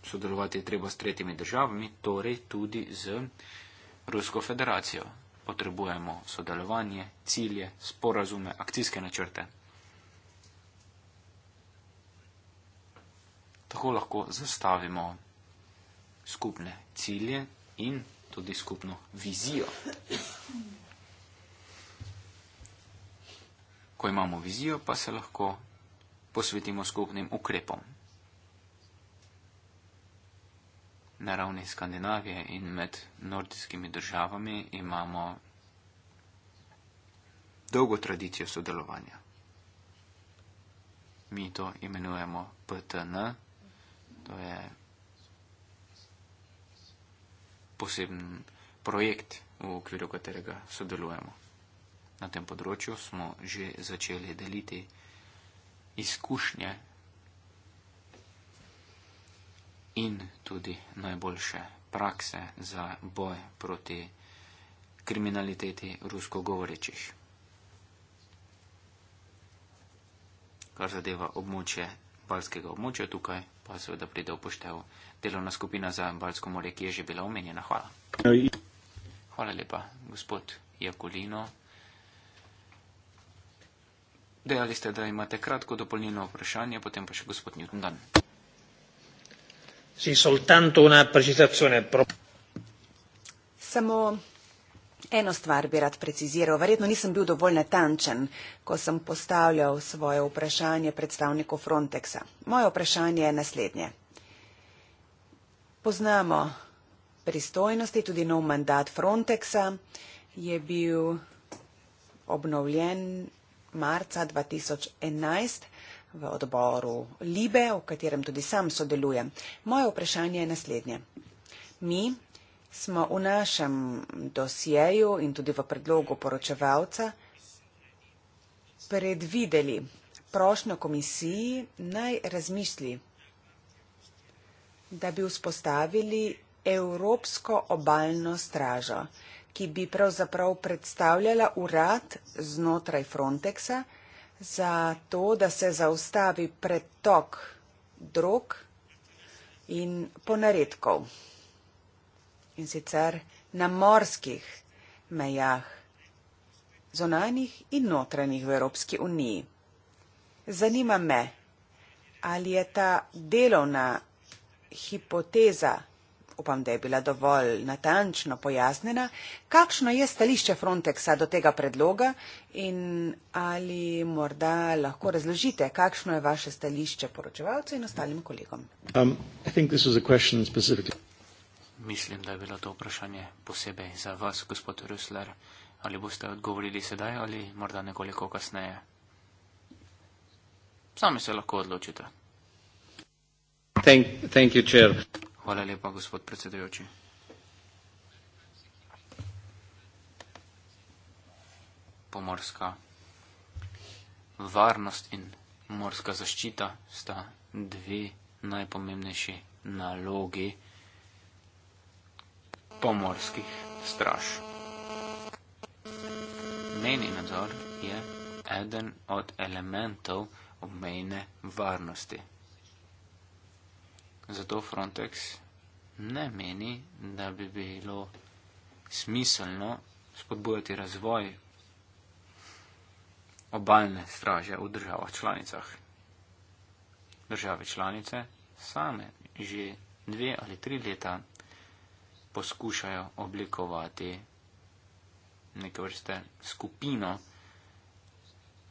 Sodelovati je treba s tretjimi državami, torej tudi z Rusko federacijo. Potrebujemo sodelovanje, cilje, sporazume, akcijske načrte. Tako lahko zastavimo skupne cilje in tudi skupno vizijo. Ko imamo vizijo, pa se lahko posvetimo skupnim ukrepom na ravni Skandinavije in med nordijskimi državami imamo dolgo tradicijo sodelovanja. Mi to imenujemo PTN, To je poseben projekt, v okviru katerega sodelujemo. Na tem področju smo že začeli deliti izkušnje in tudi najboljše prakse za boj proti kriminaliteti ruskogovorečih. Kar zadeva območje balskega območja tukaj, pa seveda pride upoštev delovna skupina za Balsko more, ki je že bila omenjena. Hvala. Hvala lepa, gospod Jakolino. Dejali ste, da imate kratko dopolnjeno vprašanje, potem pa še gospod Newton Dan. Si soltanto una precisazione. Samo Eno stvar bi rad preciziral. Verjetno nisem bil dovolj natančen, ko sem postavljal svoje vprašanje predstavniku Frontexa. Moje vprašanje je naslednje. Poznamo pristojnosti, tudi nov mandat Frontexa je bil obnovljen marca 2011 v odboru Libe, v katerem tudi sam sodelujem. Moje vprašanje je naslednje. Mi, smo v našem dosjeju in tudi v predlogu poročevalca predvideli prošnjo komisiji naj razmišli, da bi vzpostavili Evropsko obaljno stražo, ki bi pravzaprav predstavljala urad znotraj Frontexa za to, da se zaustavi pretok drog in ponaredkov in sicer na morskih mejah, zonanih in notranjih v Evropski uniji. Zanima me, ali je ta delovna hipoteza, upam, da je bila dovolj natančno pojasnjena, kakšno je stališče Frontexa do tega predloga in ali morda lahko razložite, kakšno je vaše stališče poročevalcev in ostalim kolegom. Um, Mislim, da je bilo to vprašanje posebej za vas, gospod Rusler. Ali boste odgovorili sedaj ali morda nekoliko kasneje? Sami se lahko odločite. Thank, thank you, Hvala lepa, gospod predsedujoči. Pomorska varnost in morska zaščita sta dve najpomembnejši nalogi pomorskih straž. Mejni nadzor je eden od elementov obmejne varnosti. Zato Frontex ne meni, da bi bilo smiselno spodbujati razvoj obaljne straže v državah članicah. Države članice same že dve ali tri leta poskušajo oblikovati neke vrste skupino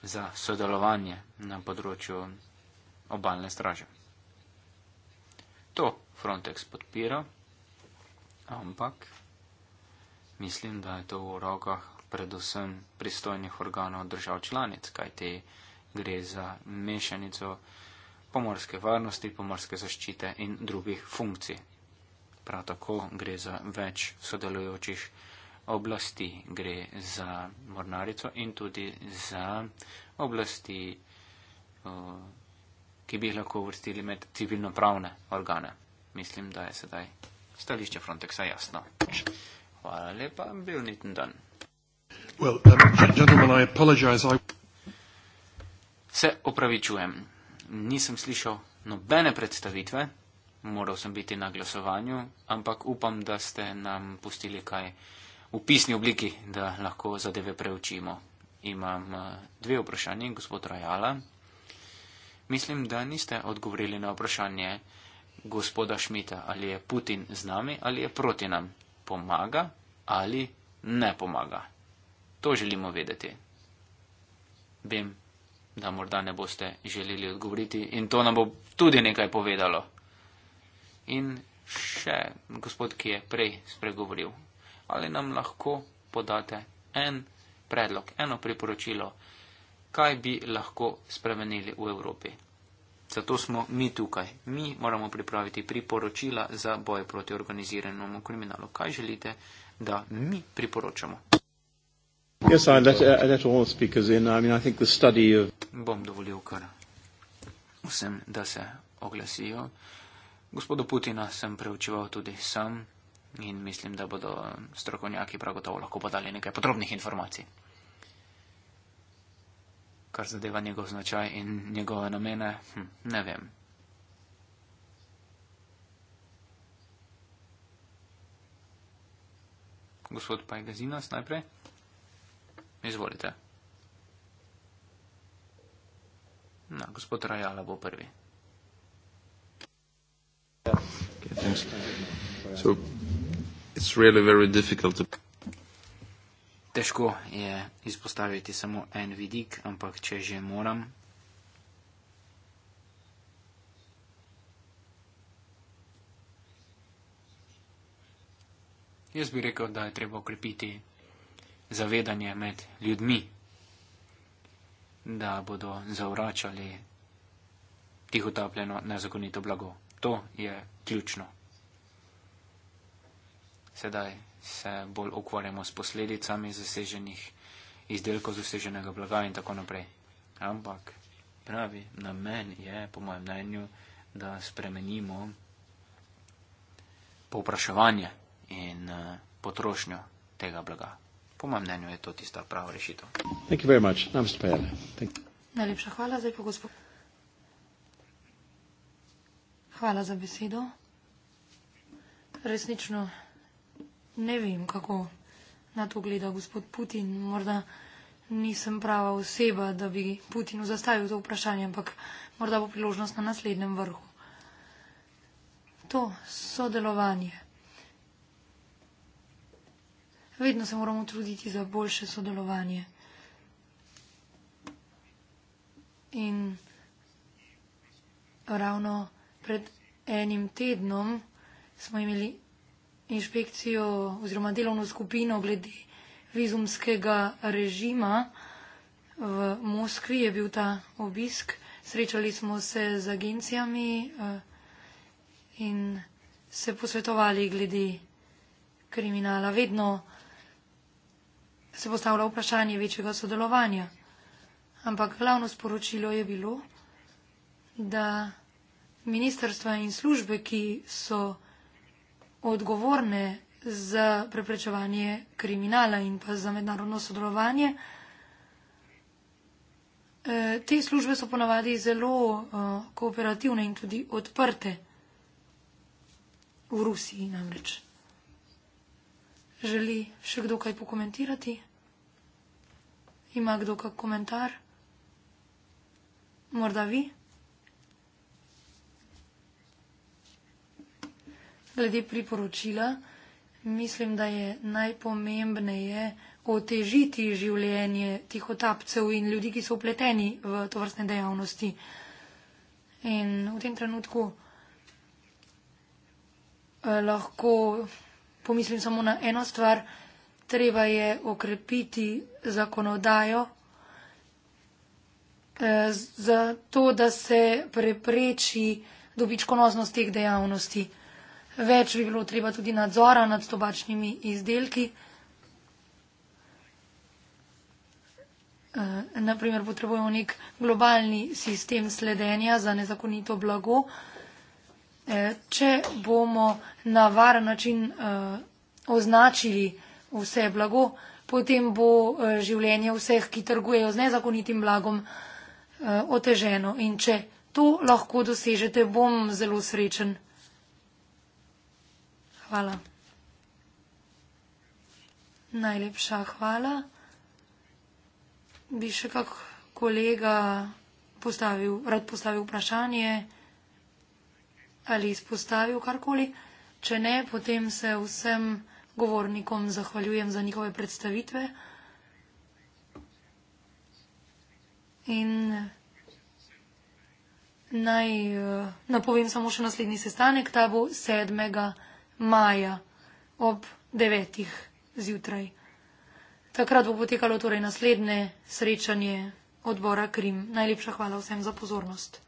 za sodelovanje na področju obalne straže. To Frontex podpira, ampak mislim, da je to v rokah predvsem pristojnih organov držav članic, kajte gre za mešanico pomorske varnosti, pomorske zaščite in drugih funkcij, prav tako gre za več sodelujočih oblasti, gre za mornarico in tudi za oblasti, ki bi jih lahko vrstili med civilno-pravne organe. Mislim, da je sedaj stališče Frontexa jasno. Hvala lepa, bil niten dan. Well, um, I... Se opravičujem, nisem slišal nobene predstavitve moral sem biti na glasovanju, ampak upam, da ste nam pustili kaj v pisni obliki, da lahko zadeve preučimo. Imam eh, dve vprašanje, gospod Rajala. Mislim, da niste odgovorili na vprašanje gospoda Šmita, ali je Putin z nami ali je proti nam. Pomaga ali ne pomaga. To želimo vedeti. Vem, da morda ne boste želeli odgovoriti in to nam bo tudi nekaj povedalo in še gospod, ki je prej spregovoril. Ali nam lahko podate en predlog, eno priporočilo, kaj bi lahko spremenili v Evropi? Zato smo mi tukaj. Mi moramo pripraviti priporočila za boj proti organiziranemu kriminalu. Kaj želite, da mi priporočamo? Yes, I let, I uh, let all speakers in. I mean, I think the study of. Bom dovolil kar vsem, da se oglasijo. Gospoda Putina sem preučival tudi sam in mislim, da bodo strokovnjaki prav gotovo lahko podali nekaj podrobnih informacij. Kar zadeva njegov značaj in njegove namene, hm, ne vem. Gospod Pajgazinas, najprej. Izvolite. Na, gospod Rajala bo prvi. Yeah. Okay, thanks. So it's really very difficult to. Težko je izpostaviti samo en vidik, ampak če že moram. Jaz bi rekel, da je treba okrepiti zavedanje med ljudmi, da bodo zavračali tihotapljeno nezakonito blago. To je ključno. Sedaj se bolj ukvarjamo s posledicami zaseženih izdelkov zaseženega blaga in tako naprej. Ampak pravi namen je, po mojem mnenju, da spremenimo povpraševanje in eh, potrošnjo tega blaga. Po mojem mnenju je to tista prava rešitev. Najlepša hvala zdaj pa gospod. Hvala za besedo. Resnično ne vem, kako na to gleda gospod Putin. Morda nisem prava oseba, da bi Putinu zastavil to vprašanje, ampak morda bo priložnost na naslednjem vrhu. To sodelovanje. Vedno se moramo truditi za boljše sodelovanje. In ravno pred enim tednom smo imeli inšpekcijo oziroma delovno skupino glede vizumskega režima v Moskvi, je bil ta obisk. Srečali smo se z agencijami eh, in se posvetovali glede kriminala. Vedno se postavlja vprašanje večjega sodelovanja. Ampak glavno sporočilo je bilo, da ministrstva in službe, ki so odgovorne za preprečevanje kriminala in pa za mednarodno sodelovanje. E, te službe so ponavadi zelo e, kooperativne in tudi odprte v Rusiji namreč. Želi še kdo kaj pokomentirati? Ima kdo kak komentar? Morda vi? glede priporočila. Mislim, da je najpomembneje otežiti življenje tih otapcev in ljudi, ki so upleteni v to vrstne dejavnosti. In v tem trenutku eh, lahko pomislim samo na eno stvar. Treba je okrepiti zakonodajo eh, za to, da se prepreči dobičkonosnost teh dejavnosti. Več bi bilo treba tudi nadzora nad tobačnimi izdelki. Eh, Naprimer, potrebujemo nek globalni sistem sledenja za nezakonito blago. Eh, če bomo na varen način eh, označili vse blago, potem bo življenje vseh, ki trgujejo z nezakonitim blagom, oteženo. In če to lahko dosežete, bom zelo srečen. Hvala. Najlepša hvala. Bi še kak kolega postavil, rad postavil vprašanje ali izpostavil karkoli. Če ne, potem se vsem govornikom zahvaljujem za njihove predstavitve. In naj eh, napovem samo še naslednji sestanek, ta bo 7 maja ob devetih zjutraj. Takrat bo potekalo torej naslednje srečanje odbora Krim. Najlepša hvala vsem za pozornost.